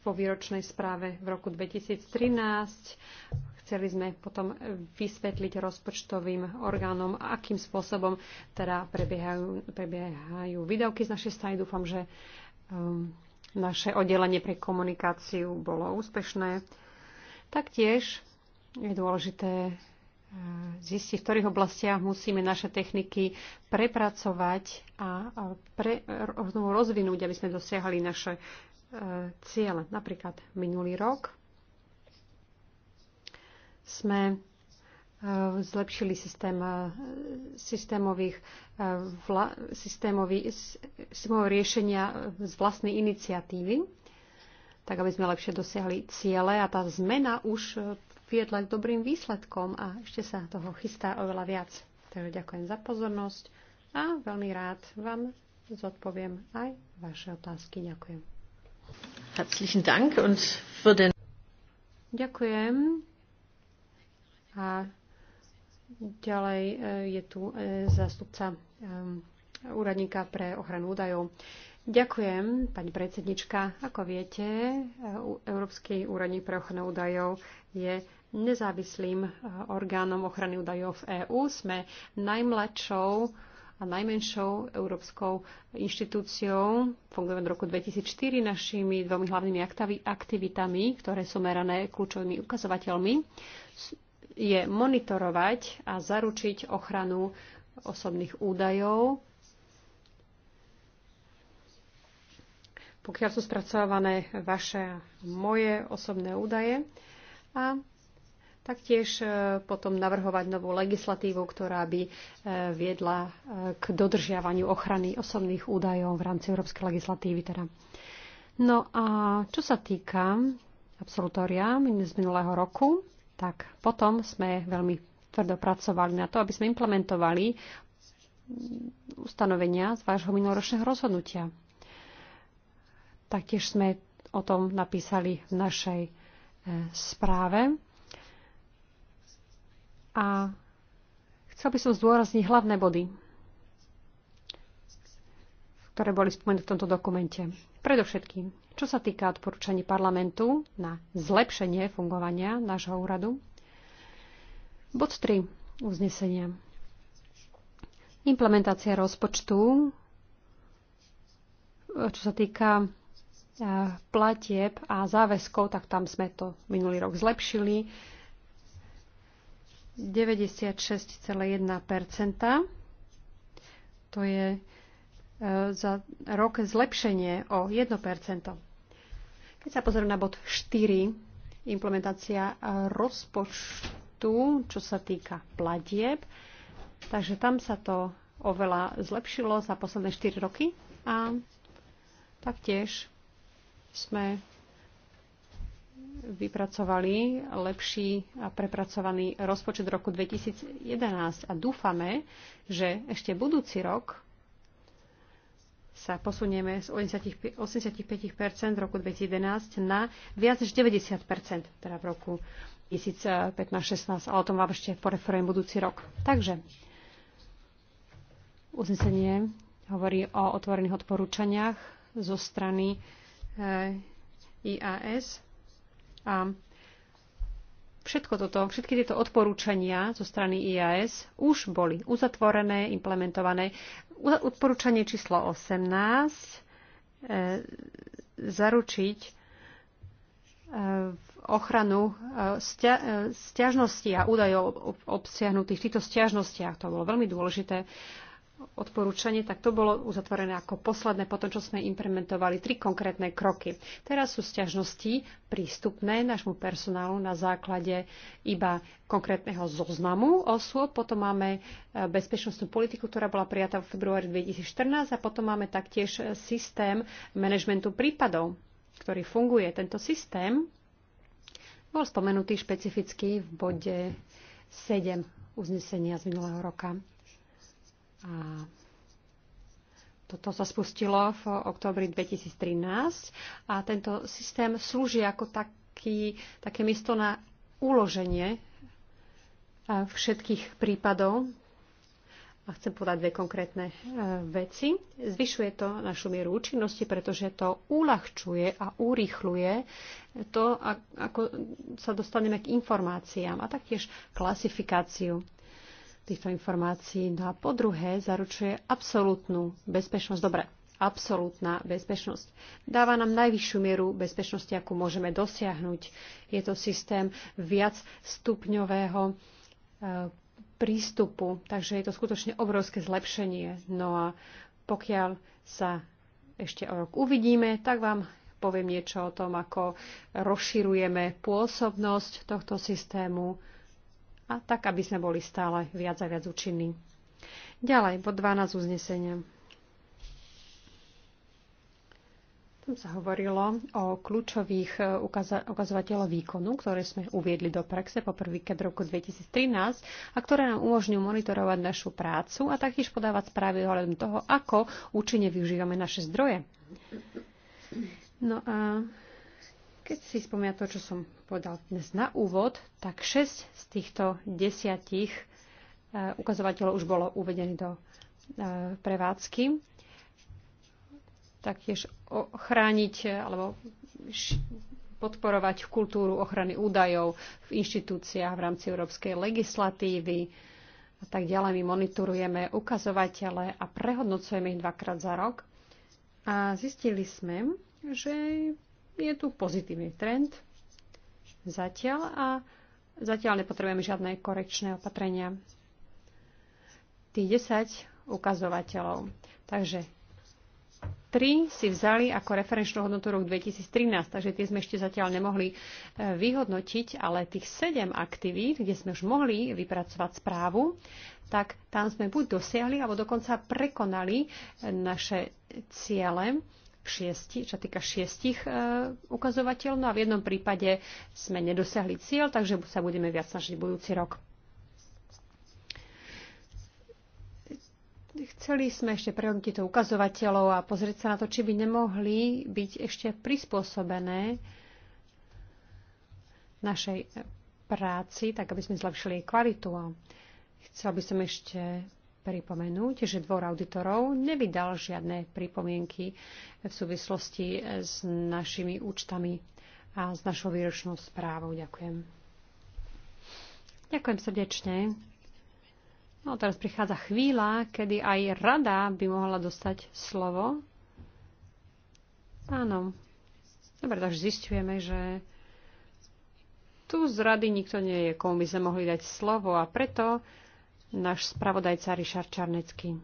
vo výročnej správe v roku 2013. Chceli sme potom vysvetliť rozpočtovým orgánom, akým spôsobom teda prebiehajú, prebiehajú výdavky z našej strany. Dúfam, že um, naše oddelenie pre komunikáciu bolo úspešné. Taktiež je dôležité zistiť, v ktorých oblastiach musíme naše techniky prepracovať a pre, znovu rozvinúť, aby sme dosiahli naše e, ciele. Napríklad minulý rok sme e, zlepšili systém, e, systémových, vla, systémový, riešenia z vlastnej iniciatívy, tak aby sme lepšie dosiahli ciele a tá zmena už viedla k dobrým výsledkom a ešte sa toho chystá oveľa viac. Takže ďakujem za pozornosť a veľmi rád vám zodpoviem aj vaše otázky. Ďakujem. Herzlichen Dank und für den... Ďakujem. A ďalej e, je tu e, zástupca e, úradníka pre ochranu údajov. Ďakujem, pani predsednička. Ako viete, Európsky úradník pre ochranu údajov je nezávislým eh, orgánom ochrany údajov v EÚ. Sme najmladšou a najmenšou európskou inštitúciou. Fungujeme v roku 2004 našimi dvomi hlavnými aktivitami, ktoré sú merané kľúčovými ukazovateľmi, je monitorovať a zaručiť ochranu osobných údajov. Pokiaľ sú spracované vaše a moje osobné údaje a taktiež e, potom navrhovať novú legislatívu, ktorá by e, viedla e, k dodržiavaniu ochrany osobných údajov v rámci európskej legislatívy. Teda. No a čo sa týka absolutória z minulého roku, tak potom sme veľmi tvrdo pracovali na to, aby sme implementovali ustanovenia z vášho minuloročného rozhodnutia. Taktiež sme o tom napísali v našej správe a chcel by som zdôrazniť hlavné body, ktoré boli spomenuté v tomto dokumente. Predovšetkým, čo sa týka odporúčaní parlamentu na zlepšenie fungovania nášho úradu. Bod 3. Uznesenia. Implementácia rozpočtu, čo sa týka e, platieb a záväzkov, tak tam sme to minulý rok zlepšili. 96,1 To je e, za rok zlepšenie o 1 Keď sa pozrieme na bod 4, implementácia e, rozpočtu, čo sa týka platieb, takže tam sa to oveľa zlepšilo za posledné 4 roky a taktiež sme vypracovali lepší a prepracovaný rozpočet roku 2011 a dúfame, že ešte budúci rok sa posunieme z 85% v roku 2011 na viac než 90%, teda v roku 2015-16, ale o tom vám ešte poreferujem budúci rok. Takže uznesenie hovorí o otvorených odporúčaniach zo strany eh, IAS a všetko toto, všetky tieto odporúčania zo strany IAS už boli uzatvorené, implementované. Odporúčanie číslo 18 e, zaručiť e, ochranu e, stiažností e, a údajov obsiahnutých v týchto stiažnostiach. To bolo veľmi dôležité odporúčanie, tak to bolo uzatvorené ako posledné, potom čo sme implementovali tri konkrétne kroky. Teraz sú sťažnosti prístupné nášmu personálu na základe iba konkrétneho zoznamu osôb, potom máme e, bezpečnostnú politiku, ktorá bola prijatá v februári 2014 a potom máme taktiež systém manažmentu prípadov, ktorý funguje. Tento systém bol spomenutý špecificky v bode 7 uznesenia z minulého roka. A toto sa spustilo v oktobri 2013 a tento systém slúži ako taký, také miesto na uloženie všetkých prípadov. A chcem povedať dve konkrétne e, veci. Zvyšuje to našu mieru účinnosti, pretože to uľahčuje a urýchľuje to, ako sa dostaneme k informáciám a taktiež klasifikáciu týchto informácií. No a po druhé, zaručuje absolútnu bezpečnosť. Dobre, absolútna bezpečnosť. Dáva nám najvyššiu mieru bezpečnosti, akú môžeme dosiahnuť. Je to systém viac stupňového e, prístupu, takže je to skutočne obrovské zlepšenie. No a pokiaľ sa ešte o rok uvidíme, tak vám poviem niečo o tom, ako rozširujeme pôsobnosť tohto systému a tak, aby sme boli stále viac a viac účinní. Ďalej, bod 12 uznesenia. Tam sa hovorilo o kľúčových e, ukazovateľoch výkonu, ktoré sme uviedli do praxe prvý keď roku 2013 a ktoré nám umožňujú monitorovať našu prácu a taktiež podávať správy ohľadom toho, ako účinne využívame naše zdroje. No a keď si spomínam to, čo som povedal dnes na úvod, tak 6 z týchto desiatich e, ukazovateľov už bolo uvedených do e, prevádzky. Taktiež ochrániť e, alebo podporovať kultúru ochrany údajov v inštitúciách v rámci európskej legislatívy a tak ďalej. My monitorujeme ukazovatele a prehodnocujeme ich dvakrát za rok. A zistili sme, že je tu pozitívny trend zatiaľ a zatiaľ nepotrebujeme žiadne korekčné opatrenia. Tých 10 ukazovateľov. Takže 3 si vzali ako referenčnú hodnotu rok 2013, takže tie sme ešte zatiaľ nemohli e, vyhodnotiť, ale tých 7 aktivít, kde sme už mohli vypracovať správu, tak tam sme buď dosiahli, alebo dokonca prekonali naše ciele v šiesti, čo týka šiestich e, ukazovateľov. No a v jednom prípade sme nedosiahli cieľ, takže sa budeme viac snažiť budúci rok. Chceli sme ešte prehodnúť to ukazovateľov a pozrieť sa na to, či by nemohli byť ešte prispôsobené našej práci, tak aby sme zlepšili jej kvalitu. Chcel chcela by som ešte pripomenúť, že dvor auditorov nevydal žiadne pripomienky v súvislosti s našimi účtami a s našou výročnou správou. Ďakujem. Ďakujem srdečne. No teraz prichádza chvíľa, kedy aj rada by mohla dostať slovo. Áno. Dobre, takže zistujeme, že tu z rady nikto nie je, komu by sme mohli dať slovo a preto náš spravodajca Richard Čarnecký.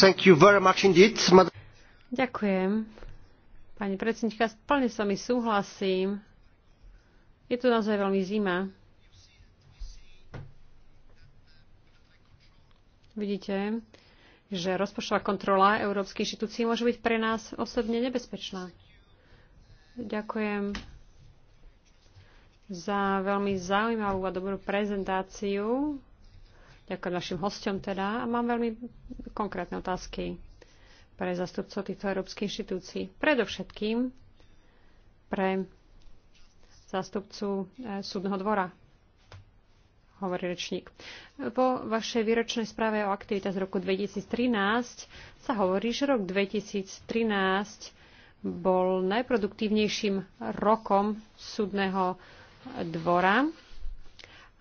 Thank you very much indeed, Ďakujem. Pani predsednička, plne s vami súhlasím. Je tu naozaj veľmi zima. Vidíte, že rozpočtová kontrola európskych inštitúcií môže byť pre nás osobne nebezpečná. Ďakujem za veľmi zaujímavú a dobrú prezentáciu. Ďakujem našim hostom teda. A mám veľmi konkrétne otázky pre zastupcov týchto európskych inštitúcií. Predovšetkým pre zástupcu eh, súdneho dvora, hovorí rečník. Po vašej výročnej správe o aktivita z roku 2013 sa hovorí, že rok 2013 bol najproduktívnejším rokom súdneho dvora dvora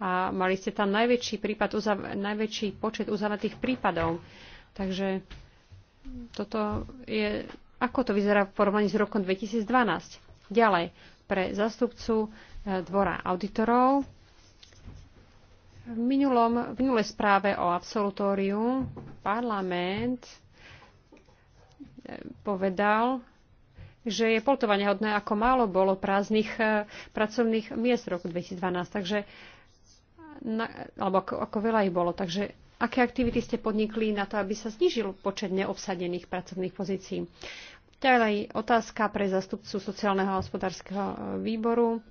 a mali ste tam najväčší, prípad, uzav- najväčší počet uzavretých prípadov. Takže toto je, ako to vyzerá v porovnaní s rokom 2012. Ďalej, pre zastupcu e, dvora auditorov v, minulom, v minulej správe o absolutóriu parlament e, povedal, že je poltovania hodné, ako málo bolo prázdnych e, pracovných miest v roku 2012, takže, na, alebo ako, ako veľa ich bolo. Takže aké aktivity ste podnikli na to, aby sa znížil počet neobsadených pracovných pozícií? Ďalej otázka pre zastupcu sociálneho a hospodárskeho e, výboru.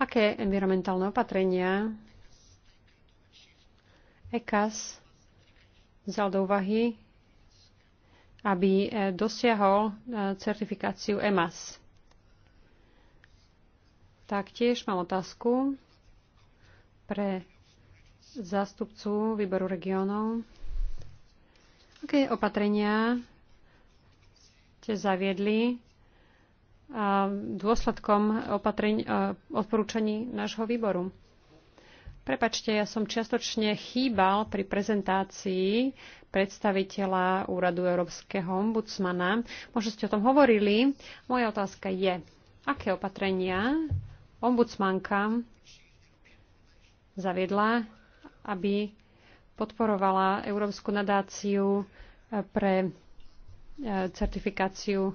Aké environmentálne opatrenia ECAS vzal do úvahy aby eh, dosiahol eh, certifikáciu EMAS. Taktiež mám otázku pre zástupcu výboru regionov. Aké opatrenia ste zaviedli eh, dôsledkom opatrení, odporúčaní nášho výboru? Prepačte, ja som čiastočne chýbal pri prezentácii predstaviteľa Úradu Európskeho ombudsmana. Možno ste o tom hovorili. Moja otázka je, aké opatrenia ombudsmanka zaviedla, aby podporovala Európsku nadáciu eh, pre eh, certifikáciu eh,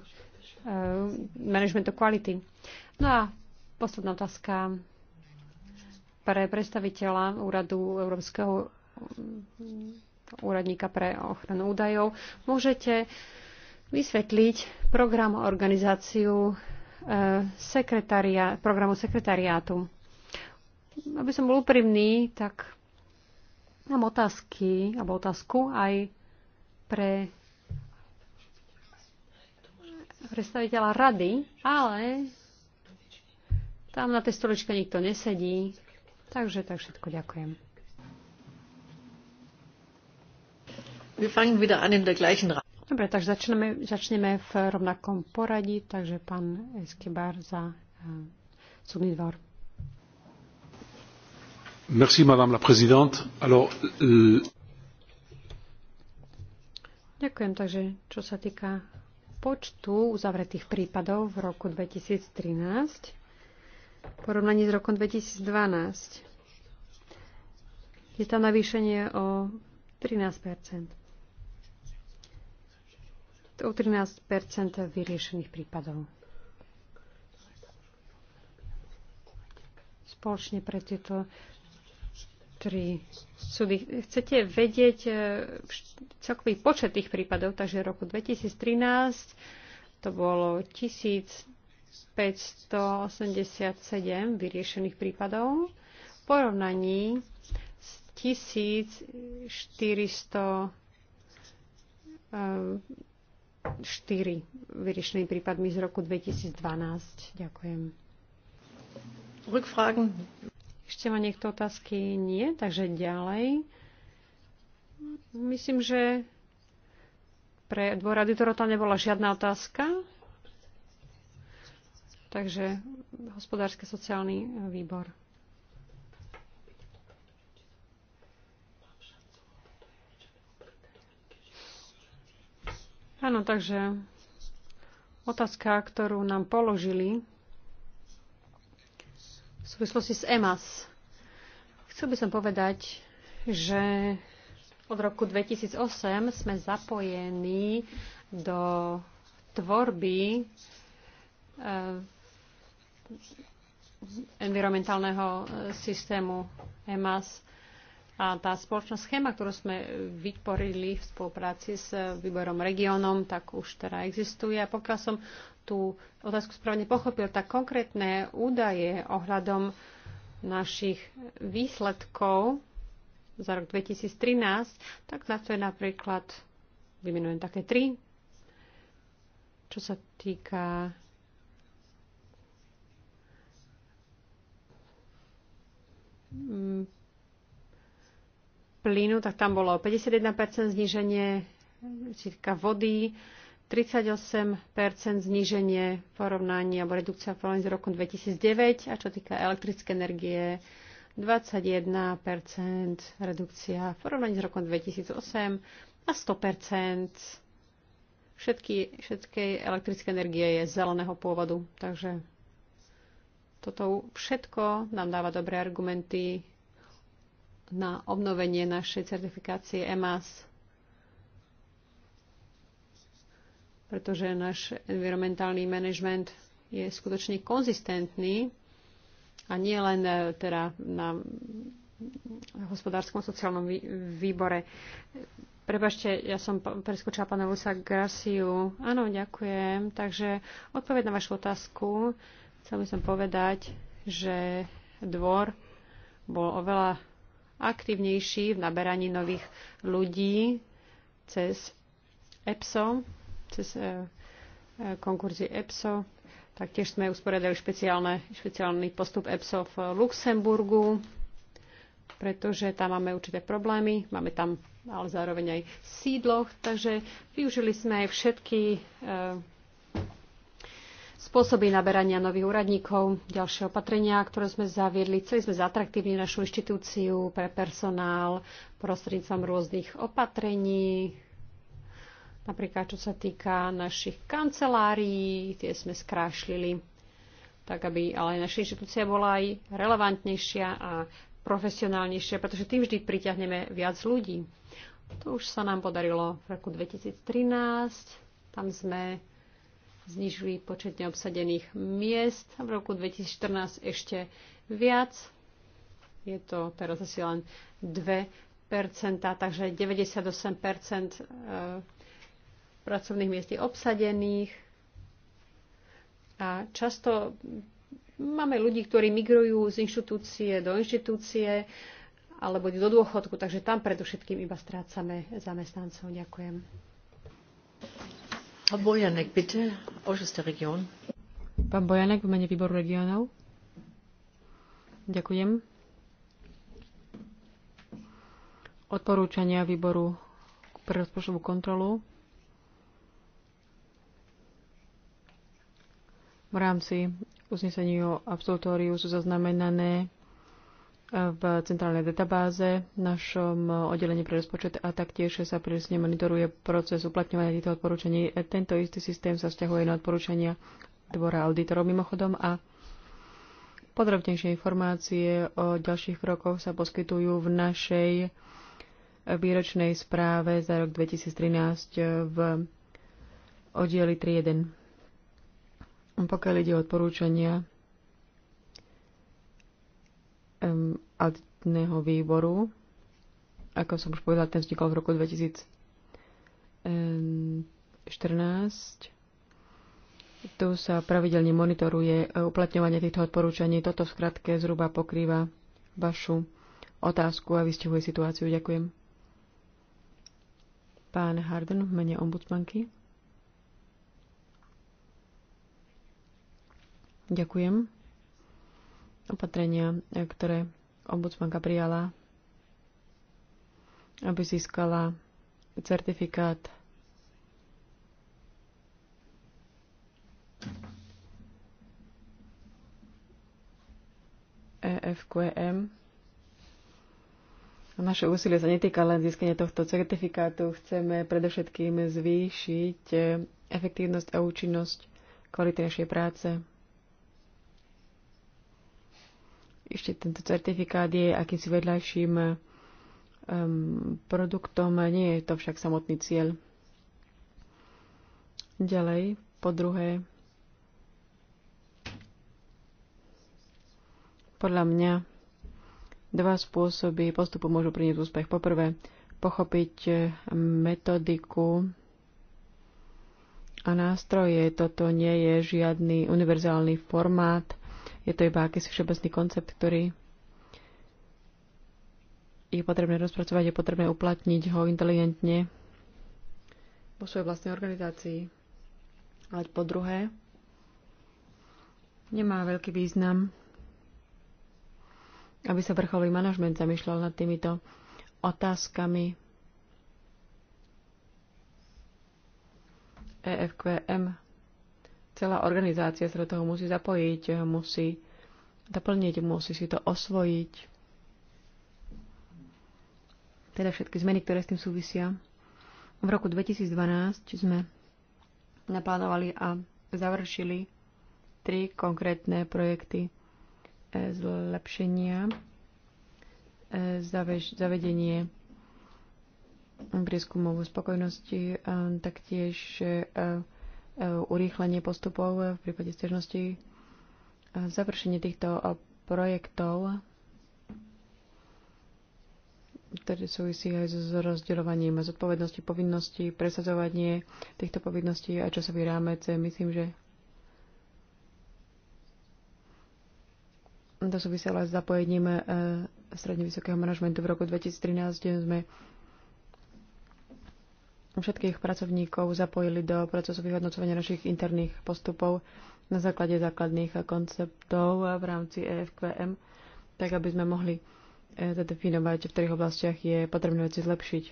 managementu kvality. No a posledná otázka pre predstaviteľa úradu Európskeho mm, úradníka pre ochranu údajov. Môžete vysvetliť program a organizáciu e, sekretaria, programu sekretariátu. Aby som bol úprimný, tak mám otázky, alebo otázku aj pre predstaviteľa rady, ale tam na tej stoličke nikto nesedí. Takže tak všetko ďakujem. Dobre, takže začneme, začneme v rovnakom poradí, takže pán Eskibar za uh, súdny dvor. Merci, madame la présidente. Alors, euh, Ďakujem, takže čo sa týka počtu uzavretých prípadov v roku 2013, v porovnaní s rokom 2012. Je tam navýšenie o 13 O 13 vyriešených prípadov. Spoločne pre tieto tri súdy. Chcete vedieť e, celkový počet tých prípadov, takže v roku 2013 to bolo 1000 587 vyriešených prípadov v porovnaní s 1404 eh, vyriešenými prípadmi z roku 2012. Ďakujem. Rückfragen? Ešte má niekto otázky? Nie, takže ďalej. Myslím, že pre dvora to tam nebola žiadna otázka. Takže hospodársky sociálny výbor. Áno, takže otázka, ktorú nám položili v súvislosti s EMAS. Chcel by som povedať, že od roku 2008 sme zapojení do tvorby eh, environmentálneho e, systému EMAS. A tá spoločná schéma, ktorú sme vytvorili v spolupráci s výborom regiónom, tak už teda existuje. A pokiaľ som tú otázku správne pochopil, tak konkrétne údaje ohľadom našich výsledkov za rok 2013, tak na to je napríklad, vymenujem také tri, čo sa týka Mm, plynu, tak tam bolo 51% zníženie, týka vody, 38% zníženie porovnání alebo redukcia porovnaní z roku 2009 a čo týka elektrické energie 21% redukcia v porovnaní roku 2008 a 100% všetky, všetkej elektrické energie je zeleného pôvodu. Takže toto všetko nám dáva dobré argumenty na obnovenie našej certifikácie EMAS, pretože náš environmentálny management je skutočne konzistentný a nie len e, teda na hospodárskom sociálnom výbore. Prepašte, ja som preskočila pána Lusa Garciu. Áno, ďakujem. Takže odpoved na vašu otázku. Chcel by som povedať, že dvor bol oveľa aktívnejší v naberaní nových ľudí cez EPSO, cez e, e, konkurzy EPSO. Taktiež sme usporiadali špeciálny postup EPSO v Luxemburgu, pretože tam máme určité problémy. Máme tam ale zároveň aj sídloch, takže využili sme aj všetky e, spôsoby naberania nových úradníkov, ďalšie opatrenia, ktoré sme zaviedli. Chceli sme zatraktívniť našu inštitúciu pre personál prostredníctvom rôznych opatrení, napríklad čo sa týka našich kancelárií, tie sme skrášlili, tak aby ale naša inštitúcia bola aj relevantnejšia a profesionálnejšia, pretože tým vždy priťahneme viac ľudí. To už sa nám podarilo v roku 2013. Tam sme znižili počet neobsadených miest v roku 2014 ešte viac. Je to teraz asi len 2 takže 98 e, pracovných miest je obsadených. A často máme ľudí, ktorí migrujú z inštitúcie do inštitúcie alebo do dôchodku, takže tam predovšetkým iba strácame zamestnancov. Ďakujem. Bojanek, bitte, Ausschuss der Region. Pán Bojanek v mene výboru regionov. Ďakujem. Odporúčania výboru pre rozpočtovú kontrolu v rámci uznesení o absolutóriu sú zaznamenané v centrálnej databáze v našom oddelení pre rozpočet a taktiež sa prísne monitoruje proces uplatňovania týchto odporúčaní. Tento istý systém sa vzťahuje na odporúčania dvora auditorov mimochodom a podrobnejšie informácie o ďalších krokoch sa poskytujú v našej výročnej správe za rok 2013 v oddieli 3.1. Pokiaľ ide o odporúčania um, auditného výboru. Ako som už povedala, ten vznikol v roku 2014. Tu sa pravidelne monitoruje uplatňovanie týchto odporúčaní. Toto v skratke zhruba pokrýva vašu otázku a vystihuje situáciu. Ďakujem. Pán Harden v mene ombudsmanky. Ďakujem opatrenia, eh, ktoré ombudsmanka prijala, aby získala certifikát EFQM. E Naše úsilie sa netýka len získania tohto certifikátu. Chceme predovšetkým zvýšiť eh, efektívnosť a účinnosť kvality našej práce. Ešte tento certifikát je akýmsi vedľajším um, produktom, nie je to však samotný cieľ. Ďalej, po druhé, podľa mňa dva spôsoby postupu môžu priniesť úspech. Poprvé, pochopiť eh, metodiku a nástroje. Toto nie je žiadny univerzálny formát, je to iba akýsi všeobecný koncept, ktorý je potrebné rozpracovať, je potrebné uplatniť ho inteligentne vo svojej vlastnej organizácii. Ale po druhé, nemá veľký význam, aby sa vrcholový manažment zamýšľal nad týmito otázkami EFQM Celá organizácia sa do toho musí zapojiť, musí doplniť, musí si to osvojiť. Teda všetky zmeny, ktoré s tým súvisia. V roku 2012 sme naplánovali a završili tri konkrétne projekty zlepšenia, zavedenie prieskumovú spokojnosti, taktiež urýchlenie postupov v prípade stiažnosti, završenie týchto eh, projektov, ktoré súvisí aj s rozdeľovaním zodpovednosti, povinností, presadzovanie týchto povinností a časový rámec. Myslím, že to súviselo aj s zapojením eh, stredne vysokého manažmentu. V roku 2013 sme všetkých pracovníkov zapojili do procesu vyhodnocovania našich interných postupov na základe základných konceptov v rámci EFQM, tak aby sme mohli e, zadefinovať, v ktorých oblastiach je potrebné veci zlepšiť.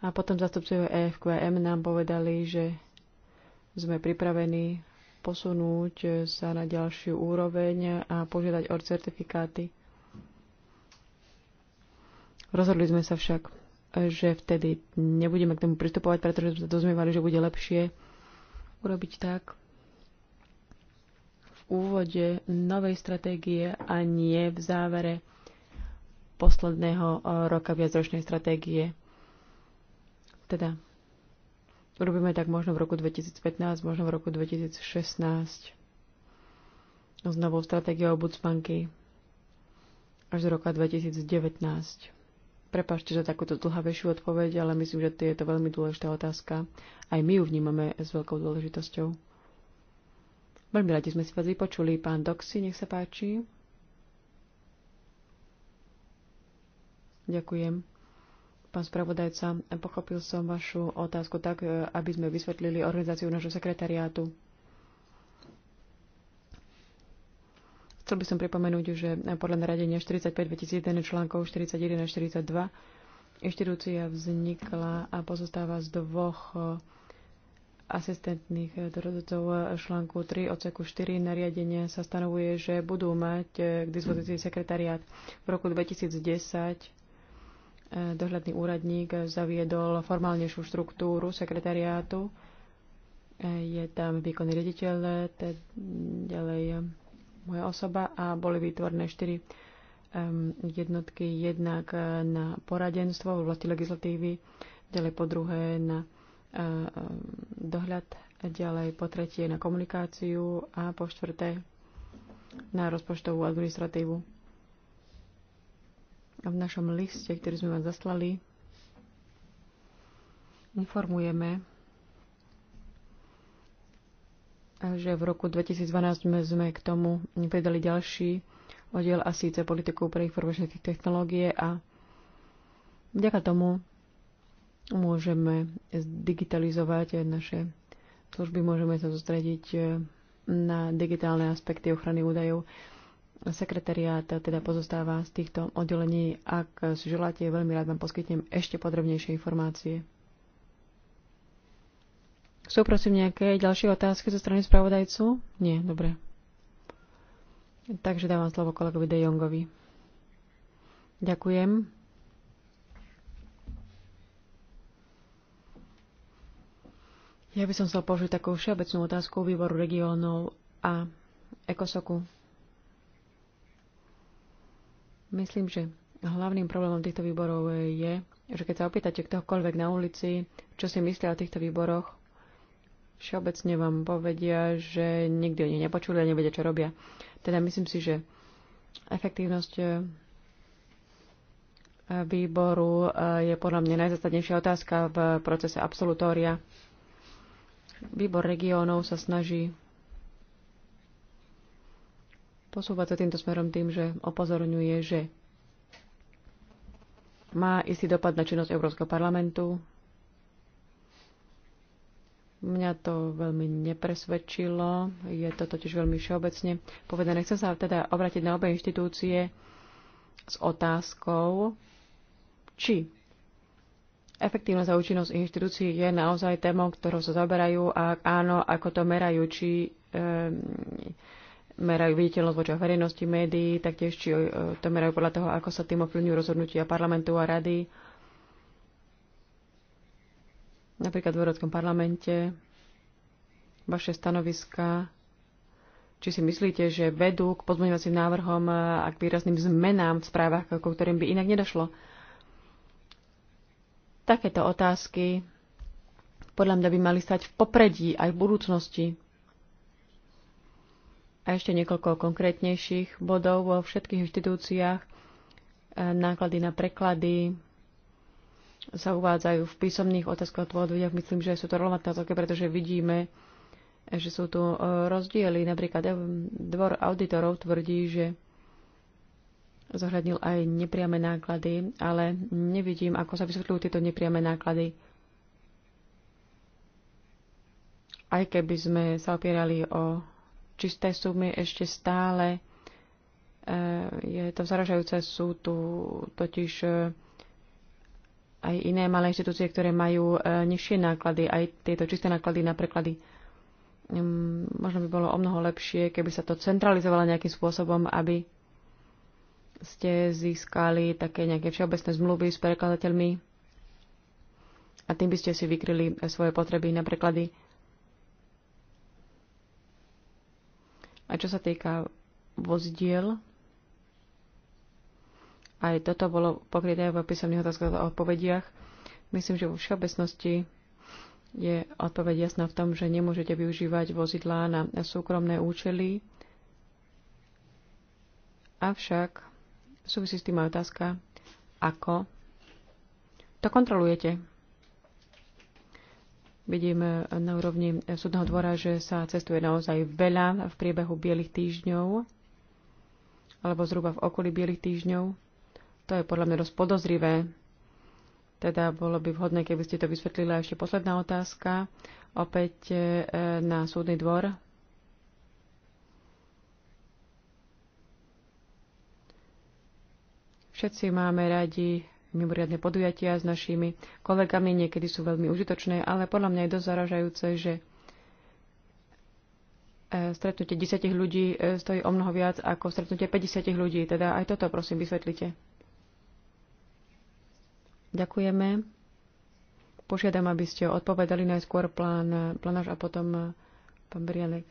A potom zastupcovia EFQM nám povedali, že sme pripravení posunúť sa na ďalšiu úroveň a požiadať o certifikáty. Rozhodli sme sa však že vtedy nebudeme k tomu pristupovať, pretože sme sa dozmievali, že bude lepšie urobiť tak v úvode novej stratégie a nie v závere posledného eh, roka viacročnej stratégie. Teda urobíme tak možno v roku 2015, možno v roku 2016 s novou stratégiou obudsmanky až z roka 2019. Prepašte za takúto dlhavejšiu odpoveď, ale myslím, že je to veľmi dôležitá otázka. Aj my ju vnímame s veľkou dôležitosťou. Veľmi radi sme si vás vypočuli. Pán Doxy, nech sa páči. Ďakujem. Pán spravodajca, pochopil som vašu otázku tak, e, aby sme vysvetlili organizáciu nášho sekretariátu. Chcel by som pripomenúť, že podľa naradenia 45 2001 článkov 41 a 42 inštitúcia vznikla a pozostáva z dvoch eh, asistentných eh, dorodcov eh, článku 3 odseku 4 nariadenia sa stanovuje, že budú mať k dispozícii sekretariát. V roku 2010 dohľadný úradník zaviedol formálnejšiu štruktúru sekretariátu. Je tam výkonný riaditeľ, ďalej moja osoba a boli vytvorné štyri jednotky. Jednak eh, na poradenstvo v oblasti legislatívy, ďalej po druhé na eh, dohľad, ďalej po tretie na komunikáciu a po štvrté na rozpočtovú administratívu. A v našom liste, ktorý sme vám zaslali, informujeme, že v roku 2012 sme k tomu pridali ďalší oddiel a síce politiku pre informačné technológie a vďaka tomu môžeme digitalizovať naše služby, môžeme sa zostrediť eh, na digitálne aspekty ochrany údajov. Sekretariát eh, teda pozostáva z týchto oddelení. Ak si želáte, veľmi rád vám poskytnem ešte podrobnejšie informácie. Sú prosím nejaké ďalšie otázky zo strany spravodajcu? Nie, dobre. Takže dávam slovo kolegovi De Jongovi. Ďakujem. Ja by som chcel použiť takú všeobecnú otázku výboru regiónov a ekosoku. Myslím, že hlavným problémom týchto výborov je, že keď sa opýtate ktokoľvek na ulici, čo si myslia o týchto výboroch, všeobecne vám povedia, že nikdy o nich nepočuli a nevedia, čo robia. Teda myslím si, že efektívnosť eh, výboru eh, je podľa mňa najzastadnejšia otázka v procese absolutória. Výbor regiónov sa snaží posúvať sa týmto smerom tým, že opozorňuje, že má istý dopad na činnosť Európskeho parlamentu, Mňa to veľmi nepresvedčilo, je to totiž veľmi všeobecne povedané. Chcem sa teda obrátiť na obe inštitúcie s otázkou, či efektívnosť a účinnosť inštitúcií je naozaj témou, ktorou sa zaberajú a ak áno, ako to merajú, či e, merajú viditeľnosť voči verejnosti médií, taktiež či e, to merajú podľa toho, ako sa tým ovplyvňujú rozhodnutia parlamentu a rady napríklad v Európskom parlamente, vaše stanoviska, či si myslíte, že vedú k pozmeňovacím návrhom a k výrazným zmenám v správach, ku ktorým by inak nedošlo. Takéto otázky podľa mňa by mali stať v popredí aj v budúcnosti. A ešte niekoľko konkrétnejších bodov vo všetkých inštitúciách, náklady na preklady, sa uvádzajú v písomných otázkach a ja myslím, že sú to relevantné otázky, pretože vidíme, že sú tu e, rozdiely. Napríklad e, dvor auditorov tvrdí, že zohľadnil aj nepriame náklady, ale nevidím, ako sa vysvetľujú tieto nepriame náklady. Aj keby sme sa opierali o čisté sumy, ešte stále e, je to zaražajúce. Sú tu totiž aj iné malé inštitúcie, ktoré majú e, nižšie náklady, aj tieto čisté náklady na preklady. Hm, možno by bolo o mnoho lepšie, keby sa to centralizovalo nejakým spôsobom, aby ste získali také nejaké všeobecné zmluvy s prekladateľmi a tým by ste si vykryli e, svoje potreby na preklady. A čo sa týka vozidiel, aj toto bolo pokryté v písomných otázkach a odpovediach. Myslím, že vo všeobecnosti je odpoveď jasná v tom, že nemôžete využívať vozidlá na súkromné účely. Avšak súvisí s tým aj otázka, ako to kontrolujete. Vidím na úrovni súdneho dvora, že sa cestuje naozaj veľa v priebehu bielých týždňov alebo zhruba v okolí bielých týždňov. To je podľa mňa dosť podozrivé. Teda bolo by vhodné, keby ste to vysvetlili. A ešte posledná otázka, opäť e, na súdny dvor. Všetci máme radi mimoriadne podujatia s našimi kolegami, niekedy sú veľmi užitočné, ale podľa mňa je dosť zaražajúce, že e, stretnutie 10 ľudí e, stojí o mnoho viac ako stretnutie 50 ľudí. Teda aj toto prosím vysvetlite. Ďakujeme. Požiadam, aby ste odpovedali najskôr plán, plánaž a potom eh, pán Brianek.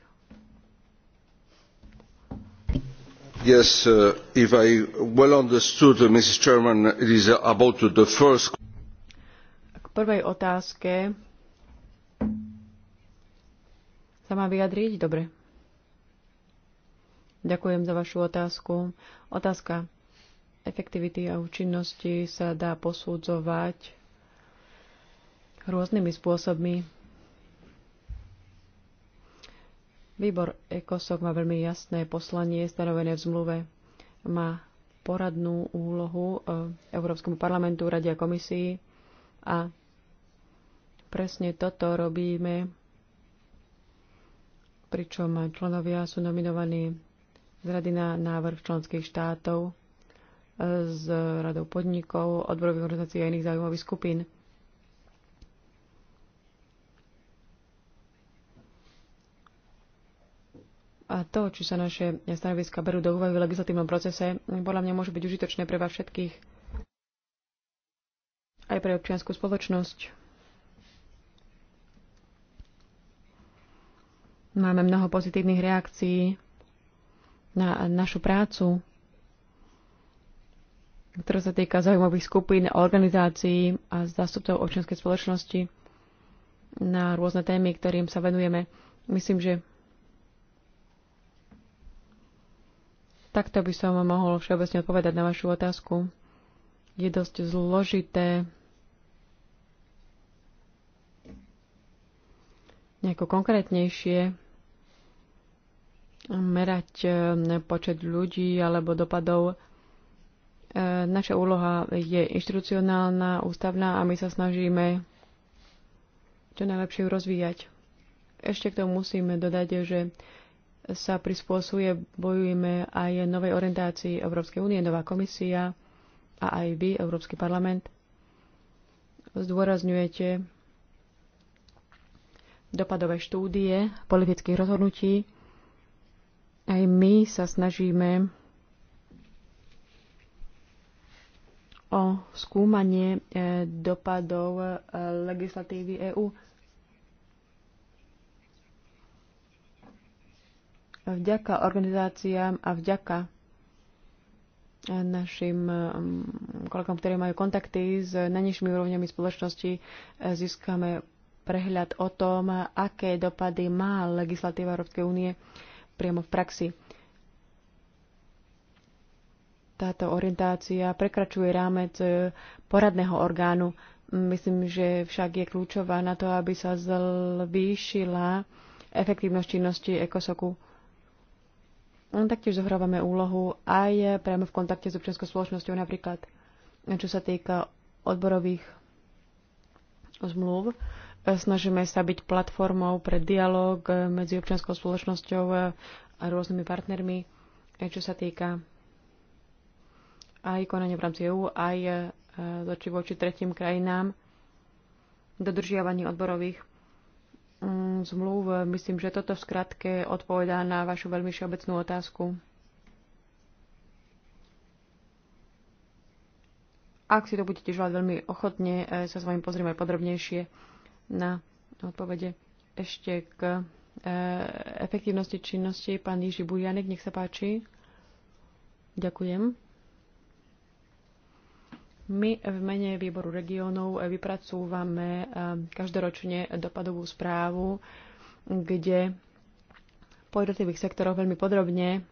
Yes, uh, if I well understood, uh, Mrs. Chairman, it is uh, about the first... K prvej otázke sa má vyjadriť? Dobre. Ďakujem za vašu otázku. Otázka efektivity a účinnosti sa dá posudzovať rôznymi spôsobmi. Výbor ECOSOC má veľmi jasné poslanie stanovené v zmluve. Má poradnú úlohu eh, Európskemu parlamentu, Rade a komisii a presne toto robíme, pričom členovia sú nominovaní z rady na návrh členských štátov s radou podnikov, odborových organizácií a iných zaujímavých skupín. A to, či sa naše stanoviska berú do úvahy v legislatívnom procese, podľa mňa môže byť užitočné pre vás všetkých, aj pre občianskú spoločnosť. Máme mnoho pozitívnych reakcií na našu prácu ktorá sa týka zaujímavých skupín, organizácií a zástupcov občianskej spoločnosti na rôzne témy, ktorým sa venujeme. Myslím, že takto by som mohol všeobecne odpovedať na vašu otázku. Je dosť zložité nejako konkrétnejšie merať eh, počet ľudí alebo dopadov E, naša úloha je inštitucionálna, ústavná a my sa snažíme čo najlepšie ju rozvíjať. Ešte k tomu musíme dodať, že sa prispôsobuje, bojujeme aj novej orientácii Európskej únie, nová komisia a aj vy, Európsky parlament, zdôrazňujete dopadové štúdie politických rozhodnutí. Aj my sa snažíme o skúmanie e, dopadov e, legislatívy EÚ. Vďaka organizáciám a vďaka e, našim kolegom, ktorí majú kontakty s najnižšími úrovňami spoločnosti, získame prehľad o tom, aké dopady má legislatíva Európskej únie priamo v praxi táto orientácia prekračuje rámec e, poradného orgánu. Myslím, že však je kľúčová na to, aby sa zvýšila efektívnosť činnosti ekosoku. No, taktiež zohrávame úlohu aj priamo v kontakte s občianskou spoločnosťou, napríklad čo sa týka odborových zmluv. Snažíme sa byť platformou pre dialog e, medzi občianskou spoločnosťou e, a rôznymi partnermi, čo sa týka aj konanie v rámci EU, aj e, zoči voči tretím krajinám, dodržiavanie odborových mm, zmluv. Myslím, že toto v skratke odpovedá na vašu veľmi všeobecnú otázku. Ak si to budete želať veľmi ochotne, e, sa s vami pozrieme aj podrobnejšie na odpovede. Ešte k e, efektívnosti činnosti. Pán Jiži Bujanek, nech sa páči. Ďakujem. My v mene výboru regiónov vypracúvame ehm, každoročne dopadovú správu, kde po jednotlivých sektoroch veľmi podrobne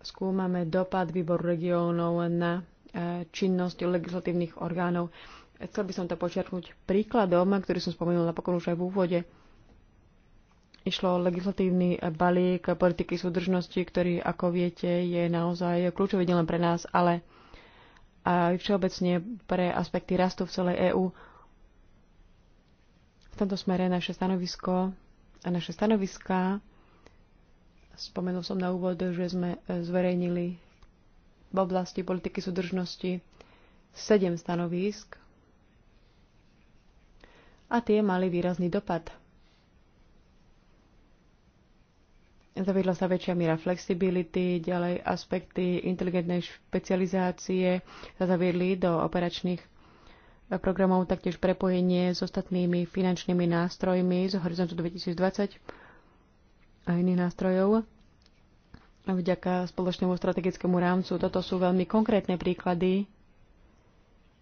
skúmame dopad výboru regiónov na e, činnosť legislatívnych orgánov. Chcel by som to počiarknúť príkladom, ktorý som spomenul napokon už aj v úvode. Išlo o legislatívny balík politiky súdržnosti, ktorý, ako viete, je naozaj kľúčový nielen pre nás, ale a aj všeobecne pre aspekty rastu v celej EÚ. V tomto smere naše stanovisko a naše stanoviská spomenul som na úvod, že sme e, zverejnili v oblasti politiky súdržnosti sedem stanovisk a tie mali výrazný dopad Zaviedla sa väčšia miera flexibility, ďalej aspekty inteligentnej špecializácie sa zaviedli do operačných programov, taktiež prepojenie s ostatnými finančnými nástrojmi z Horizontu 2020 a iných nástrojov vďaka spoločnému strategickému rámcu. Toto sú veľmi konkrétne príklady.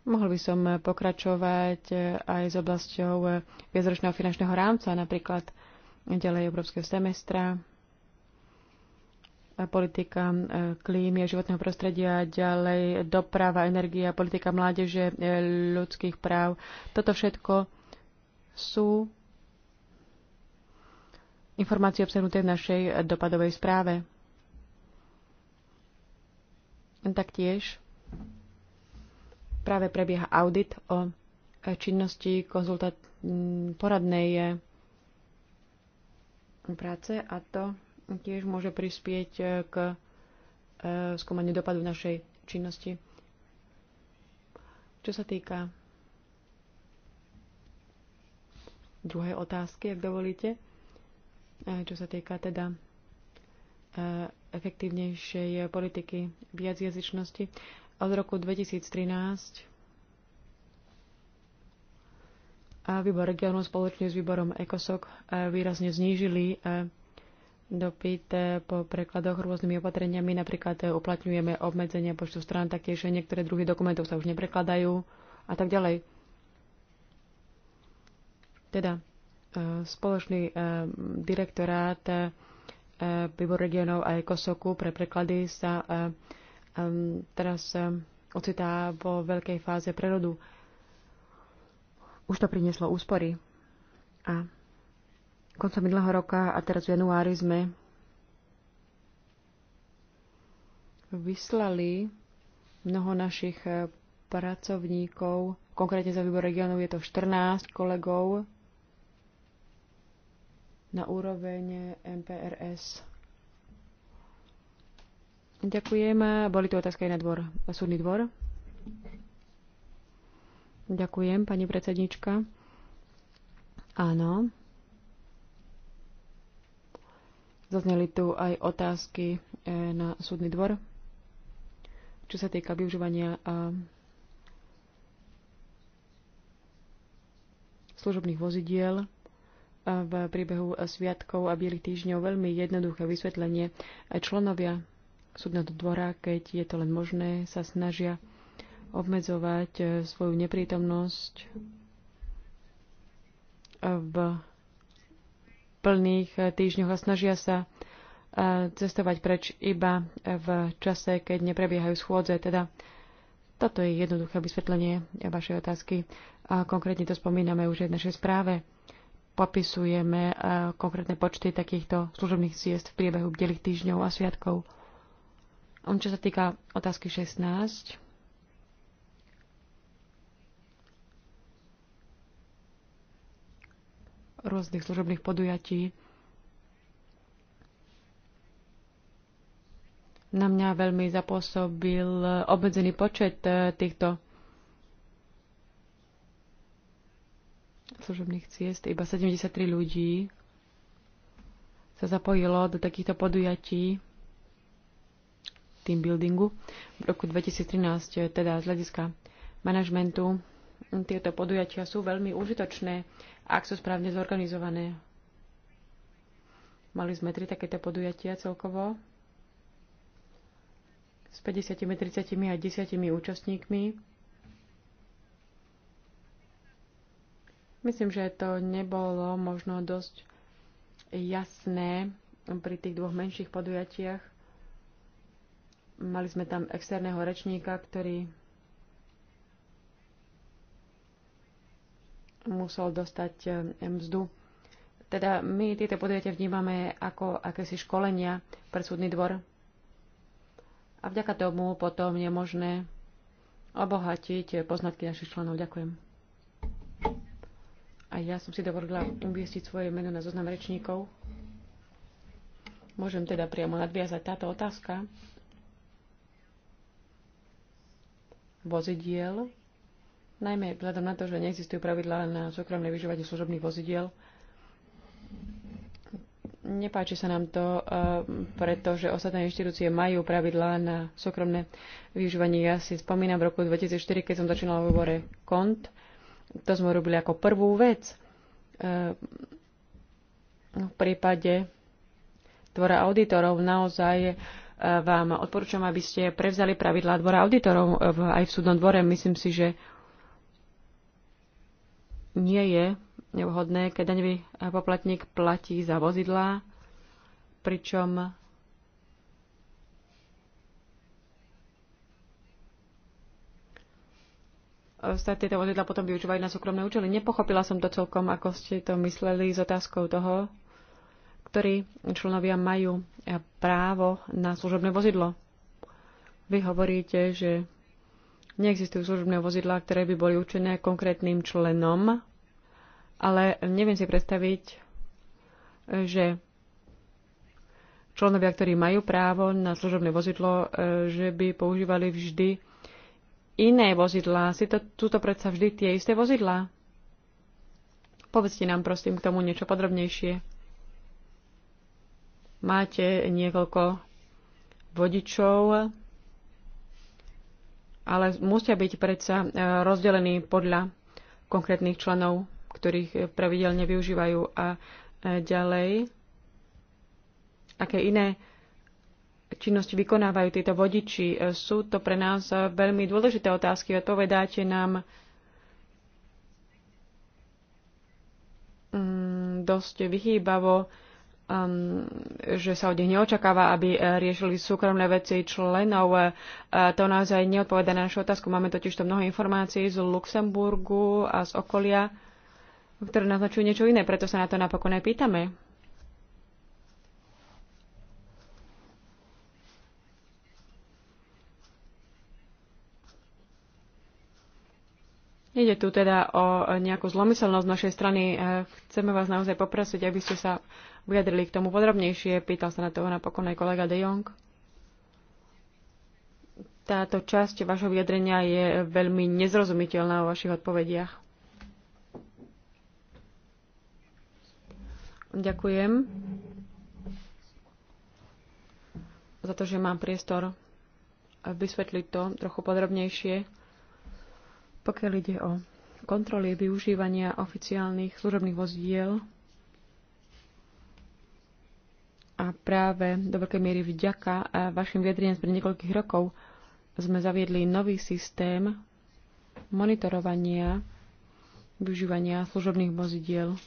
Mohol by som pokračovať aj s oblasťou viacročného finančného rámca, napríklad ďalej európskeho semestra, politika e, klímy a životného prostredia, ďalej doprava, energia, politika mládeže, e, ľudských práv. Toto všetko sú informácie obsahnuté v našej dopadovej správe. Taktiež práve prebieha audit o činnosti konzultat- poradnej e, práce a to tiež môže prispieť e, k e, skúmaniu dopadu našej činnosti. Čo sa týka druhej otázky, ak dovolíte, e, čo sa týka teda efektívnejšej politiky viac jazyčnosti, Od roku 2013 a výbor regionu spoločne s výborom ECOSOC výrazne znížili dopyt eh, po prekladoch rôznymi opatreniami. Napríklad eh, uplatňujeme obmedzenia počtu strán, taktiež niektoré druhy dokumentov sa už neprekladajú a tak ďalej. Teda eh, spoločný direktorát výbor regionov a ECOSOKu pre preklady sa teraz ocitá vo veľkej fáze prerodu. Už to prinieslo úspory a koncom minulého roka a teraz v januári sme vyslali mnoho našich eh, pracovníkov, konkrétne za výbor regionov je to 14 kolegov na úroveň MPRS. Ďakujem. Boli tu otázky aj na dvor, na súdny dvor. Ďakujem, pani predsednička. Áno. Zazneli tu aj otázky e, na súdny dvor, čo sa týka využívania služobných vozidiel v priebehu sviatkov a bielých týždňov veľmi jednoduché vysvetlenie. Členovia súdneho dvora, keď je to len možné, sa snažia obmedzovať e, svoju neprítomnosť e, v plných eh, týždňoch a snažia sa eh, cestovať preč iba eh, v čase, keď neprebiehajú schôdze. Teda toto je jednoduché vysvetlenie vašej otázky. A konkrétne to spomíname už aj v našej správe. Popisujeme konkrétne počty takýchto služobných ciest v priebehu bdelých týždňov a sviatkov. Um, čo sa týka otázky 16, rôznych služobných podujatí. Na mňa veľmi zapôsobil obmedzený počet e, týchto služobných ciest. Iba 73 ľudí sa zapojilo do takýchto podujatí team buildingu v roku 2013, teda z hľadiska manažmentu. Tieto podujatia sú veľmi užitočné ak sú správne zorganizované. Mali sme tri takéto podujatia celkovo s 50, 30 a 10 účastníkmi. Myslím, že to nebolo možno dosť jasné pri tých dvoch menších podujatiach. Mali sme tam externého rečníka, ktorý musel dostať e, mzdu. Teda my tieto podujete vnímame ako akési školenia pre súdny dvor. A vďaka tomu potom je možné obohatiť poznatky našich členov. Ďakujem. A ja som si dovolila uviestiť svoje meno na zoznam rečníkov. Môžem teda priamo nadviazať táto otázka vozidiel najmä vzhľadom na to, že neexistujú pravidlá na súkromné vyžívanie služobných vozidiel. Nepáči sa nám to, eh, pretože ostatné inštitúcie majú pravidlá na súkromné využívanie. Ja si spomínam v roku 2004, keď som začínala v obore kont, to sme robili ako prvú vec. Eh, v prípade dvora auditorov naozaj eh, vám odporúčam, aby ste prevzali pravidlá dvora auditorov aj v súdnom dvore. Myslím si, že nie je nevhodné, keď daňový poplatník platí za vozidlá, pričom sa tieto vozidla potom využívajú na súkromné účely. Nepochopila som to celkom, ako ste to mysleli s otázkou toho, ktorí členovia majú právo na služobné vozidlo. Vy hovoríte, že Neexistujú služobné vozidlá, ktoré by boli určené konkrétnym členom, ale neviem si predstaviť, že členovia, ktorí majú právo na služobné vozidlo, e, že by používali vždy iné vozidlá. Si to, sú to predsa vždy tie isté vozidlá. Povedzte nám prosím k tomu niečo podrobnejšie. Máte niekoľko vodičov, ale musia byť predsa e, rozdelení podľa konkrétnych členov, ktorých e, pravidelne využívajú. A e, ďalej, aké iné činnosti vykonávajú títo vodiči. Sú to pre nás veľmi dôležité otázky. Odpovedáte nám mm, dosť vyhýbavo um, že sa od nich neočakáva, aby eh, riešili súkromné veci členov. Uh, to naozaj neodpoveda na našu otázku. Máme totiž to mnoho informácií z Luxemburgu a z okolia, ktoré naznačujú niečo iné, preto sa na to napokon aj pýtame. Nejde tu teda o nejakú zlomyselnosť našej strany. E, chceme vás naozaj poprosiť, aby ste sa vyjadrili k tomu podrobnejšie. Pýtal sa na to napokon aj kolega De Jong. Táto časť vašho vyjadrenia je veľmi nezrozumiteľná o vašich odpovediach. Ďakujem za to, že mám priestor vysvetliť to trochu podrobnejšie. Pokiaľ ide o kontroly využívania oficiálnych služobných vozidiel a práve do veľkej miery vďaka eh, vašim vyjadreniam pred niekoľkých rokov sme zaviedli nový systém monitorovania využívania služobných vozidiel.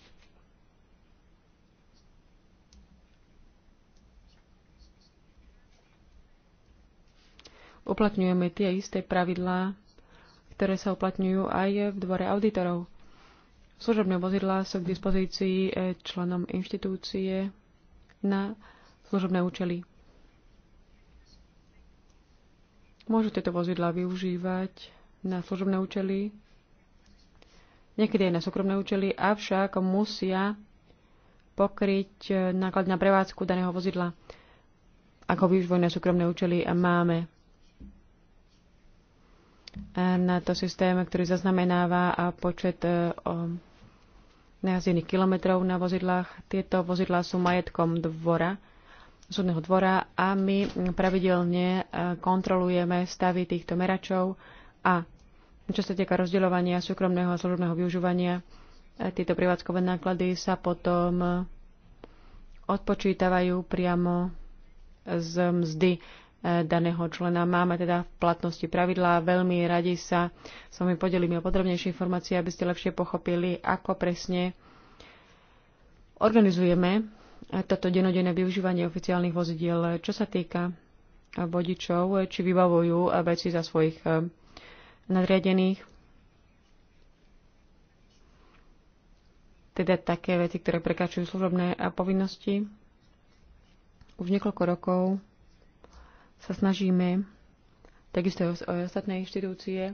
Uplatňujeme tie isté pravidlá ktoré sa uplatňujú aj v dvore auditorov. Služobné vozidlá sú k dispozícii eh, členom inštitúcie na služobné účely. Môžu tieto vozidlá využívať na služobné účely, niekedy aj na súkromné účely, avšak musia pokryť eh, náklad na prevádzku daného vozidla. Ako využívať na súkromné účely máme na to systém, ktorý zaznamenáva počet e, najazdených kilometrov na vozidlách. Tieto vozidlá sú majetkom dvora, súdneho dvora a my pravidelne e, kontrolujeme stavy týchto meračov a čo sa týka rozdeľovania súkromného a služobného využívania, e, tieto prevádzkové náklady sa potom odpočítavajú priamo z mzdy. Eh, daného člena. Máme teda v platnosti pravidlá, veľmi radi sa s vami podelíme o podrobnejšie informácie, aby ste lepšie pochopili, ako presne organizujeme eh, toto denodenné využívanie oficiálnych vozidiel, čo sa týka eh, vodičov, či vybavujú veci za svojich nadriadených. Teda také veci, ktoré prekračujú služobné povinnosti. Už niekoľko rokov sa snažíme, takisto aj ostatné inštitúcie, e,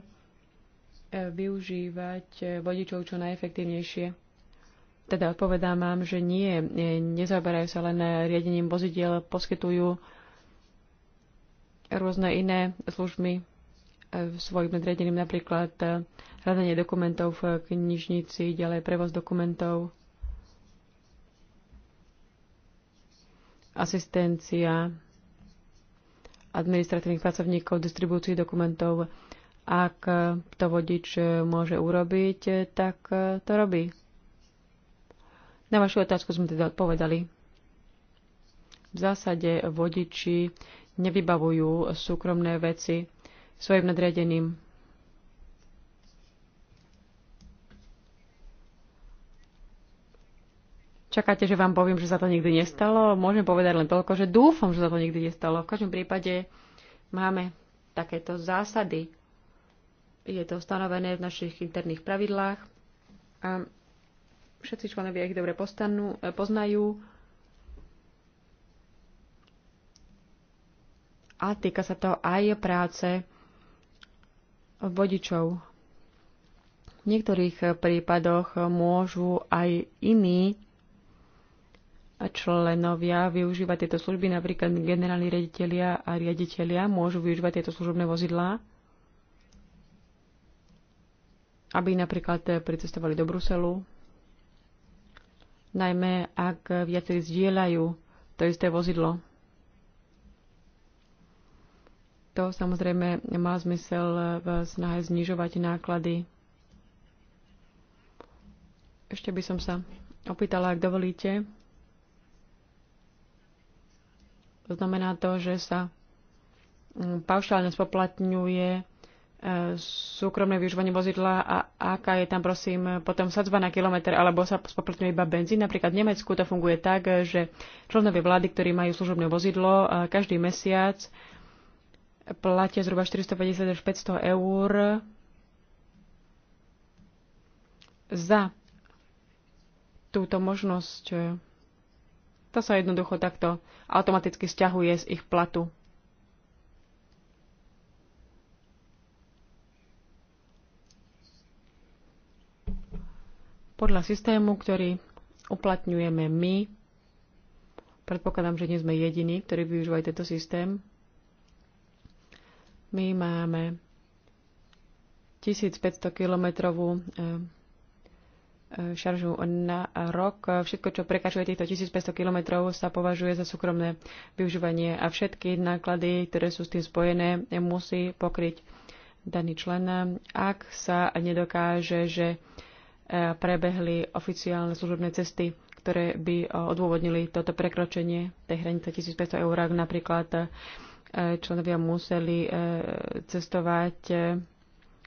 využívať e, vodičov čo najefektívnejšie. Teda odpovedám vám, že nie, e, nezaberajú sa len riadením vozidiel, poskytujú rôzne iné služby svojim nadriadeným, napríklad hľadanie dokumentov v knižnici, ďalej prevoz dokumentov, asistencia administratívnych pracovníkov distribúcii dokumentov. Ak to vodič môže urobiť, tak to robí. Na vašu otázku sme teda odpovedali. V zásade vodiči nevybavujú súkromné veci svojim nadriadeným. Čakáte, že vám poviem, že sa to nikdy nestalo? Môžem povedať len toľko, že dúfam, že sa to nikdy nestalo. V každom prípade máme takéto zásady. Je to stanovené v našich interných pravidlách a všetci členovia ich dobre postanú, eh, poznajú. A týka sa to aj práce vodičov. V niektorých prípadoch môžu aj iní členovia využívať tieto služby, napríklad generálni rediteľia a riaditelia môžu využívať tieto služobné vozidlá, aby napríklad pricestovali do Bruselu, najmä ak viacerí zdieľajú to isté vozidlo. To samozrejme má zmysel v snahe znižovať náklady. Ešte by som sa opýtala, ak dovolíte To Znamená to, že sa mm, paušálne spoplatňuje e, súkromné využívanie vozidla a aká je tam, prosím, potom sadzba na kilometr, alebo sa spoplatňuje iba benzín. Napríklad v Nemecku to funguje tak, že členovia vlády, ktorí majú služobné vozidlo, e, každý mesiac platia zhruba 450 až 500 eur za túto možnosť e, to sa jednoducho takto automaticky stiahuje z ich platu. Podľa systému, ktorý uplatňujeme my, predpokladám, že nie sme jediní, ktorí využívajú tento systém, my máme 1500 kilometrovú šaržu na rok. Všetko, čo prekačuje týchto 1500 kilometrov, sa považuje za súkromné využívanie a všetky náklady, ktoré sú s tým spojené, musí pokryť daný člen, ak sa nedokáže, že e, prebehli oficiálne služobné cesty, ktoré by odôvodnili toto prekročenie tej hranice 1500 eur, ak napríklad e, členovia museli e, cestovať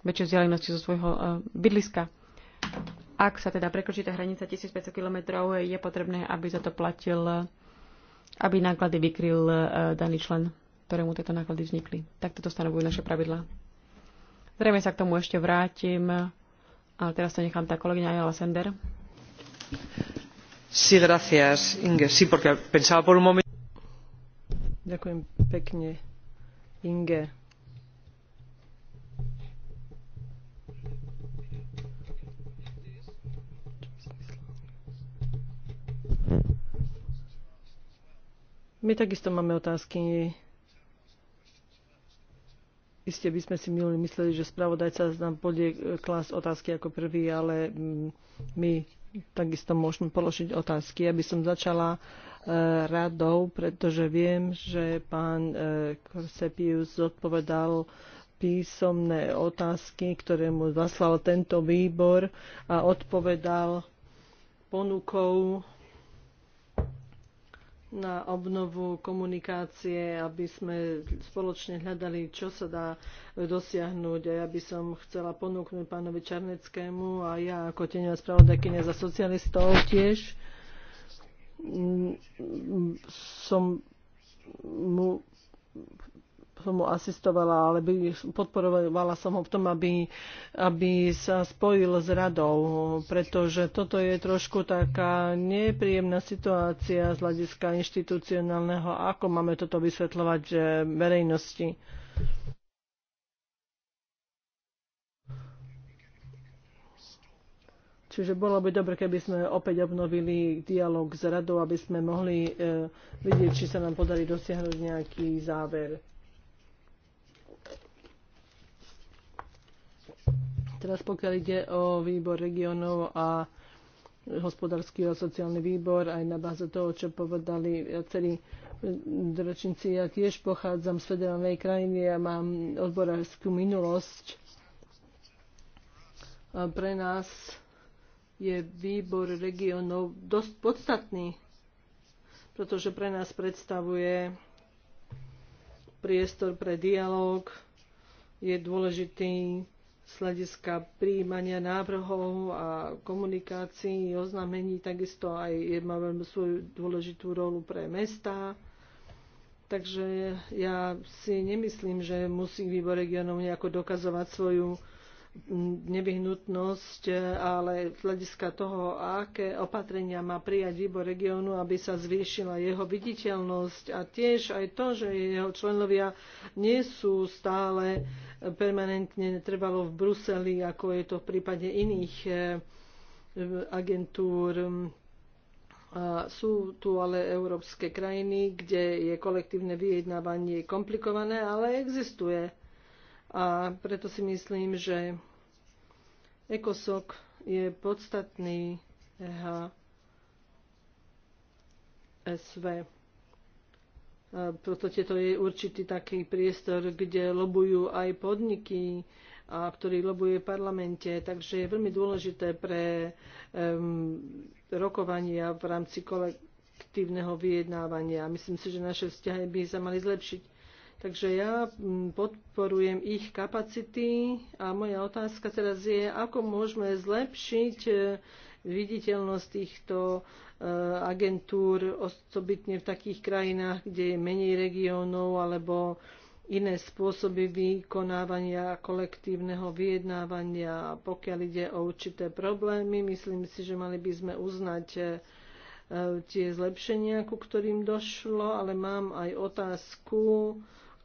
väčšie vzdialenosti zo svojho bydliska ak sa teda prekročí tá hranica 1500 km, je potrebné, aby za to platil, aby náklady vykryl e, daný člen, ktorému tieto náklady vznikli. Tak toto stanovujú naše pravidlá. Zrejme sa k tomu ešte vrátim, ale teraz to nechám tá kolegyňa Ayala Sender. Sí, gracias, Inge. Sí, porque pensaba por un momento... Ďakujem pekne, Inge My takisto máme otázky. Isté by sme si minuli mysleli, že spravodajca nám bude klásť otázky ako prvý, ale mm, my takisto môžeme položiť otázky. Ja by som začala e, radou, pretože viem, že pán e, Korsepius zodpovedal písomné otázky, ktoré mu zaslal tento výbor a odpovedal ponukou na obnovu komunikácie, aby sme spoločne hľadali, čo sa dá dosiahnuť. A ja by som chcela ponúknuť pánovi Čarneckému a ja ako teňová spravodajkynia za socialistov tiež som mu som mu asistovala, ale by, podporovala som ho v tom, aby, aby sa spojil s radou, pretože toto je trošku taká nepríjemná situácia z hľadiska inštitucionálneho. Ako máme toto vysvetľovať verejnosti? Čiže bolo by dobre, keby sme opäť obnovili dialog s radou, aby sme mohli e, vidieť, či sa nám podarí dosiahnuť nejaký záver. Teraz pokiaľ ide o výbor regionov a hospodársky a sociálny výbor, aj na báze toho, čo povedali viacerí ročníci. Ja tiež pochádzam z federálnej krajiny a mám odborárskú minulosť. A pre nás je výbor regionov dosť podstatný, pretože pre nás predstavuje priestor pre dialog, je dôležitý z hľadiska príjmania návrhov a komunikácií, oznámení, takisto aj má veľmi svoju dôležitú rolu pre mesta. Takže ja si nemyslím, že musí výbor regionov nejako dokazovať svoju nevyhnutnosť, e, ale z hľadiska toho, aké opatrenia má prijať výbor regiónu, aby sa zvýšila jeho viditeľnosť a tiež aj to, že jeho členovia nie sú stále permanentne trvalo v Bruseli, ako je to v prípade iných e, agentúr. E, a sú tu ale európske krajiny, kde je kolektívne vyjednávanie komplikované, ale existuje a preto si myslím, že ekosok je podstatný HSV. V podstate to je určitý taký priestor, kde lobujú aj podniky, a ktorý lobuje v parlamente. Takže je veľmi dôležité pre um, rokovania v rámci kolektívneho vyjednávania. Myslím si, že naše vzťahy by sa mali zlepšiť. Takže ja mm, podporujem ich kapacity a moja otázka teraz je, ako môžeme zlepšiť e, viditeľnosť týchto e, agentúr, osobitne v takých krajinách, kde je menej regiónov alebo iné spôsoby vykonávania kolektívneho vyjednávania. Pokiaľ ide o určité problémy, myslím si, že mali by sme uznať e, tie zlepšenia, ku ktorým došlo, ale mám aj otázku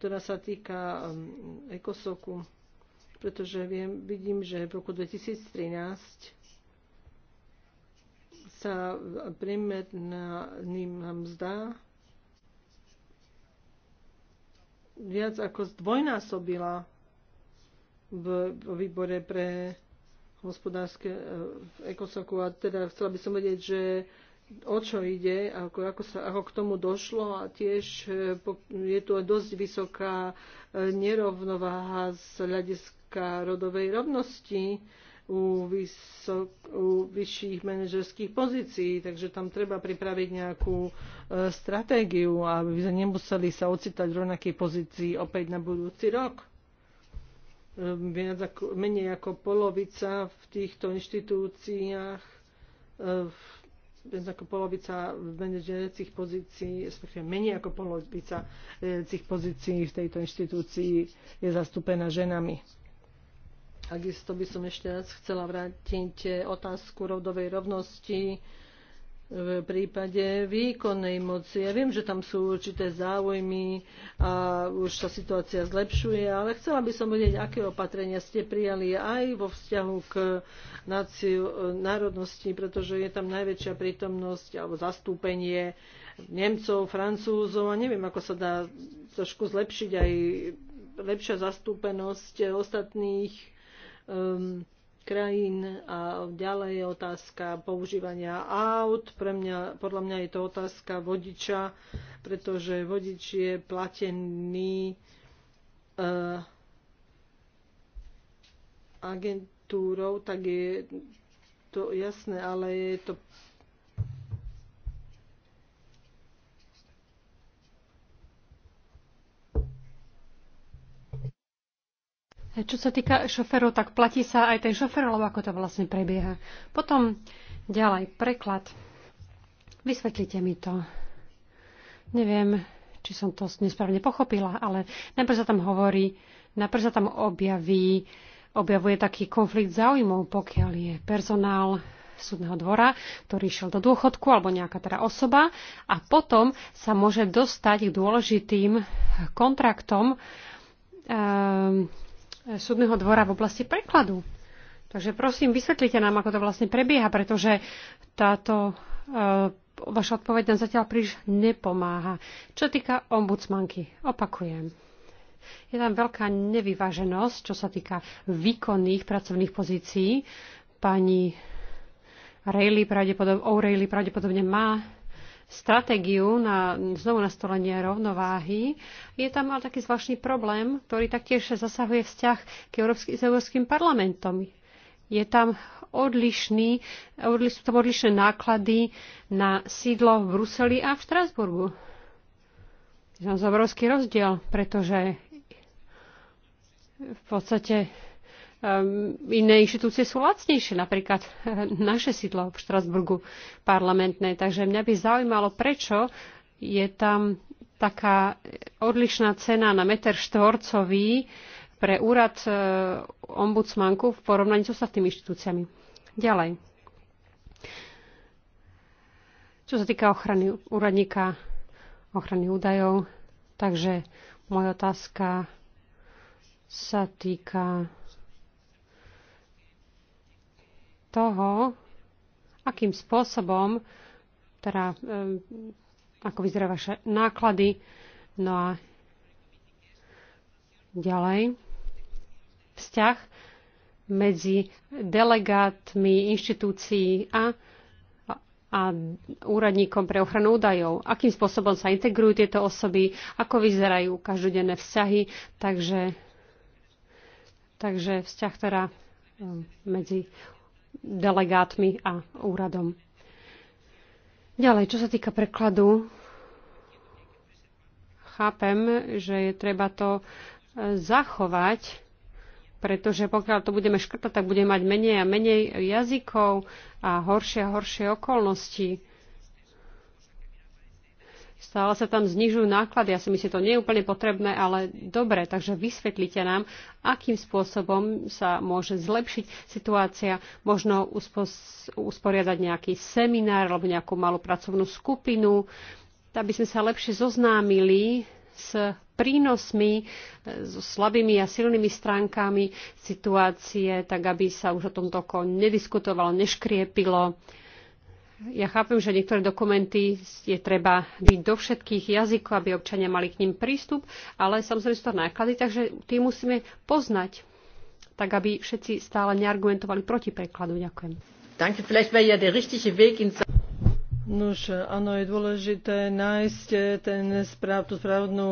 ktorá sa týka um, ekosoku, pretože viem, vidím, že v roku 2013 sa uh, priemerná mzda viac ako zdvojnásobila v, výbore pre hospodárske e, ekosoku. A teda chcela by som vedieť, že o čo ide, ako, ako, sa, ako k tomu došlo a tiež e, je tu dosť vysoká e, nerovnováha z hľadiska rodovej rovnosti u, vysok, u vyšších manažerských pozícií, takže tam treba pripraviť nejakú e, stratégiu, aby sme nemuseli sa ocitať v rovnakej pozícii opäť na budúci rok. E, ako, menej ako polovica v týchto inštitúciách e, v viac ako polovica manažerských pozícií, respektíve menej ako polovica manažerských pozícií v tejto inštitúcii je zastúpená ženami. Takisto by som ešte raz chcela vrátiť e, otázku rodovej rovnosti v prípade výkonnej moci. Ja viem, že tam sú určité záujmy a už sa situácia zlepšuje, ale chcela by som vedieť, aké opatrenia ste prijali aj vo vzťahu k náciu, národnosti, pretože je tam najväčšia prítomnosť alebo zastúpenie Nemcov, Francúzov a neviem, ako sa dá trošku zlepšiť aj lepšia zastúpenosť ostatných um, krajín a ďalej je otázka používania aut. Pre mňa, podľa mňa je to otázka vodiča, pretože vodič je platený uh, agentúrou, tak je to jasné, ale je to Čo sa týka šoferov, tak platí sa aj ten šofer, alebo ako to vlastne prebieha. Potom ďalej, preklad. Vysvetlite mi to. Neviem, či som to nesprávne pochopila, ale najprv sa tam hovorí, najprv sa tam objaví, objavuje taký konflikt záujmov, pokiaľ je personál súdneho dvora, ktorý šiel do dôchodku alebo nejaká teda osoba a potom sa môže dostať k dôležitým kontraktom, ehm, súdneho dvora v oblasti prekladu. Takže prosím, vysvetlite nám, ako to vlastne prebieha, pretože táto e, vaša odpoveď nám zatiaľ príliš nepomáha. Čo týka ombudsmanky, opakujem. Je tam veľká nevyváženosť, čo sa týka výkonných pracovných pozícií. Pani Rayleigh pravdepodobne, O'Reilly pravdepodobne má stratégiu na znovu nastolenie rovnováhy, je tam ale taký zvláštny problém, ktorý taktiež zasahuje vzťah k Európsky, s Európskym parlamentom. Je tam odlišný, odli, sú tam odlišné náklady na sídlo v Bruseli a v Štrasburgu. Je tam obrovský rozdiel, pretože v podstate Ehm, iné inštitúcie sú lacnejšie, napríklad eh, naše sídlo v Štrasburgu parlamentné. Takže mňa by zaujímalo, prečo je tam taká odlišná cena na meter štvorcový pre úrad eh, ombudsmanku v porovnaní s ostatnými inštitúciami. Ďalej. Čo sa týka ochrany úradníka, ochrany údajov, takže moja otázka sa týka toho, akým spôsobom, teda, ako vyzerá vaše náklady. No a ďalej, vzťah medzi delegátmi inštitúcií a, a úradníkom pre ochranu údajov. Akým spôsobom sa integrujú tieto osoby, ako vyzerajú každodenné vzťahy. Takže, takže vzťah teda medzi delegátmi a úradom. Ďalej, čo sa týka prekladu, chápem, že je treba to e, zachovať, pretože pokiaľ to budeme škrtať, tak budeme mať menej a menej jazykov a horšie a horšie okolnosti stále sa tam znižujú náklady. Ja si myslím, že to nie je úplne potrebné, ale dobre, takže vysvetlite nám, akým spôsobom sa môže zlepšiť situácia, možno usporiadať nejaký seminár alebo nejakú malú pracovnú skupinu, aby sme sa lepšie zoznámili s prínosmi, e, so slabými a silnými stránkami situácie, tak aby sa už o tom toľko nediskutovalo, neškriepilo. Ja chápem, že niektoré dokumenty je treba byť do všetkých jazykov, aby občania mali k ním prístup, ale samozrejme sú to náklady, takže tie musíme poznať, tak aby všetci stále neargumentovali proti prekladu. Ďakujem. Danke, vielleicht wäre ja der richtige Weg Nuž, áno, je dôležité nájsť eh, ten správ, tú správnu,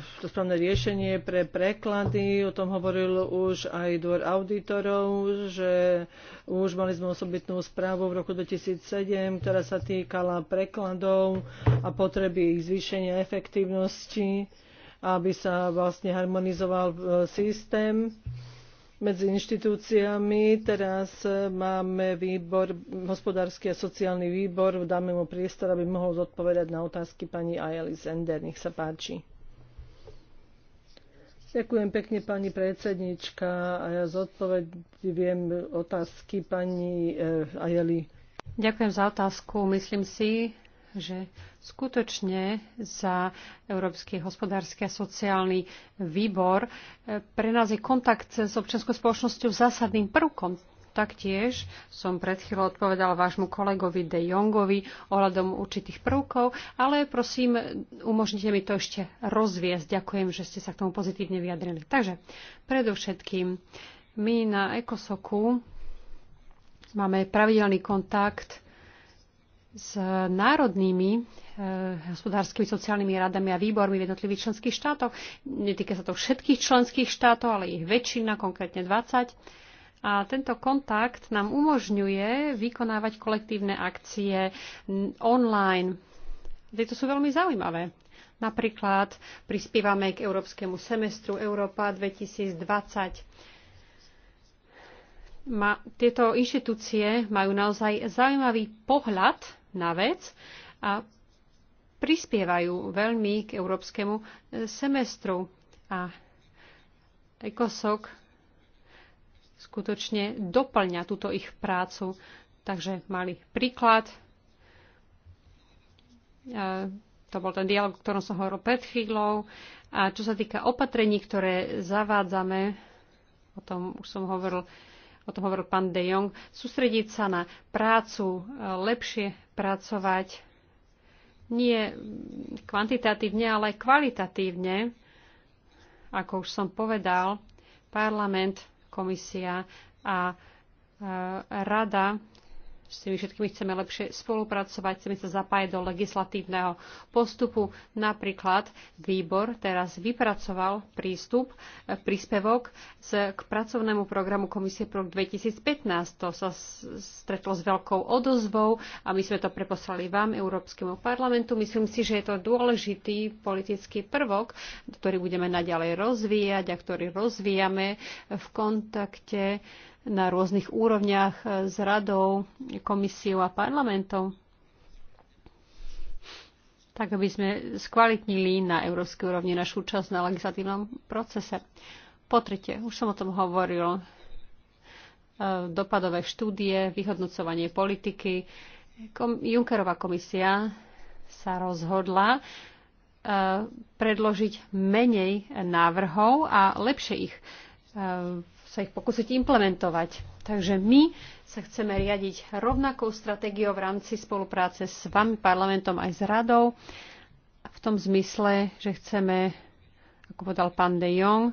eh, to správne riešenie pre preklady. O tom hovoril už aj dvor auditorov, že už mali sme osobitnú správu v roku 2007, ktorá sa týkala prekladov a potreby ich zvýšenia efektívnosti, aby sa vlastne harmonizoval eh, systém medzi inštitúciami. Teraz eh, máme výbor, hospodársky a sociálny výbor. Dáme mu priestor, aby mohol zodpovedať na otázky pani Ajali Zender. Nech sa páči. Ďakujem pekne, pani predsednička. A ja zodpovediem otázky pani eh, Ajeli. Ďakujem za otázku. Myslím si, že skutočne za Európsky hospodársky a sociálny výbor e, pre nás je kontakt s občianskou spoločnosťou zásadným prvkom. Taktiež som pred chvíľou odpovedal vášmu kolegovi De Jongovi ohľadom určitých prvkov, ale prosím, umožnite mi to ešte rozviesť. Ďakujem, že ste sa k tomu pozitívne vyjadrili. Takže predovšetkým my na Ekosoku máme pravidelný kontakt s národnými eh, hospodárskymi, sociálnymi radami a výbormi v jednotlivých členských štátoch. Netýka sa to všetkých členských štátov, ale ich väčšina, konkrétne 20. A tento kontakt nám umožňuje vykonávať kolektívne akcie online. Tieto sú veľmi zaujímavé. Napríklad prispievame k Európskemu semestru Európa 2020. Ma, tieto inštitúcie majú naozaj zaujímavý pohľad na vec a prispievajú veľmi k európskemu e, semestru. A ECOSOC skutočne doplňa túto ich prácu. Takže mali príklad. E, to bol ten dialog, o ktorom som hovoril pred chvíľou. A čo sa týka opatrení, ktoré zavádzame, o tom už som hovoril o tom hovoril pán De Jong, sústrediť sa na prácu, e, lepšie pracovať, nie kvantitatívne, ale kvalitatívne, ako už som povedal, parlament, komisia a e, rada s tými všetkými chceme lepšie spolupracovať, chceme sa zapájať do legislatívneho postupu. Napríklad výbor teraz vypracoval prístup, e, príspevok k pracovnému programu Komisie pro 2015. To sa stretlo s veľkou odozvou a my sme to preposlali vám, Európskemu parlamentu. Myslím si, že je to dôležitý politický prvok, ktorý budeme naďalej rozvíjať a ktorý rozvíjame v kontakte na rôznych úrovniach e, s radou, komisiou a parlamentom, tak aby sme skvalitnili na európskej úrovni našu účasť na legislatívnom procese. Po tretie, už som o tom hovoril, e, dopadové štúdie, vyhodnocovanie politiky. Kom- Junckerová komisia sa rozhodla e, predložiť menej návrhov a lepšie ich sa ich pokúsiť implementovať. Takže my sa chceme riadiť rovnakou stratégiou v rámci spolupráce s vami, parlamentom aj s radou, v tom zmysle, že chceme, ako povedal pán De Jong,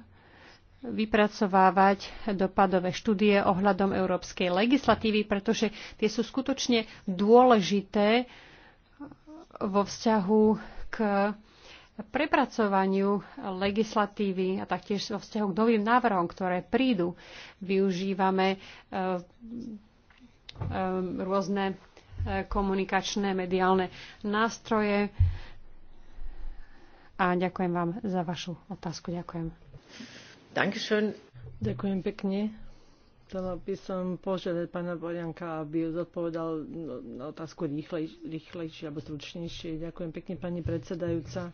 vypracovávať dopadové štúdie ohľadom európskej legislatívy, pretože tie sú skutočne dôležité vo vzťahu k prepracovaniu legislatívy a taktiež vo vzťahu k novým návrhom, ktoré prídu. Využívame e, e, rôzne e, komunikačné mediálne nástroje. A ďakujem vám za vašu otázku. Ďakujem. Dankeschön. Ďakujem pekne. Chcela by som požiadať pána Borianka, aby zodpovedal na otázku rýchlej, rýchlejšie alebo stručnejšie. Ďakujem pekne, pani predsedajúca.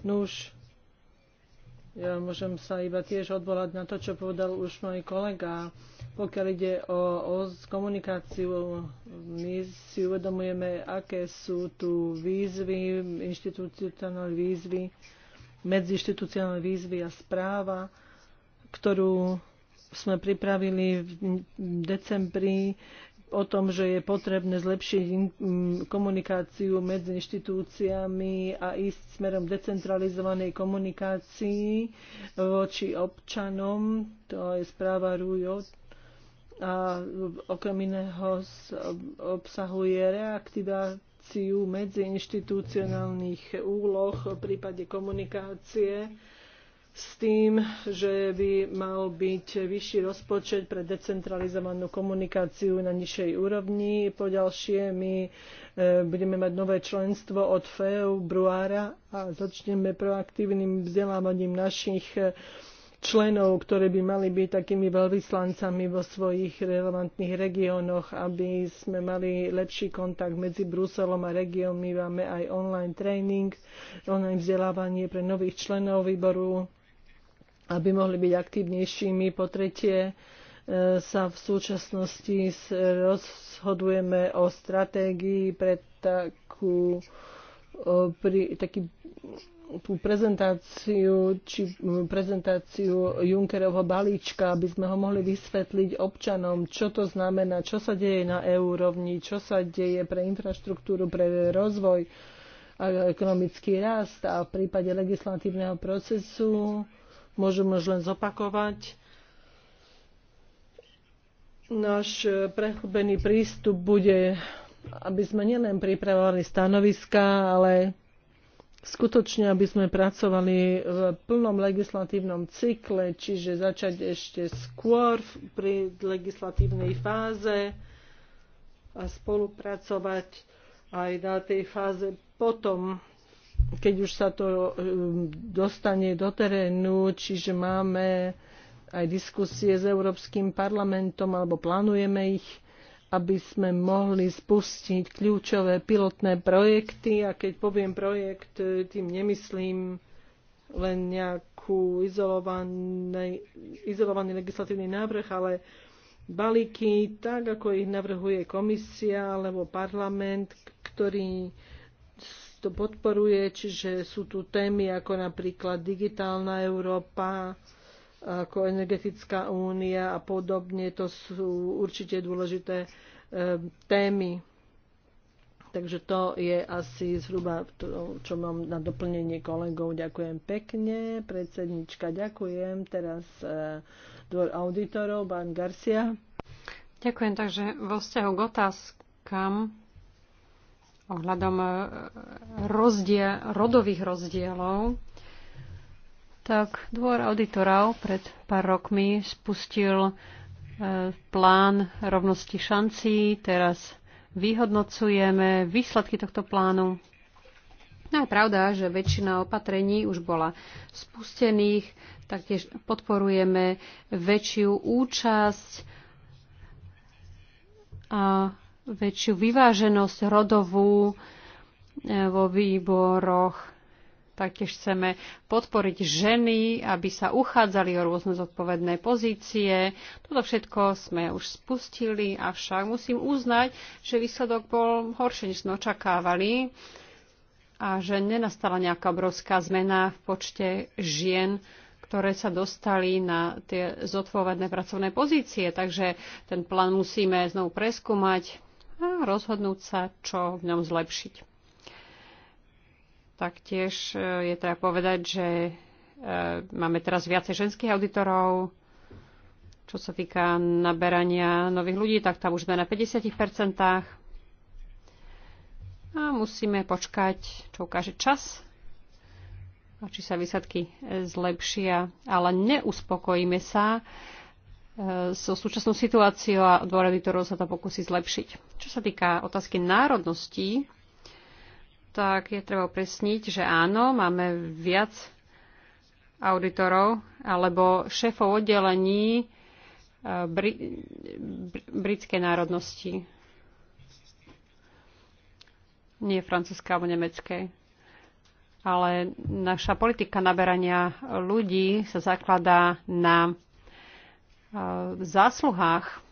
Nuž, ja môžem sa iba tiež odvolať na to, čo povedal už môj kolega. Pokiaľ ide o, o komunikáciu, my si uvedomujeme, aké sú tu výzvy, inštitucionálne výzvy, medziinstitucionálne výzvy a správa, ktorú sme pripravili v decembri, o tom, že je potrebné zlepšiť mm, komunikáciu medzi inštitúciami a ísť smerom decentralizovanej komunikácii e, voči občanom. To je správa Rujo. A okrem iného obsahuje reaktiváciu medzi inštitúcionálnych úloh v prípade komunikácie s tým, že by mal byť vyšší rozpočet pre decentralizovanú komunikáciu na nižšej úrovni. Po ďalšie, my e, budeme mať nové členstvo od februára a začneme proaktívnym vzdelávaním našich e, členov, ktorí by mali byť takými veľvyslancami vo svojich relevantných regiónoch, aby sme mali lepší kontakt medzi Bruselom a regiónmi. Máme aj online tréning, online vzdelávanie pre nových členov výboru aby mohli byť aktívnejšími. Po tretie, e, sa v súčasnosti rozhodujeme o stratégii pre takú, pri, taký, tú prezentáciu, či prezentáciu Junckerovho balíčka, aby sme ho mohli vysvetliť občanom, čo to znamená, čo sa deje na EU rovni, čo sa deje pre infraštruktúru, pre rozvoj a ekonomický rast a v prípade legislatívneho procesu môžeme už len zopakovať. Náš prehlbený prístup bude, aby sme nielen pripravovali stanoviska, ale skutočne, aby sme pracovali v plnom legislatívnom cykle, čiže začať ešte skôr pri legislatívnej fáze a spolupracovať aj na tej fáze potom keď už sa to um, dostane do terénu, čiže máme aj diskusie s Európskym parlamentom, alebo plánujeme ich, aby sme mohli spustiť kľúčové pilotné projekty. A keď poviem projekt, e, tým nemyslím len nejakú izolovaný, izolovaný legislatívny návrh, ale balíky, tak ako ich navrhuje komisia alebo parlament, ktorý to podporuje, čiže sú tu témy ako napríklad digitálna Európa, ako energetická únia a podobne. To sú určite dôležité e, témy. Takže to je asi zhruba to, čo mám na doplnenie kolegov. Ďakujem pekne. Predsednička, ďakujem. Teraz e, dvor auditorov, pán Garcia. Ďakujem. Takže vo vzťahu k otázkam ohľadom e, rozdiel, rodových rozdielov, tak dvor auditorov pred pár rokmi spustil e, plán rovnosti šancí. Teraz vyhodnocujeme výsledky tohto plánu. No je pravda, že väčšina opatrení už bola spustených, taktiež podporujeme väčšiu účasť a väčšiu vyváženosť rodovú e, vo výboroch. Taktiež chceme podporiť ženy, aby sa uchádzali o rôzne zodpovedné pozície. Toto všetko sme už spustili, avšak musím uznať, že výsledok bol horšie, než sme očakávali a že nenastala nejaká obrovská zmena v počte žien, ktoré sa dostali na tie zodpovedné pracovné pozície. Takže ten plán musíme znovu preskúmať a rozhodnúť sa, čo v ňom zlepšiť. Taktiež e, je treba povedať, že e, máme teraz viacej ženských auditorov, čo sa týka naberania nových ľudí, tak tam už sme na 50%. A musíme počkať, čo ukáže čas a či sa výsledky zlepšia. Ale neuspokojíme sa so súčasnou situáciou a dvor auditorov sa to pokusí zlepšiť. Čo sa týka otázky národností, tak je treba presniť, že áno, máme viac auditorov alebo šéfov oddelení e, bri- britskej národnosti. Nie francúzskej alebo nemeckej. Ale naša politika naberania ľudí sa zakladá na zásluhách.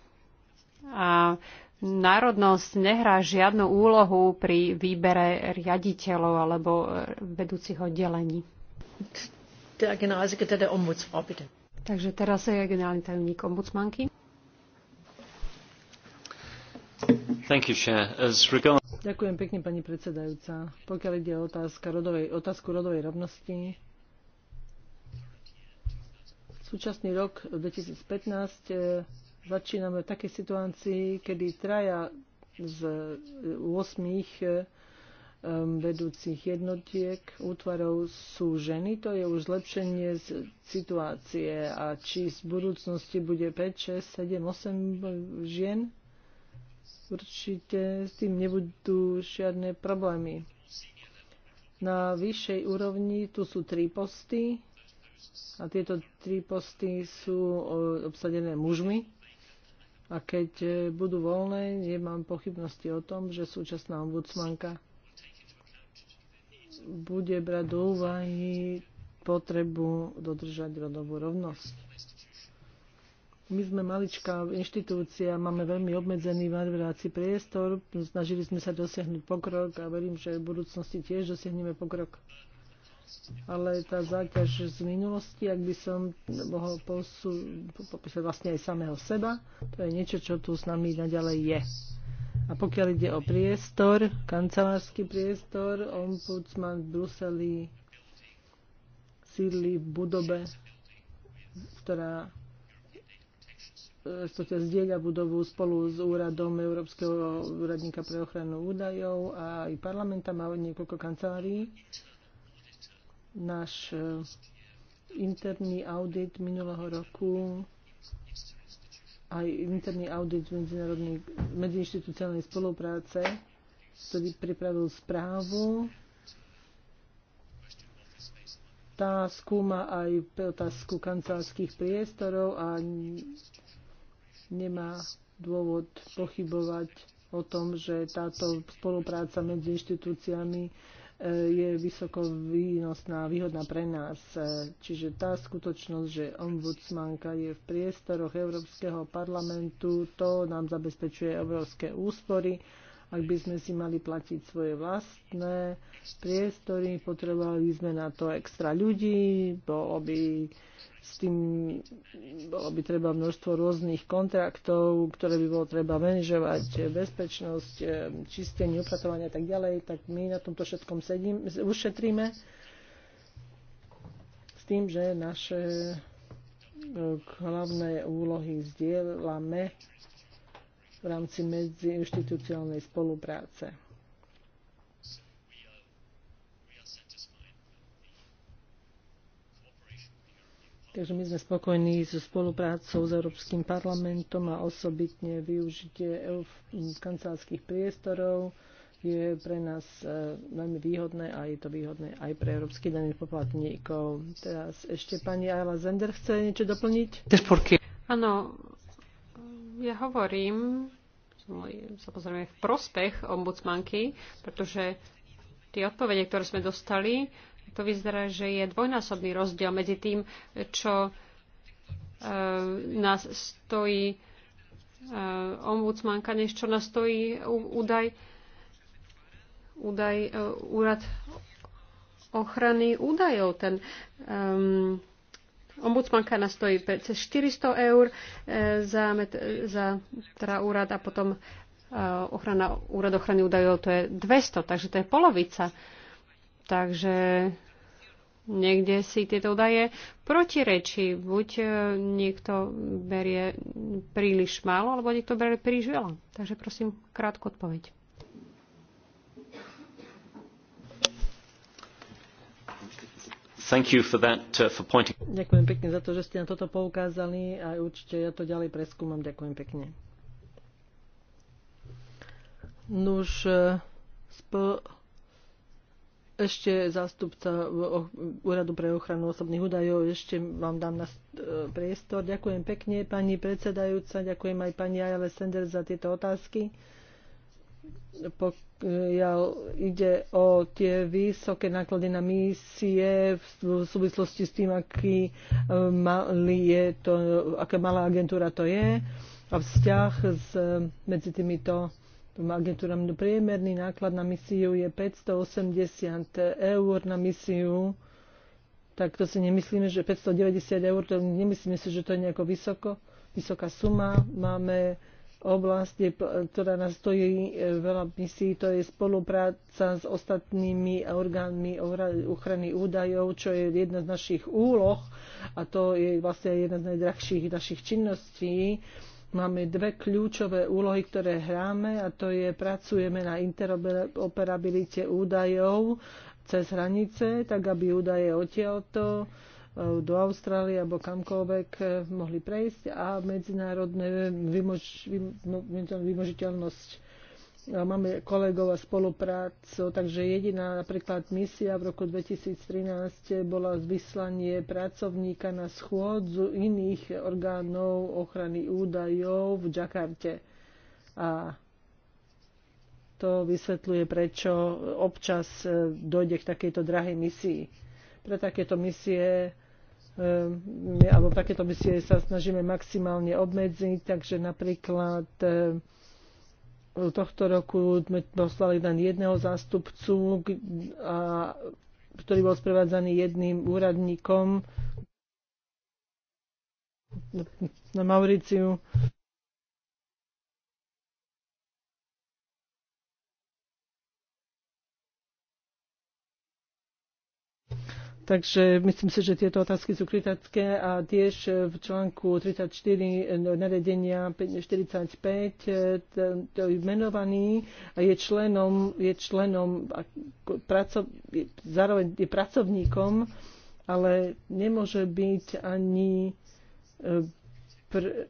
A národnosť nehrá žiadnu úlohu pri výbere riaditeľov alebo e, vedúcich oddelení. Takže teraz je generálny tajomník ombudsmanky. You, Ďakujem pekne, pani predsedajúca. Pokiaľ ide o otázku rodovej, otázku rodovej rovnosti, Súčasný rok 2015 e, začíname v takej situácii, kedy traja z 8 e, e, vedúcich jednotiek útvarov sú ženy. To je už zlepšenie z situácie. A či z budúcnosti bude 5, 6, 7, 8 žien? Určite s tým nebudú žiadne problémy. Na vyššej úrovni tu sú tri posty a tieto tri posty sú obsadené mužmi. A keď e, budú voľné, nemám pochybnosti o tom, že súčasná ombudsmanka bude brať do úvahy potrebu dodržať rodovú rovnosť. My sme maličká inštitúcia, máme veľmi obmedzený manevrovací priestor, snažili sme sa dosiahnuť pokrok a verím, že v budúcnosti tiež dosiahneme pokrok ale tá záťaž z minulosti, ak by som mohol popísať vlastne aj samého seba, to je niečo, čo tu s nami naďalej je. A pokiaľ ide o priestor, kancelársky priestor, ombudsman v Bruseli sídli v budobe, ktorá respektíve zdieľa budovu spolu s úradom Európskeho úradníka pre ochranu údajov a aj parlamenta má niekoľko kancelárií náš e, interný audit minulého roku aj interný audit medzinárodnej medziinstitucionálnej spolupráce, ktorý pripravil správu. Tá skúma aj otázku kancelárských priestorov a nemá dôvod pochybovať o tom, že táto spolupráca medzi inštitúciami je vysoko výnosná, výhodná pre nás. Čiže tá skutočnosť, že ombudsmanka je v priestoroch Európskeho parlamentu, to nám zabezpečuje obrovské úspory ak by sme si mali platiť svoje vlastné priestory, potrebovali by sme na to extra ľudí, bolo by s tým bolo by treba množstvo rôznych kontraktov, ktoré by bolo treba manažovať, bezpečnosť, e, čistenie, upratovanie a tak ďalej, tak my na tomto všetkom sedím, ušetríme s tým, že naše e, hlavné úlohy zdieľame v rámci medziinstitucionálnej spolupráce. Takže my sme spokojní so spoluprácou s Európskym parlamentom a osobitne využitie kancelárskych priestorov je pre nás e, veľmi výhodné a je to výhodné aj pre európskych daných poplatníkov. Teraz ešte pani Ayla Zender chce niečo doplniť? Áno, ja hovorím samozrejme v prospech ombudsmanky, pretože tie odpovede, ktoré sme dostali, to vyzerá, že je dvojnásobný rozdiel medzi tým, čo e, nás stojí e, ombudsmanka, než čo nás stojí údaj, údaj e, úrad ochrany údajov. Ten um, e, ombudsmanka nás stojí cez 400 eur e, za, za teda úrad a potom e, ochrana, úrad ochrany údajov to je 200, takže to je polovica. Takže niekde si tieto údaje protirečí. Buď e, niekto berie príliš málo, alebo niekto berie príliš veľa. Takže prosím, krátku odpoveď. Uh, ďakujem pekne za to, že ste na toto poukázali a určite ja to ďalej preskúmam. Ďakujem pekne. Nuž, eh, spo, ešte zástupca Úradu pre ochranu osobných údajov, ešte vám dám na eh, priestor. Ďakujem pekne, pani predsedajúca, ďakujem aj pani Ajale Sender za tieto otázky pokiaľ ide o tie vysoké náklady na misie v súvislosti s tým, aký e, malý je to, aká malá agentúra to je a vzťah s, medzi týmito agentúrami. No, priemerný náklad na misiu je 580 eur na misiu tak to si nemyslíme, že 590 eur, to nemyslíme si, že to je nejako vysoko, vysoká suma. Máme oblasť, ktorá nás stojí e, veľa misí, to je spolupráca s ostatnými orgánmi ochrany údajov, čo je jedna z našich úloh a to je vlastne jedna z najdrahších našich činností. Máme dve kľúčové úlohy, ktoré hráme a to je pracujeme na interoperabilite údajov cez hranice, tak aby údaje odtiaľto Eh, do Austrálie alebo kamkoľvek eh, mohli prejsť a medzinárodné vymož, vymožiteľnosť máme kolegov a spoluprácu, takže jediná napríklad misia v roku 2013 bola vyslanie pracovníka na schôdzu iných orgánov ochrany údajov v Džakarte. A to vysvetľuje, prečo občas eh, dojde k takejto drahej misii. Pre takéto misie Ehm, alebo takéto misie sa snažíme maximálne obmedziť, takže napríklad ehm, tohto roku sme poslali len jedného zástupcu, ktorý bol sprevádzaný jedným úradníkom na Mauriciu. Takže myslím si, že tieto otázky sú kritické a tiež v článku 34 naredenia 45 to je menovaný a je členom, je členom pracov, zároveň je pracovníkom, ale nemôže byť ani e, pre,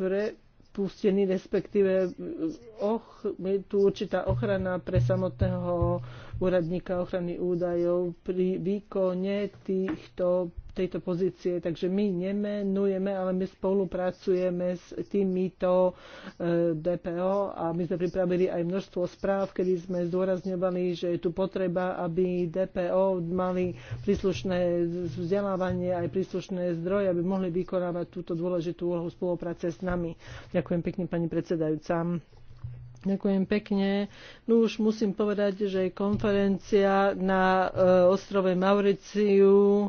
pre pustený, respektíve och, je tu určitá ochrana pre samotného úradníka ochrany údajov pri výkone týchto, tejto pozície. Takže my nemenujeme, ale my spolupracujeme s týmito e, DPO a my sme pripravili aj množstvo správ, kedy sme zdôrazňovali, že je tu potreba, aby DPO mali príslušné vzdelávanie aj príslušné zdroje, aby mohli vykonávať túto dôležitú úlohu spolupráce s nami. Ďakujem pekne, pani predsedajúca. Ďakujem pekne. No už musím povedať, že konferencia na e, ostrove Mauriciu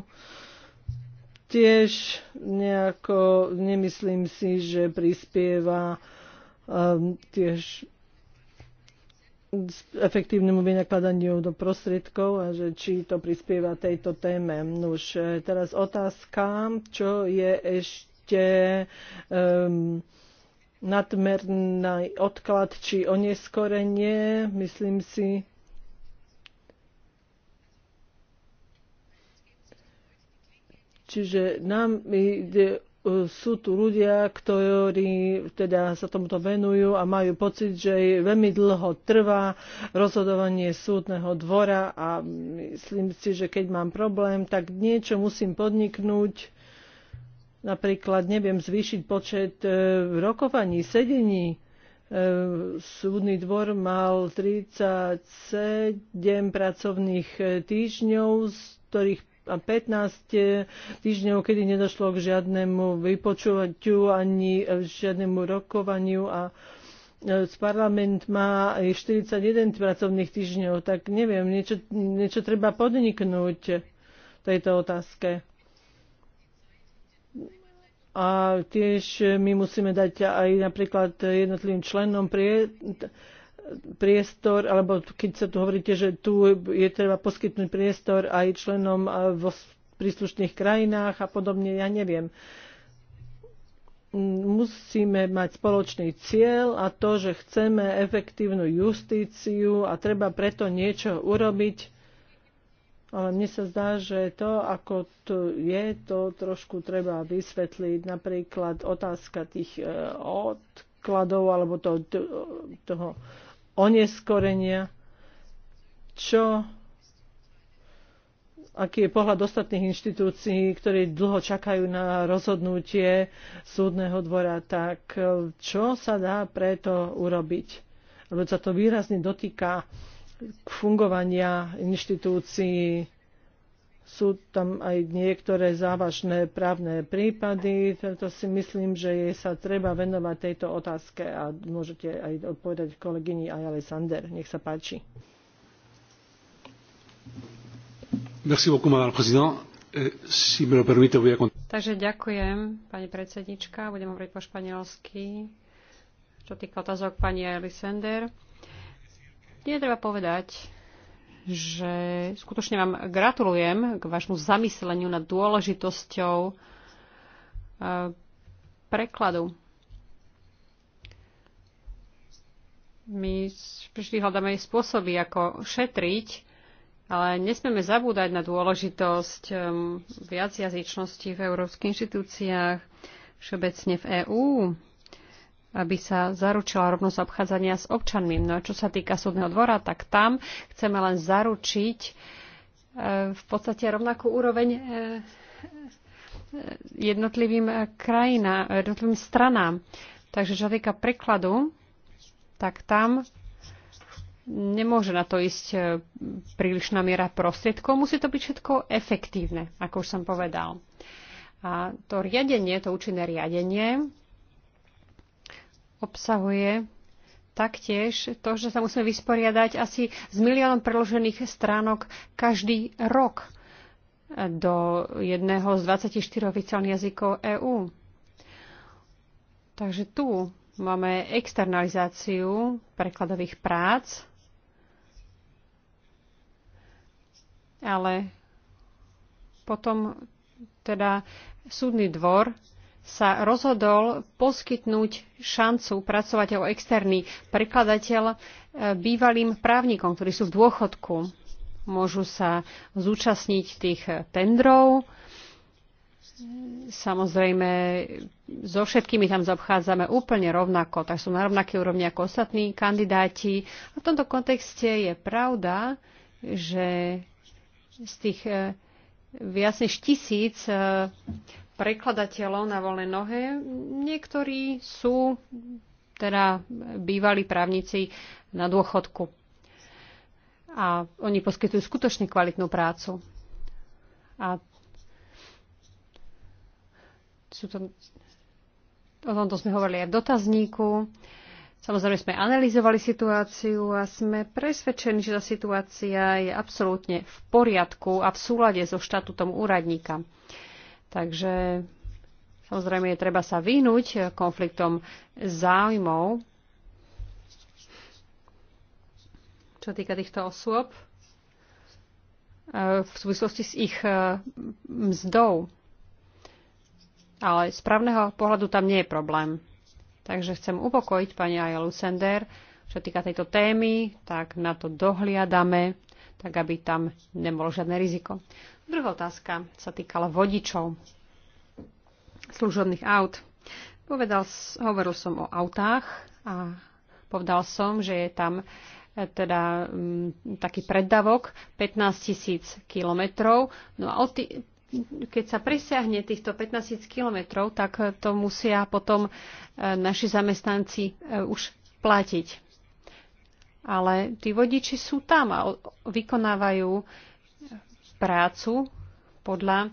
tiež nejako, nemyslím si, že prispieva e, tiež efektívnemu vynakladaniu do prostriedkov a že či to prispieva tejto téme. No už e, teraz otázka, čo je ešte E, nadmerný odklad či oneskorenie. Myslím si, Čiže nám ide, e, sú tu ľudia, ktorí teda sa tomuto venujú a majú pocit, že veľmi dlho trvá rozhodovanie súdneho dvora a myslím si, že keď mám problém, tak niečo musím podniknúť napríklad, neviem, zvýšiť počet e, rokovaní, sedení. E, súdny dvor mal 37 pracovných e, týždňov, z ktorých a 15 týždňov, kedy nedošlo k žiadnemu vypočúvaťu ani žiadnemu rokovaniu a parlament má 41 pracovných týždňov, tak neviem, niečo, niečo treba podniknúť v tejto otázke a tiež my musíme dať aj napríklad jednotlivým členom prie, priestor, alebo keď sa tu hovoríte, že tu je treba poskytnúť priestor aj členom vo príslušných krajinách a podobne, ja neviem. Musíme mať spoločný cieľ a to, že chceme efektívnu justíciu a treba preto niečo urobiť ale mne sa zdá, že to, ako to je, to trošku treba vysvetliť. Napríklad otázka tých e, odkladov alebo to, toho oneskorenia. Čo, aký je pohľad ostatných inštitúcií, ktorí dlho čakajú na rozhodnutie súdneho dvora, tak e, čo sa dá preto urobiť? Lebo sa to výrazne dotýka fungovania inštitúcií. Sú tam aj niektoré závažné právne prípady, preto si myslím, že je sa treba venovať tejto otázke a môžete aj odpovedať kolegyni aj Sander. Nech sa páči. Merci beaucoup, madame la Si me lo permite, voy a... Takže ďakujem, pani predsednička. Budem hovoriť po španielsky, čo týka otázok pani Alexander. Nie treba povedať, že skutočne vám gratulujem k vášmu zamysleniu nad dôležitosťou e, prekladu. My vždy hľadáme aj spôsoby, ako šetriť, ale nesmieme zabúdať na dôležitosť e, viacjazyčnosti v európskych inštitúciách, všeobecne v EÚ aby sa zaručila rovnosť obchádzania s občanmi. No a čo sa týka súdneho dvora, tak tam chceme len zaručiť e, v podstate rovnakú úroveň e, e, jednotlivým krajinám, jednotlivým stranám. Takže čo týka prekladu, tak tam nemôže na to ísť prílišná miera prostriedkov. Musí to byť všetko efektívne, ako už som povedal. A to riadenie, to účinné riadenie, obsahuje taktiež to, že sa musíme vysporiadať asi s miliónom preložených stránok každý rok do jedného z 24 oficiálnych jazykov EÚ. Takže tu máme externalizáciu prekladových prác, ale potom teda súdny dvor sa rozhodol poskytnúť šancu pracovať ako externý prekladateľ e, bývalým právnikom, ktorí sú v dôchodku. Môžu sa zúčastniť tých tendrov. Samozrejme, so všetkými tam zaobchádzame úplne rovnako, tak sú na rovnaké úrovni ako ostatní kandidáti. A v tomto kontexte je pravda, že z tých e, viac než tisíc e, prekladateľov na voľné nohe. Niektorí sú teda bývalí právnici na dôchodku. A oni poskytujú skutočne kvalitnú prácu. A sú to, o tomto sme hovorili aj v dotazníku. Samozrejme sme analyzovali situáciu a sme presvedčení, že tá situácia je absolútne v poriadku a v súlade so štatutom úradníka. Uh, Takže samozrejme je treba sa vyhnúť konfliktom záujmov. Čo týka týchto osôb, e, v súvislosti s ich e, mzdou. Ale z právneho pohľadu tam nie je problém. Takže chcem upokojiť pani Aja Lucender, čo týka tejto témy, tak na to dohliadame, tak aby tam nebolo žiadne riziko. Druhá otázka sa týkala vodičov služobných aut. Povedal, hovoril som o autách a povedal som, že je tam e, teda m, mm, taký preddavok 15 tisíc kilometrov. No a tý, keď sa presiahne týchto 15 tisíc kilometrov, tak to musia potom e, naši zamestnanci e, už platiť ale tí vodiči sú tam a vykonávajú prácu podľa e,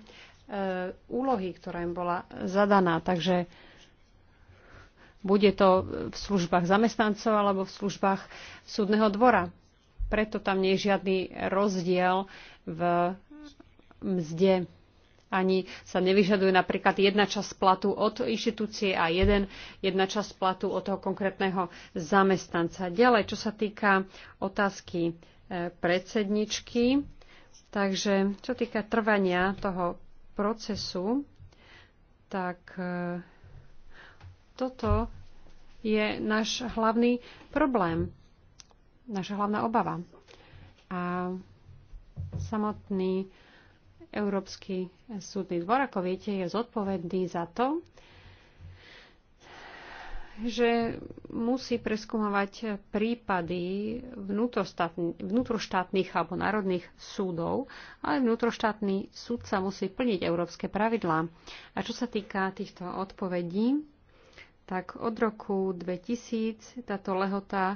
úlohy, ktorá im bola zadaná. Takže bude to v službách zamestnancov alebo v službách súdneho dvora. Preto tam nie je žiadny rozdiel v mzde ani sa nevyžaduje napríklad jedna časť platu od inštitúcie a jeden, jedna časť platu od toho konkrétneho zamestnanca. Ďalej, čo sa týka otázky e, predsedničky, takže čo týka trvania toho procesu, tak e, toto je náš hlavný problém, naša hlavná obava. A samotný Európsky súdny dvor, ako viete, je zodpovedný za to, že musí preskúmovať prípady vnútroštátnych alebo národných súdov, ale vnútroštátny súd sa musí plniť európske pravidlá. A čo sa týka týchto odpovedí, tak od roku 2000 táto lehota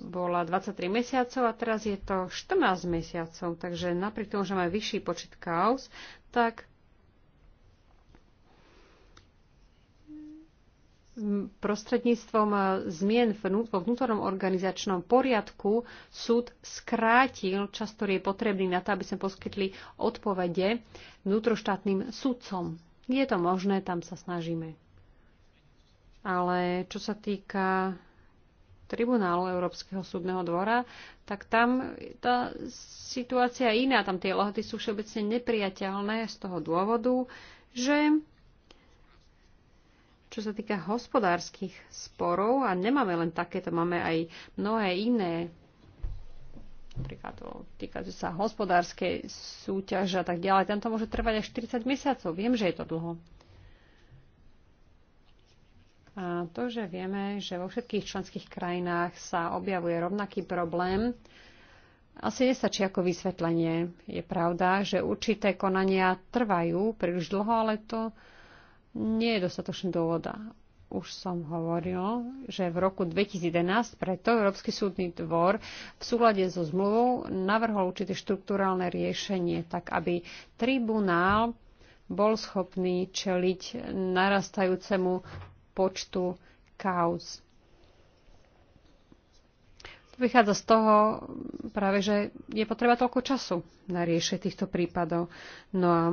bola 23 mesiacov a teraz je to 14 mesiacov. Takže napriek tomu, že máme vyšší počet kaos, tak prostredníctvom eh, zmien vo vnútornom organizačnom poriadku súd skrátil čas, ktorý je potrebný na to, aby sme poskytli odpovede vnútroštátnym súdcom. Je to možné, tam sa snažíme. Ale čo sa týka tribunálu Európskeho súdneho dvora, tak tam tá situácia je iná. Tam tie lehoty sú všeobecne nepriateľné z toho dôvodu, že čo sa týka hospodárskych sporov, a nemáme len takéto, máme aj mnohé iné, napríklad týka sa hospodárskej súťaže a tak ďalej, tam to môže trvať až 40 mesiacov. Viem, že je to dlho. A to, že vieme, že vo všetkých členských krajinách sa objavuje rovnaký problém, asi nestačí ako vysvetlenie. Je pravda, že určité konania trvajú príliš dlho, ale to nie je dostatočný dôvod. Už som hovoril, že v roku 2011 preto Európsky súdny dvor v súlade so zmluvou navrhol určité štruktúrálne riešenie, tak aby tribunál bol schopný čeliť narastajúcemu počtu kauz. To vychádza z toho práve, že je potreba toľko času na riešenie týchto prípadov. No a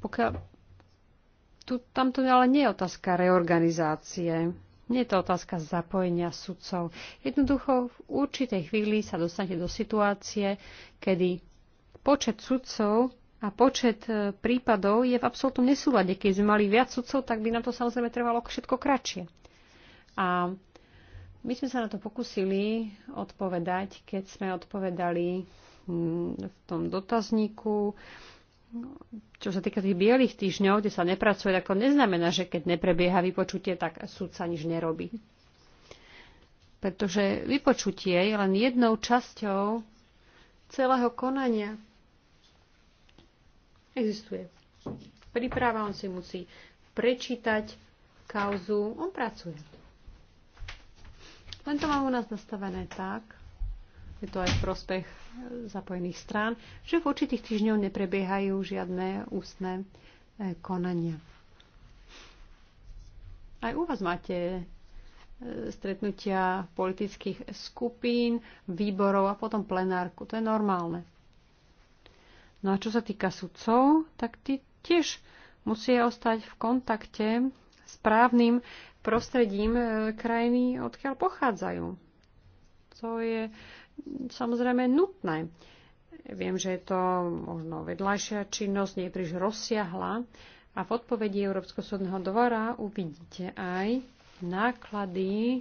pokiaľ, tu, tamto ale nie je otázka reorganizácie, nie je to otázka zapojenia sudcov. Jednoducho v určitej chvíli sa dostanete do situácie, kedy počet sudcov a počet e, prípadov je v absolútnom nesúlade. Keď sme mali viac sudcov, tak by nám to samozrejme trvalo všetko kratšie. A my sme sa na to pokúsili odpovedať, keď sme odpovedali mm, v tom dotazníku, čo sa týka tých bielých týždňov, kde sa nepracuje, tak to neznamená, že keď neprebieha vypočutie, tak súd sa nič nerobí. Pretože vypočutie je len jednou časťou celého konania existuje. Príprava, on si musí prečítať kauzu, on pracuje. Len to mám u nás nastavené tak, je to aj v prospech e, zapojených strán, že v určitých týždňoch neprebiehajú žiadne ústne e, konania. Aj u vás máte e, stretnutia politických skupín, výborov a potom plenárku. To je normálne. No a čo sa týka sudcov, tak tí tiež musia ostať v kontakte s právnym prostredím e, krajiny, odkiaľ pochádzajú. To je samozrejme nutné. Viem, že je to možno vedľajšia činnosť, nie je príliš rozsiahla. A v odpovedi európsko súdneho dvora uvidíte aj náklady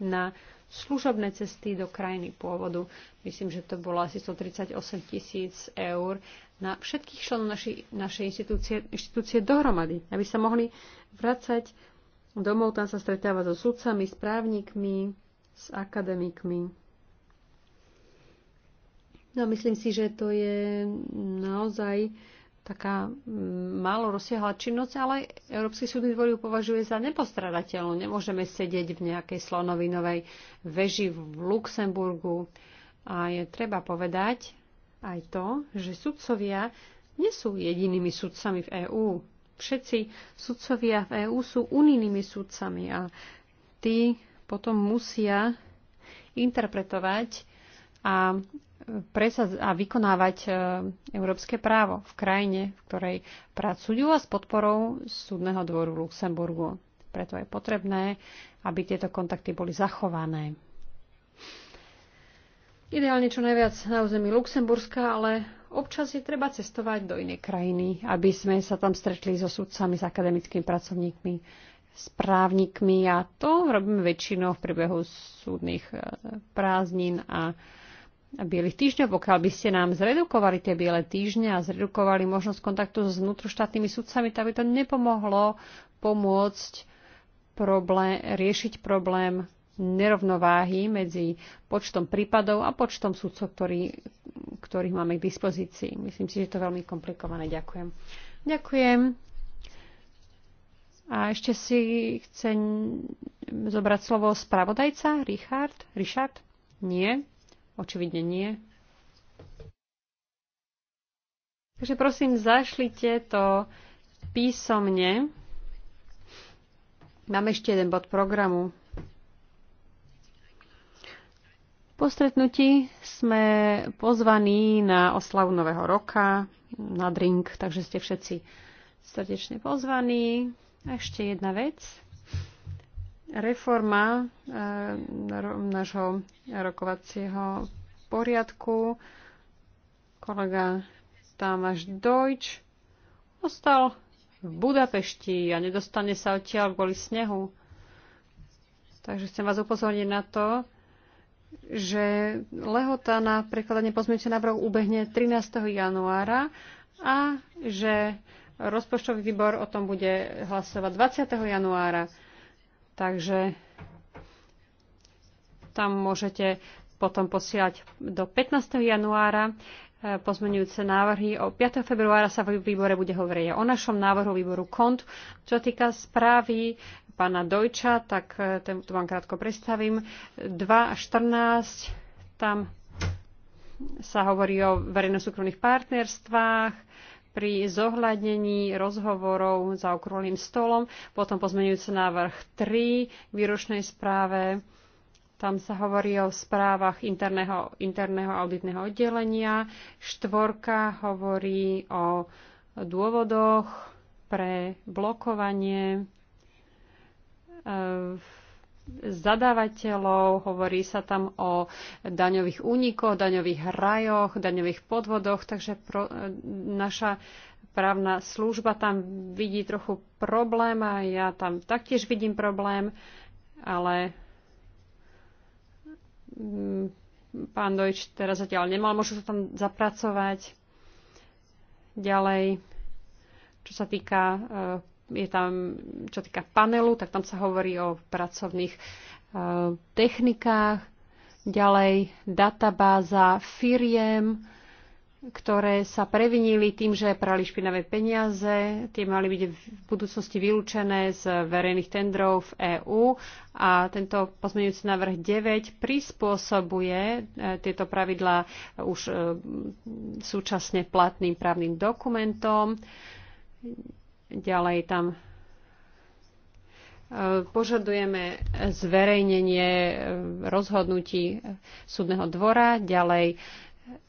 na služobné cesty do krajiny pôvodu. Myslím, že to bolo asi 138 tisíc eur na všetkých členov našej, našej inštitúcie, inštitúcie dohromady, aby sa mohli vrácať domov, tam sa stretávať so sudcami, s právnikmi, s akademikmi. No myslím si, že to je naozaj taká mm, málo rozsiahla činnosť, ale Európsky súdny dvor ju považuje za nepostradateľnú. Nemôžeme sedieť v nejakej slonovinovej veži v Luxemburgu. A je treba povedať aj to, že sudcovia nie sú jedinými sudcami v EÚ. Všetci sudcovia v EÚ sú unijnými sudcami a tí potom musia interpretovať a, presaz- a vykonávať e, európske právo v krajine, v ktorej pracujú a s podporou súdneho dvoru Luxemburgu. Preto je potrebné, aby tieto kontakty boli zachované. Ideálne čo najviac na území Luxemburska, ale občas je treba cestovať do inej krajiny, aby sme sa tam stretli so sudcami, s akademickými pracovníkmi, s právnikmi a to robíme väčšinou v priebehu súdnych e, prázdnin a bielých týždňov, pokiaľ by ste nám zredukovali tie biele týždne a zredukovali možnosť kontaktu s vnútroštátnymi sudcami, tak by to nepomohlo pomôcť problém, riešiť problém nerovnováhy medzi počtom prípadov a počtom sudcov, ktorý, ktorých máme k dispozícii. Myslím si, že to je to veľmi komplikované. Ďakujem. Ďakujem. A ešte si chcem zobrať slovo spravodajca Richard? Richard? Nie. Očividne nie. Takže prosím, zašlite to písomne. Mám ešte jeden bod programu. Po stretnutí sme pozvaní na oslavu Nového roka, na drink, takže ste všetci srdečne pozvaní. A ešte jedna vec reforma e, nášho rokovacieho poriadku. Kolega Tamáš Dojč ostal v Budapešti a nedostane sa odtiaľ kvôli snehu. Takže chcem vás upozorniť na to, že lehota na prekladanie pozmeňujúceho návrhu ubehne 13. januára a že rozpočtový výbor o tom bude hlasovať 20. januára. Takže tam môžete potom posielať do 15. januára e, pozmenujúce návrhy. O 5. februára sa v výbore bude hovoriť o našom návrhu výboru KONT. Čo týka správy pána Dojča, tak e, to tu vám krátko predstavím. 2 a 14, tam sa hovorí o verejno-súkromných partnerstvách pri zohľadnení rozhovorov za okrúhlým stolom, potom pozmenujúci návrh 3 k výročnej správe. Tam sa hovorí o správach interného, interného auditného oddelenia. Štvorka hovorí o dôvodoch pre blokovanie. E, zadávateľov, hovorí sa tam o daňových únikoch, daňových rajoch, daňových podvodoch, takže pro, e, naša právna služba tam vidí trochu problém a ja tam taktiež vidím problém, ale mm, pán Dojč teraz zatiaľ nemal možnosť tam zapracovať. Ďalej, čo sa týka e, je tam, čo týka panelu, tak tam sa hovorí o pracovných e, technikách, ďalej databáza firiem, ktoré sa previnili tým, že prali špinavé peniaze. Tie mali byť v budúcnosti vylúčené z verejných tendrov v EÚ a tento pozmeňujúci návrh 9 prispôsobuje e, tieto pravidlá už e, súčasne platným právnym dokumentom. Ďalej tam e, požadujeme zverejnenie e, rozhodnutí súdneho dvora, ďalej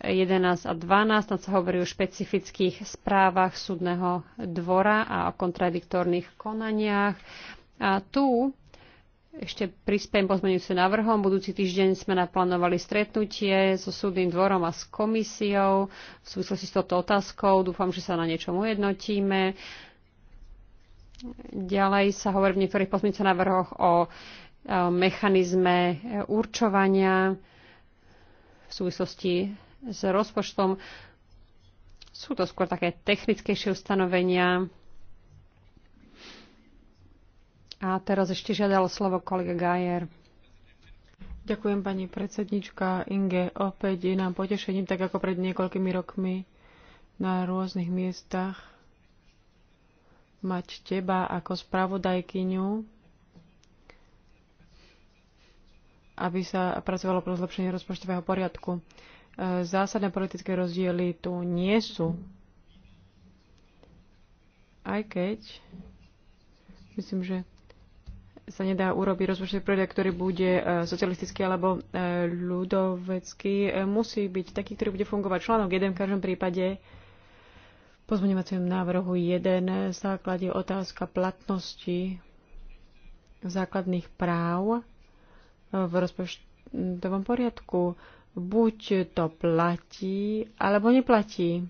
11 a 12, tam sa hovorí o špecifických správach súdneho dvora a o kontradiktorných konaniach. A tu ešte prispiem pozmeňujúcim návrhom. Budúci týždeň sme naplánovali stretnutie so súdnym dvorom a s komisiou v súvislosti s touto otázkou. Dúfam, že sa na niečom ujednotíme. Ďalej sa hovorí v niektorých pozmeňujúcich návrhoch o mechanizme určovania v súvislosti s rozpočtom. Sú to skôr také technickejšie ustanovenia. A teraz ešte žiadalo slovo kolega Gajer. Ďakujem pani predsednička Inge. Opäť je nám potešením, tak ako pred niekoľkými rokmi na rôznych miestach mať teba ako spravodajkyňu, aby sa pracovalo pro zlepšenie rozpočtového poriadku. E, zásadné politické rozdiely tu nie sú. Aj keď myslím, že sa nedá urobiť rozpočtový projekt, ktorý bude e, socialistický alebo e, ľudovecký. Musí byť taký, ktorý bude fungovať. Článok 1 v každom prípade pozmeňovacom návrhu 1 základe otázka platnosti základných práv v rozpočtovom poriadku. Buď to platí, alebo neplatí.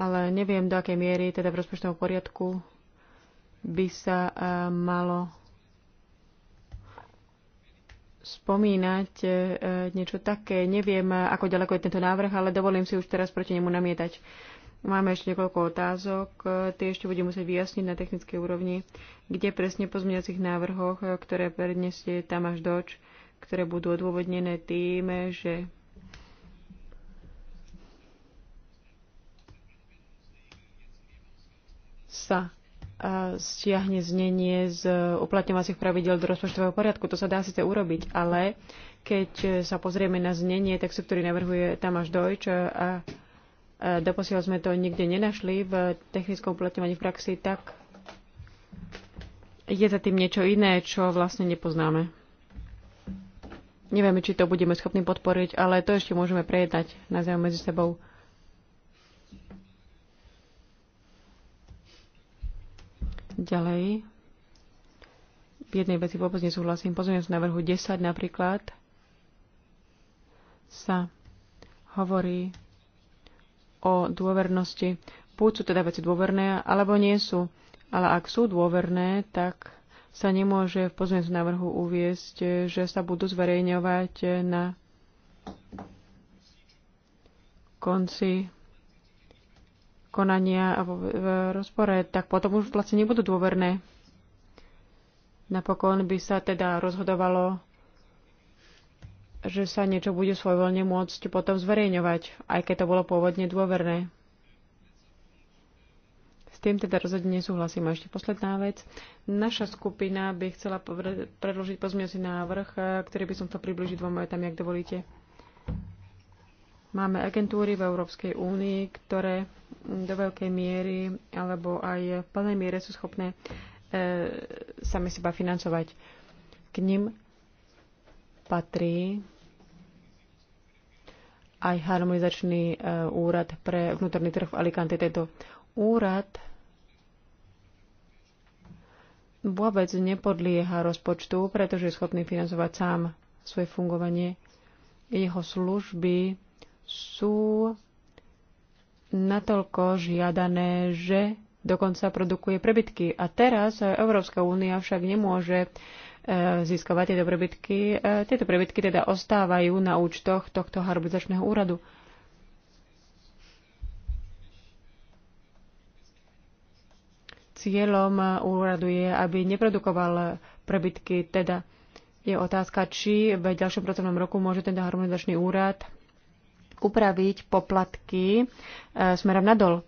Ale neviem, do akej miery teda v rozpočtovom poriadku by sa eh, malo spomínať e, niečo také. Neviem, ako ďaleko je tento návrh, ale dovolím si už teraz proti nemu namietať. Máme ešte niekoľko otázok, e, tie ešte budem musieť vyjasniť na technickej úrovni, kde presne po zmeniacich návrhoch, e, ktoré predniesie tam až doč, ktoré budú odôvodnené tým, že sa stiahne znenie z uplatňovacích pravidel do rozpočtového poriadku. To sa dá síce urobiť, ale keď sa pozrieme na znenie textu, ktorý navrhuje Tamáš Deutsch a doposiaľ sme to nikde nenašli v technickom uplatňovaní v praxi, tak je za tým niečo iné, čo vlastne nepoznáme. Nevieme, či to budeme schopní podporiť, ale to ešte môžeme prejednať na medzi sebou. Ďalej, v jednej veci vôbec nesúhlasím. Pozornosť vrhu 10 napríklad sa hovorí o dôvernosti. Buď sú teda veci dôverné, alebo nie sú. Ale ak sú dôverné, tak sa nemôže v pozmeňujúcom návrhu uviesť, že sa budú zverejňovať na konci konania a v rozpore, tak potom už vlastne nebudú dôverné. Napokon by sa teda rozhodovalo, že sa niečo bude svojvoľne môcť potom zverejňovať, aj keď to bolo pôvodne dôverné. S tým teda rozhodne nesúhlasím. A ešte posledná vec. Naša skupina by chcela predložiť pozmiaci návrh, ktorý by som to približil dvoma tam, ak dovolíte. Máme agentúry v Európskej únii, ktoré do veľkej miery alebo aj v plnej miere sú schopné e, sami seba financovať. K nim patrí aj harmonizačný e, úrad pre vnútorný trh v Alicante. Tento úrad vôbec nepodlieha rozpočtu, pretože je schopný financovať sám svoje fungovanie. Jeho služby sú natoľko žiadané, že dokonca produkuje prebytky. A teraz Európska únia však nemôže e, získavať tieto prebytky. E, tieto prebytky teda ostávajú na účtoch tohto harmonizačného úradu. Cieľom úradu je, aby neprodukoval prebytky, teda je otázka, či v ďalšom pracovnom roku môže tento harmonizačný úrad upraviť poplatky e, smerom nadol.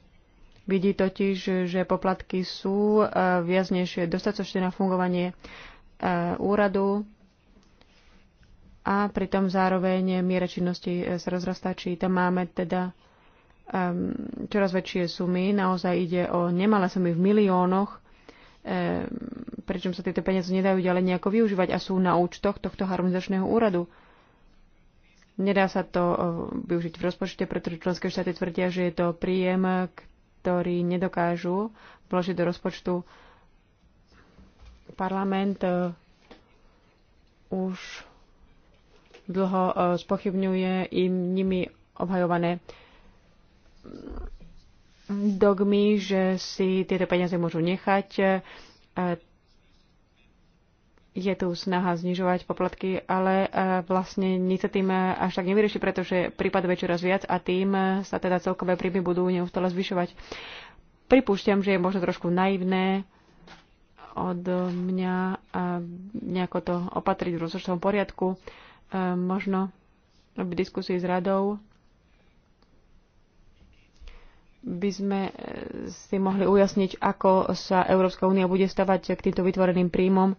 Vidí totiž, že poplatky sú e, viac než dostatočné na fungovanie e, úradu a pritom zároveň miera činnosti sa rozrastá, či tam máme teda čoraz väčšie sumy. Naozaj ide o nemalé sumy v miliónoch, pričom sa tieto peniaze nedajú ďalej nejako využívať a sú na účtoch tohto harmonizačného úradu. Nedá sa to eh, využiť v rozpočte, pretože členské štáty tvrdia, že je to príjem, ktorý nedokážu vložiť do rozpočtu. Parlament eh, už dlho eh, spochybňuje im nimi obhajované dogmy, že si tieto peniaze môžu nechať je tu snaha znižovať poplatky, ale e, vlastne nič sa tým e, až tak nevyrieši, pretože prípad je raz viac a tým e, sa teda celkové príjmy budú neustále zvyšovať. Pripúšťam, že je možno trošku naivné od mňa nejako to opatriť v rozpočtovom poriadku. Možno v diskusii s radou by sme si mohli ujasniť, ako sa Európska únia bude stavať k týmto vytvoreným príjmom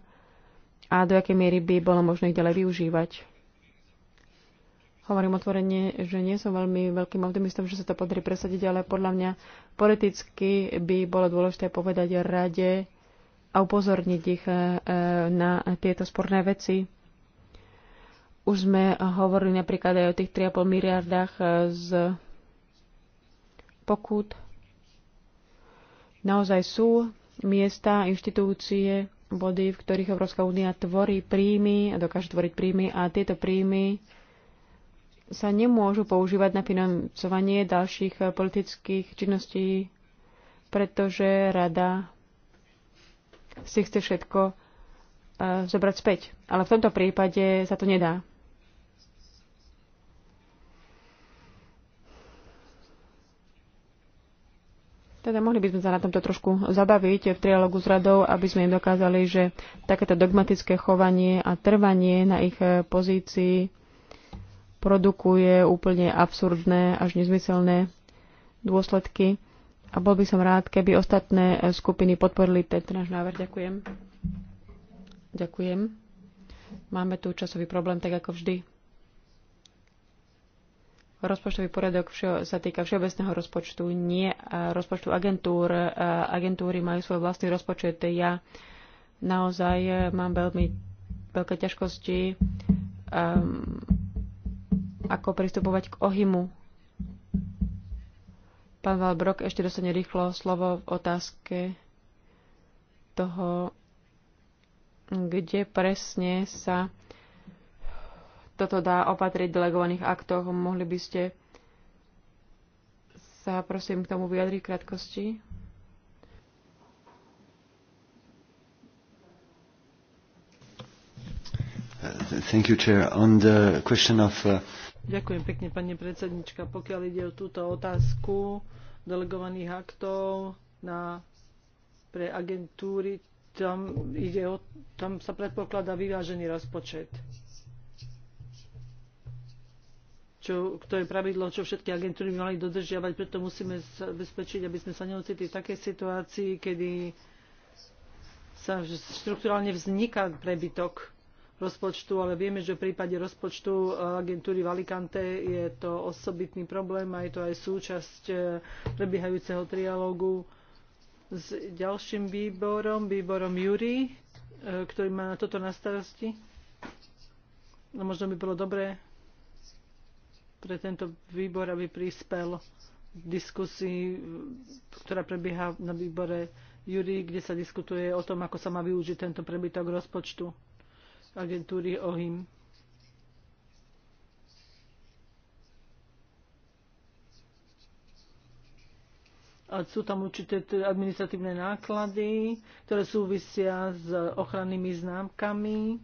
a do akej miery by bolo možné ich ďalej využívať. Hovorím otvorene, že nie som veľmi veľkým optimistom, že sa to podarí presadiť, ale podľa mňa politicky by bolo dôležité povedať rade a upozorniť ich e, na tieto sporné veci. Už sme hovorili napríklad aj o tých 3,5 miliardách e, z pokut. Naozaj sú miesta, inštitúcie, body, v ktorých Európska únia tvorí príjmy a dokáže tvoriť príjmy a tieto príjmy sa nemôžu používať na financovanie ďalších politických činností, pretože rada si chce všetko eh, zobrať späť. Ale v tomto prípade sa to nedá. Teda mohli by sme sa na tomto trošku zabaviť v trialogu s radou, aby sme im dokázali, že takéto dogmatické chovanie a trvanie na ich eh, pozícii produkuje úplne absurdné až nezmyselné dôsledky. A bol by som rád, keby ostatné eh, skupiny podporili tento náš návrh. Ďakujem. Ďakujem. Máme tu časový problém, tak ako vždy rozpočtový poriadok všeo, sa týka všeobecného rozpočtu, nie eh, rozpočtu agentúr. Eh, agentúry majú svoj vlastný rozpočet. Ja naozaj eh, mám veľmi veľké ťažkosti, um, ako pristupovať k ohymu. Pán Valbrok ešte dostane rýchlo slovo v otázke toho, kde presne sa toto dá opatriť v delegovaných aktoch. Mohli by ste sa prosím k tomu vyjadriť v krátkosti? Thank you, Chair. On the question of, uh... Ďakujem pekne, pani predsednička. Pokiaľ ide o túto otázku delegovaných aktov na, pre agentúry, tam, ide o, tam sa predpokladá vyvážený rozpočet čo, to je pravidlo, čo všetky agentúry mali dodržiavať, preto musíme zabezpečiť, aby sme sa neocitli v takej situácii, kedy sa štruktúralne vzniká prebytok rozpočtu, ale vieme, že v prípade rozpočtu e, agentúry v Alicante je to osobitný problém a je to aj súčasť e, prebiehajúceho trialógu s ďalším výborom, výborom Júri, e, ktorý má toto na starosti. No možno by bolo dobré pre tento výbor, aby prispel diskusii, ktorá prebieha na výbore jury, kde sa diskutuje o tom, ako sa má využiť tento prebytok rozpočtu agentúry OHIM. A sú tam určité administratívne náklady, ktoré súvisia s ochrannými známkami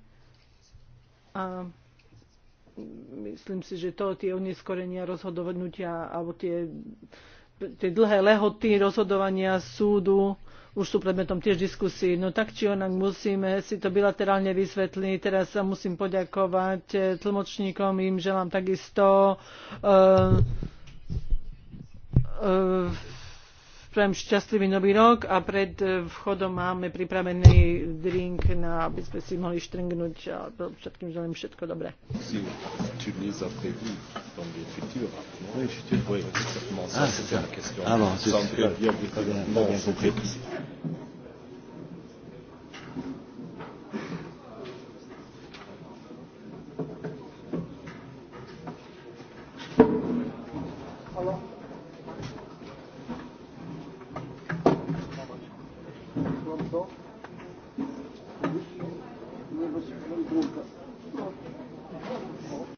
a myslím si, že to tie oneskorenia rozhodovnutia alebo tie, tie dlhé lehoty rozhodovania súdu už sú predmetom tiež diskusí. No tak či onak musíme si to bilaterálne vysvetliť. Teraz sa musím poďakovať eh, tlmočníkom, im želám takisto uh, uh, Prajem šťastlivý nový rok a pred e, vchodom máme pripravený drink, na, aby sme si mohli štrngnúť a všetkým želím všetko dobré.